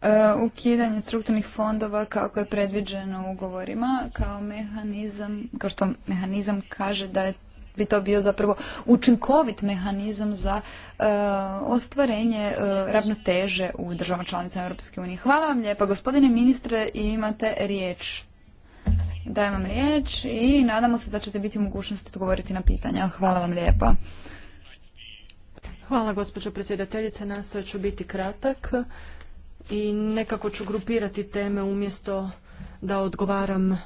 E, ukidanje strukturnih fondova kako je predviđeno ugovorima kao mehanizam, kao što mehanizam kaže da je bi to bio zapravo učinkovit mehanizam za e, ostvarenje e, ravnoteže u državama članicama Europske unije. Hvala vam lijepa. Gospodine ministre, imate riječ. Dajem vam riječ i nadamo se da ćete biti u mogućnosti odgovoriti na pitanja. Hvala vam lijepa. Hvala gospođo predsjedateljice, nastojat ću biti kratak i nekako ću grupirati teme umjesto da odgovaram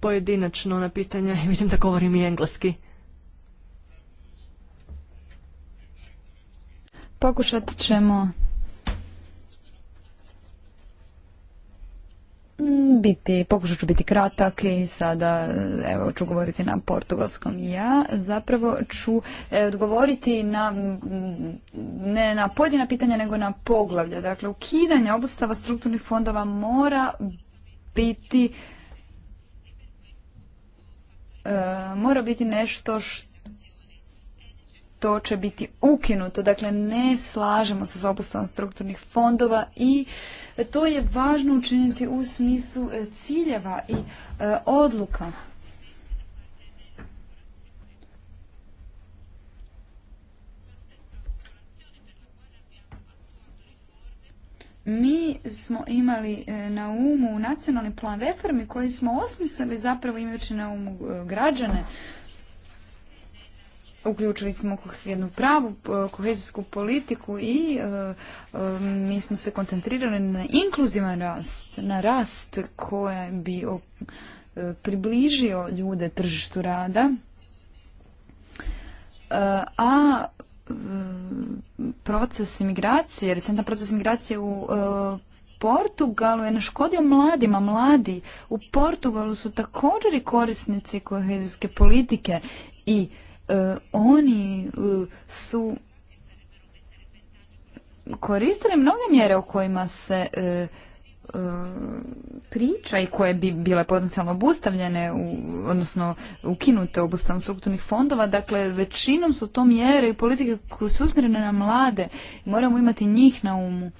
pojedinačno na pitanja i vidim da govorim i engleski. Pokušat ćemo Mm, biti, pokušat ću biti kratak i sada evo ću govoriti na portugalskom. Ja zapravo ću e, odgovoriti na ne na pojedina pitanja nego na poglavlja. Dakle, ukidanje obustava strukturnih fondova mora biti e, mora biti nešto što to će biti ukinuto. Dakle, ne slažemo se s obustavom strukturnih fondova i to je važno učiniti u smislu e, ciljeva i e, odluka. Mi smo imali e, na umu nacionalni plan reformi koji smo osmislili zapravo imajući na umu građane uključili smo jednu pravu kohezijsku politiku i e, e, mi smo se koncentrirali na inkluzivan rast, na rast koja bi e, približio ljude tržištu rada, a proces imigracije, recentan proces imigracije u Portugalu je naškodio mladima. Mladi u Portugalu su također i korisnici kohezijske politike i E, oni e, su koristili mnoge mjere o kojima se e, priča i koje bi bile potencijalno obustavljene, odnosno ukinute obustavom strukturnih fondova, dakle većinom su to mjere i politike koje su usmjerene na mlade moramo imati njih na umu.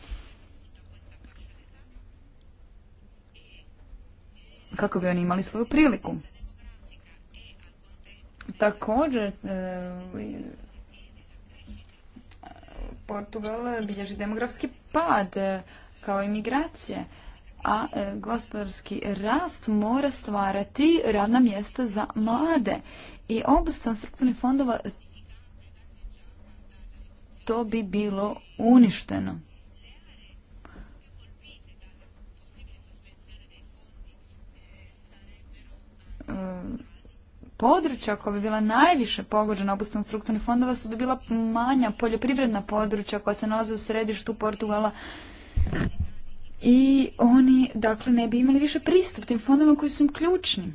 Kako bi oni imali svoju priliku? Također, e, Portugal bilježi demografski pad e, kao i migracije, a e, gospodarski rast mora stvarati radna mjesta za mlade. I obustav strukturnih fondova to bi bilo uništeno područja koja bi bila najviše pogođena obustavom strukturnih fondova su bi bila manja poljoprivredna područja koja se nalaze u središtu Portugala i oni dakle ne bi imali više pristup tim fondovima koji su ključni.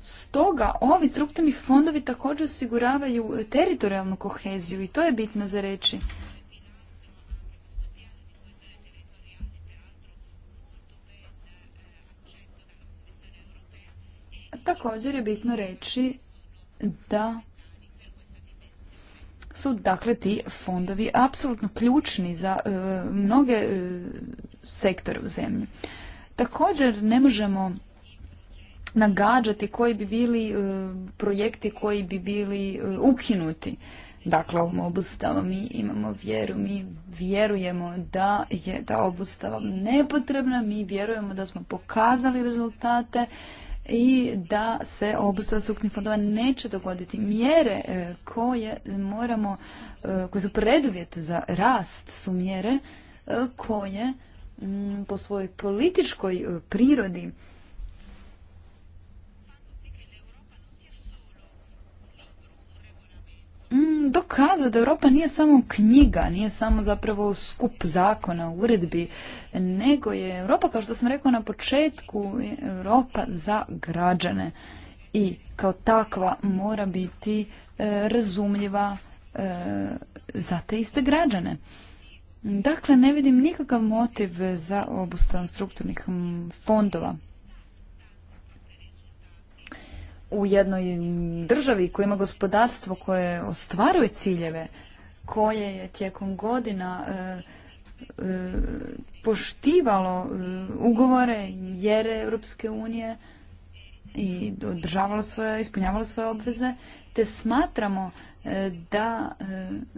Stoga ovi strukturni fondovi također osiguravaju teritorijalnu koheziju i to je bitno za reći. Također je bitno reći da su dakle ti fondovi apsolutno ključni za e, mnoge e, sektore u zemlji. Također ne možemo nagađati koji bi bili e, projekti koji bi bili ukinuti. Dakle, ovom obustavom mi imamo vjeru, mi vjerujemo da je ta obustava nepotrebna, mi vjerujemo da smo pokazali rezultate i da se obustava strukturnih fondova neće dogoditi. Mjere e, koje moramo, e, koje su preduvjet za rast su mjere e, koje mm, po svojoj političkoj prirodi Mm, dokazuje da Europa nije samo knjiga, nije samo zapravo skup zakona, uredbi, nego je Europa, kao što sam rekla na početku, Europa za građane i kao takva mora biti e, razumljiva e, za te iste građane. Dakle, ne vidim nikakav motiv za obustav strukturnih fondova u jednoj državi koja ima gospodarstvo koje ostvaruje ciljeve, koje je tijekom godina e, e, poštivalo e, ugovore i mjere Europske unije i održavalo svoje, ispunjavalo svoje obveze, te smatramo da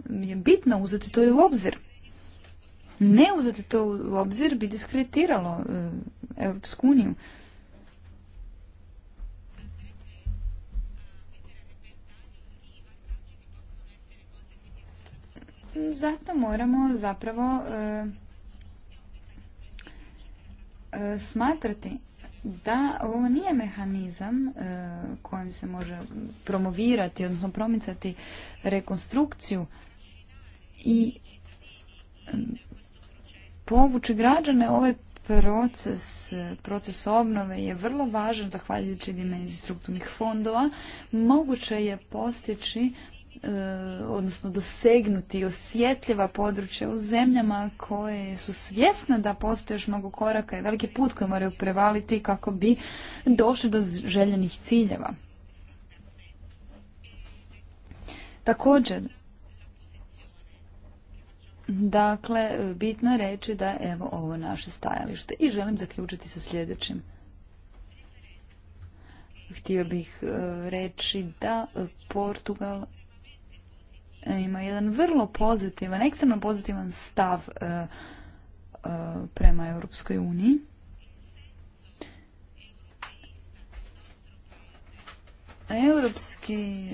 je bitno uzeti to u obzir. Ne uzeti to u obzir bi diskreditiralo Europsku uniju. Zato moramo zapravo e, e, smatrati da ovo nije mehanizam e, kojim se može promovirati, odnosno promicati rekonstrukciju i povući građane ovaj proces, proces obnove je vrlo važan zahvaljujući dimenziji strukturnih fondova. Moguće je postići E, odnosno dosegnuti osjetljiva područja u zemljama koje su svjesne da postoje još mnogo koraka i veliki put koji moraju prevaliti kako bi došli do željenih ciljeva. Također, dakle, bitno je reći da evo ovo naše stajalište i želim zaključiti sa sljedećim htio bih e, reći da Portugal E, ima jedan vrlo pozitivan, ekstremno pozitivan stav e, e, prema Europskoj uniji. Europski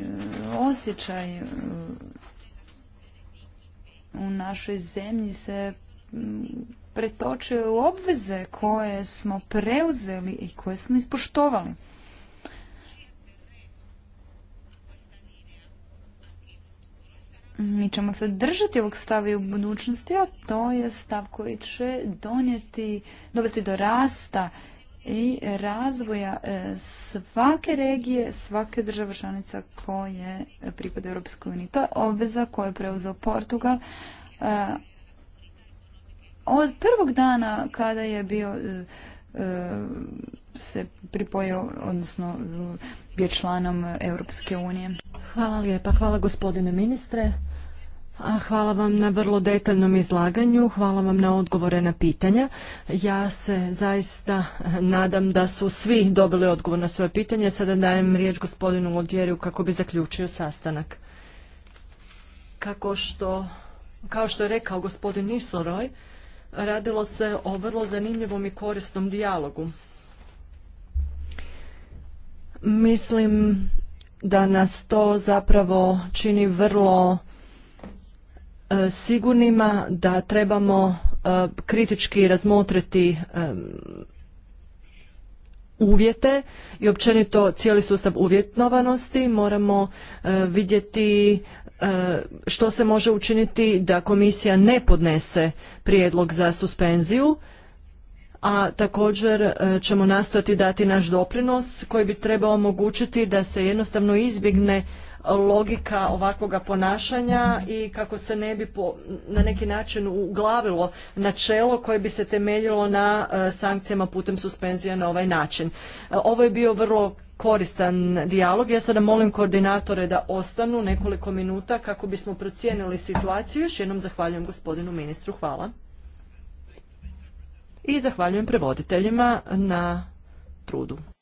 osjećaj u našoj zemlji se pretočuje u obveze koje smo preuzeli i koje smo ispoštovali. mi ćemo se držati ovog stava i u budućnosti, a to je stav koji će donijeti, dovesti do rasta i razvoja e, svake regije, svake države članica koje pripada Europskoj uniji. To je obveza koju je preuzeo Portugal. E, od prvog dana kada je bio e, se pripojio, odnosno bio članom Europske unije. Hvala lijepa, hvala gospodine ministre. Hvala vam na vrlo detaljnom izlaganju, hvala vam na odgovore na pitanja. Ja se zaista nadam da su svi dobili odgovor na svoje pitanje. Sada dajem riječ gospodinu Lodjeru kako bi zaključio sastanak. Kako što, kao što je rekao gospodin Nisoroj, radilo se o vrlo zanimljivom i korisnom dijalogu. Mislim da nas to zapravo čini vrlo sigurnima da trebamo e, kritički razmotriti e, uvjete i općenito cijeli sustav uvjetnovanosti. Moramo e, vidjeti što se može učiniti da komisija ne podnese prijedlog za suspenziju a također ćemo nastojati dati naš doprinos koji bi trebao omogućiti da se jednostavno izbjegne logika ovakvoga ponašanja i kako se ne bi na neki način uglavilo načelo koje bi se temeljilo na e, sankcijama putem suspenzija na ovaj način. E, ovo je bio vrlo koristan dijalog. Ja sada molim koordinatore da ostanu nekoliko minuta kako bismo procijenili situaciju. Još jednom zahvaljujem gospodinu ministru. Hvala. I zahvaljujem prevoditeljima na trudu.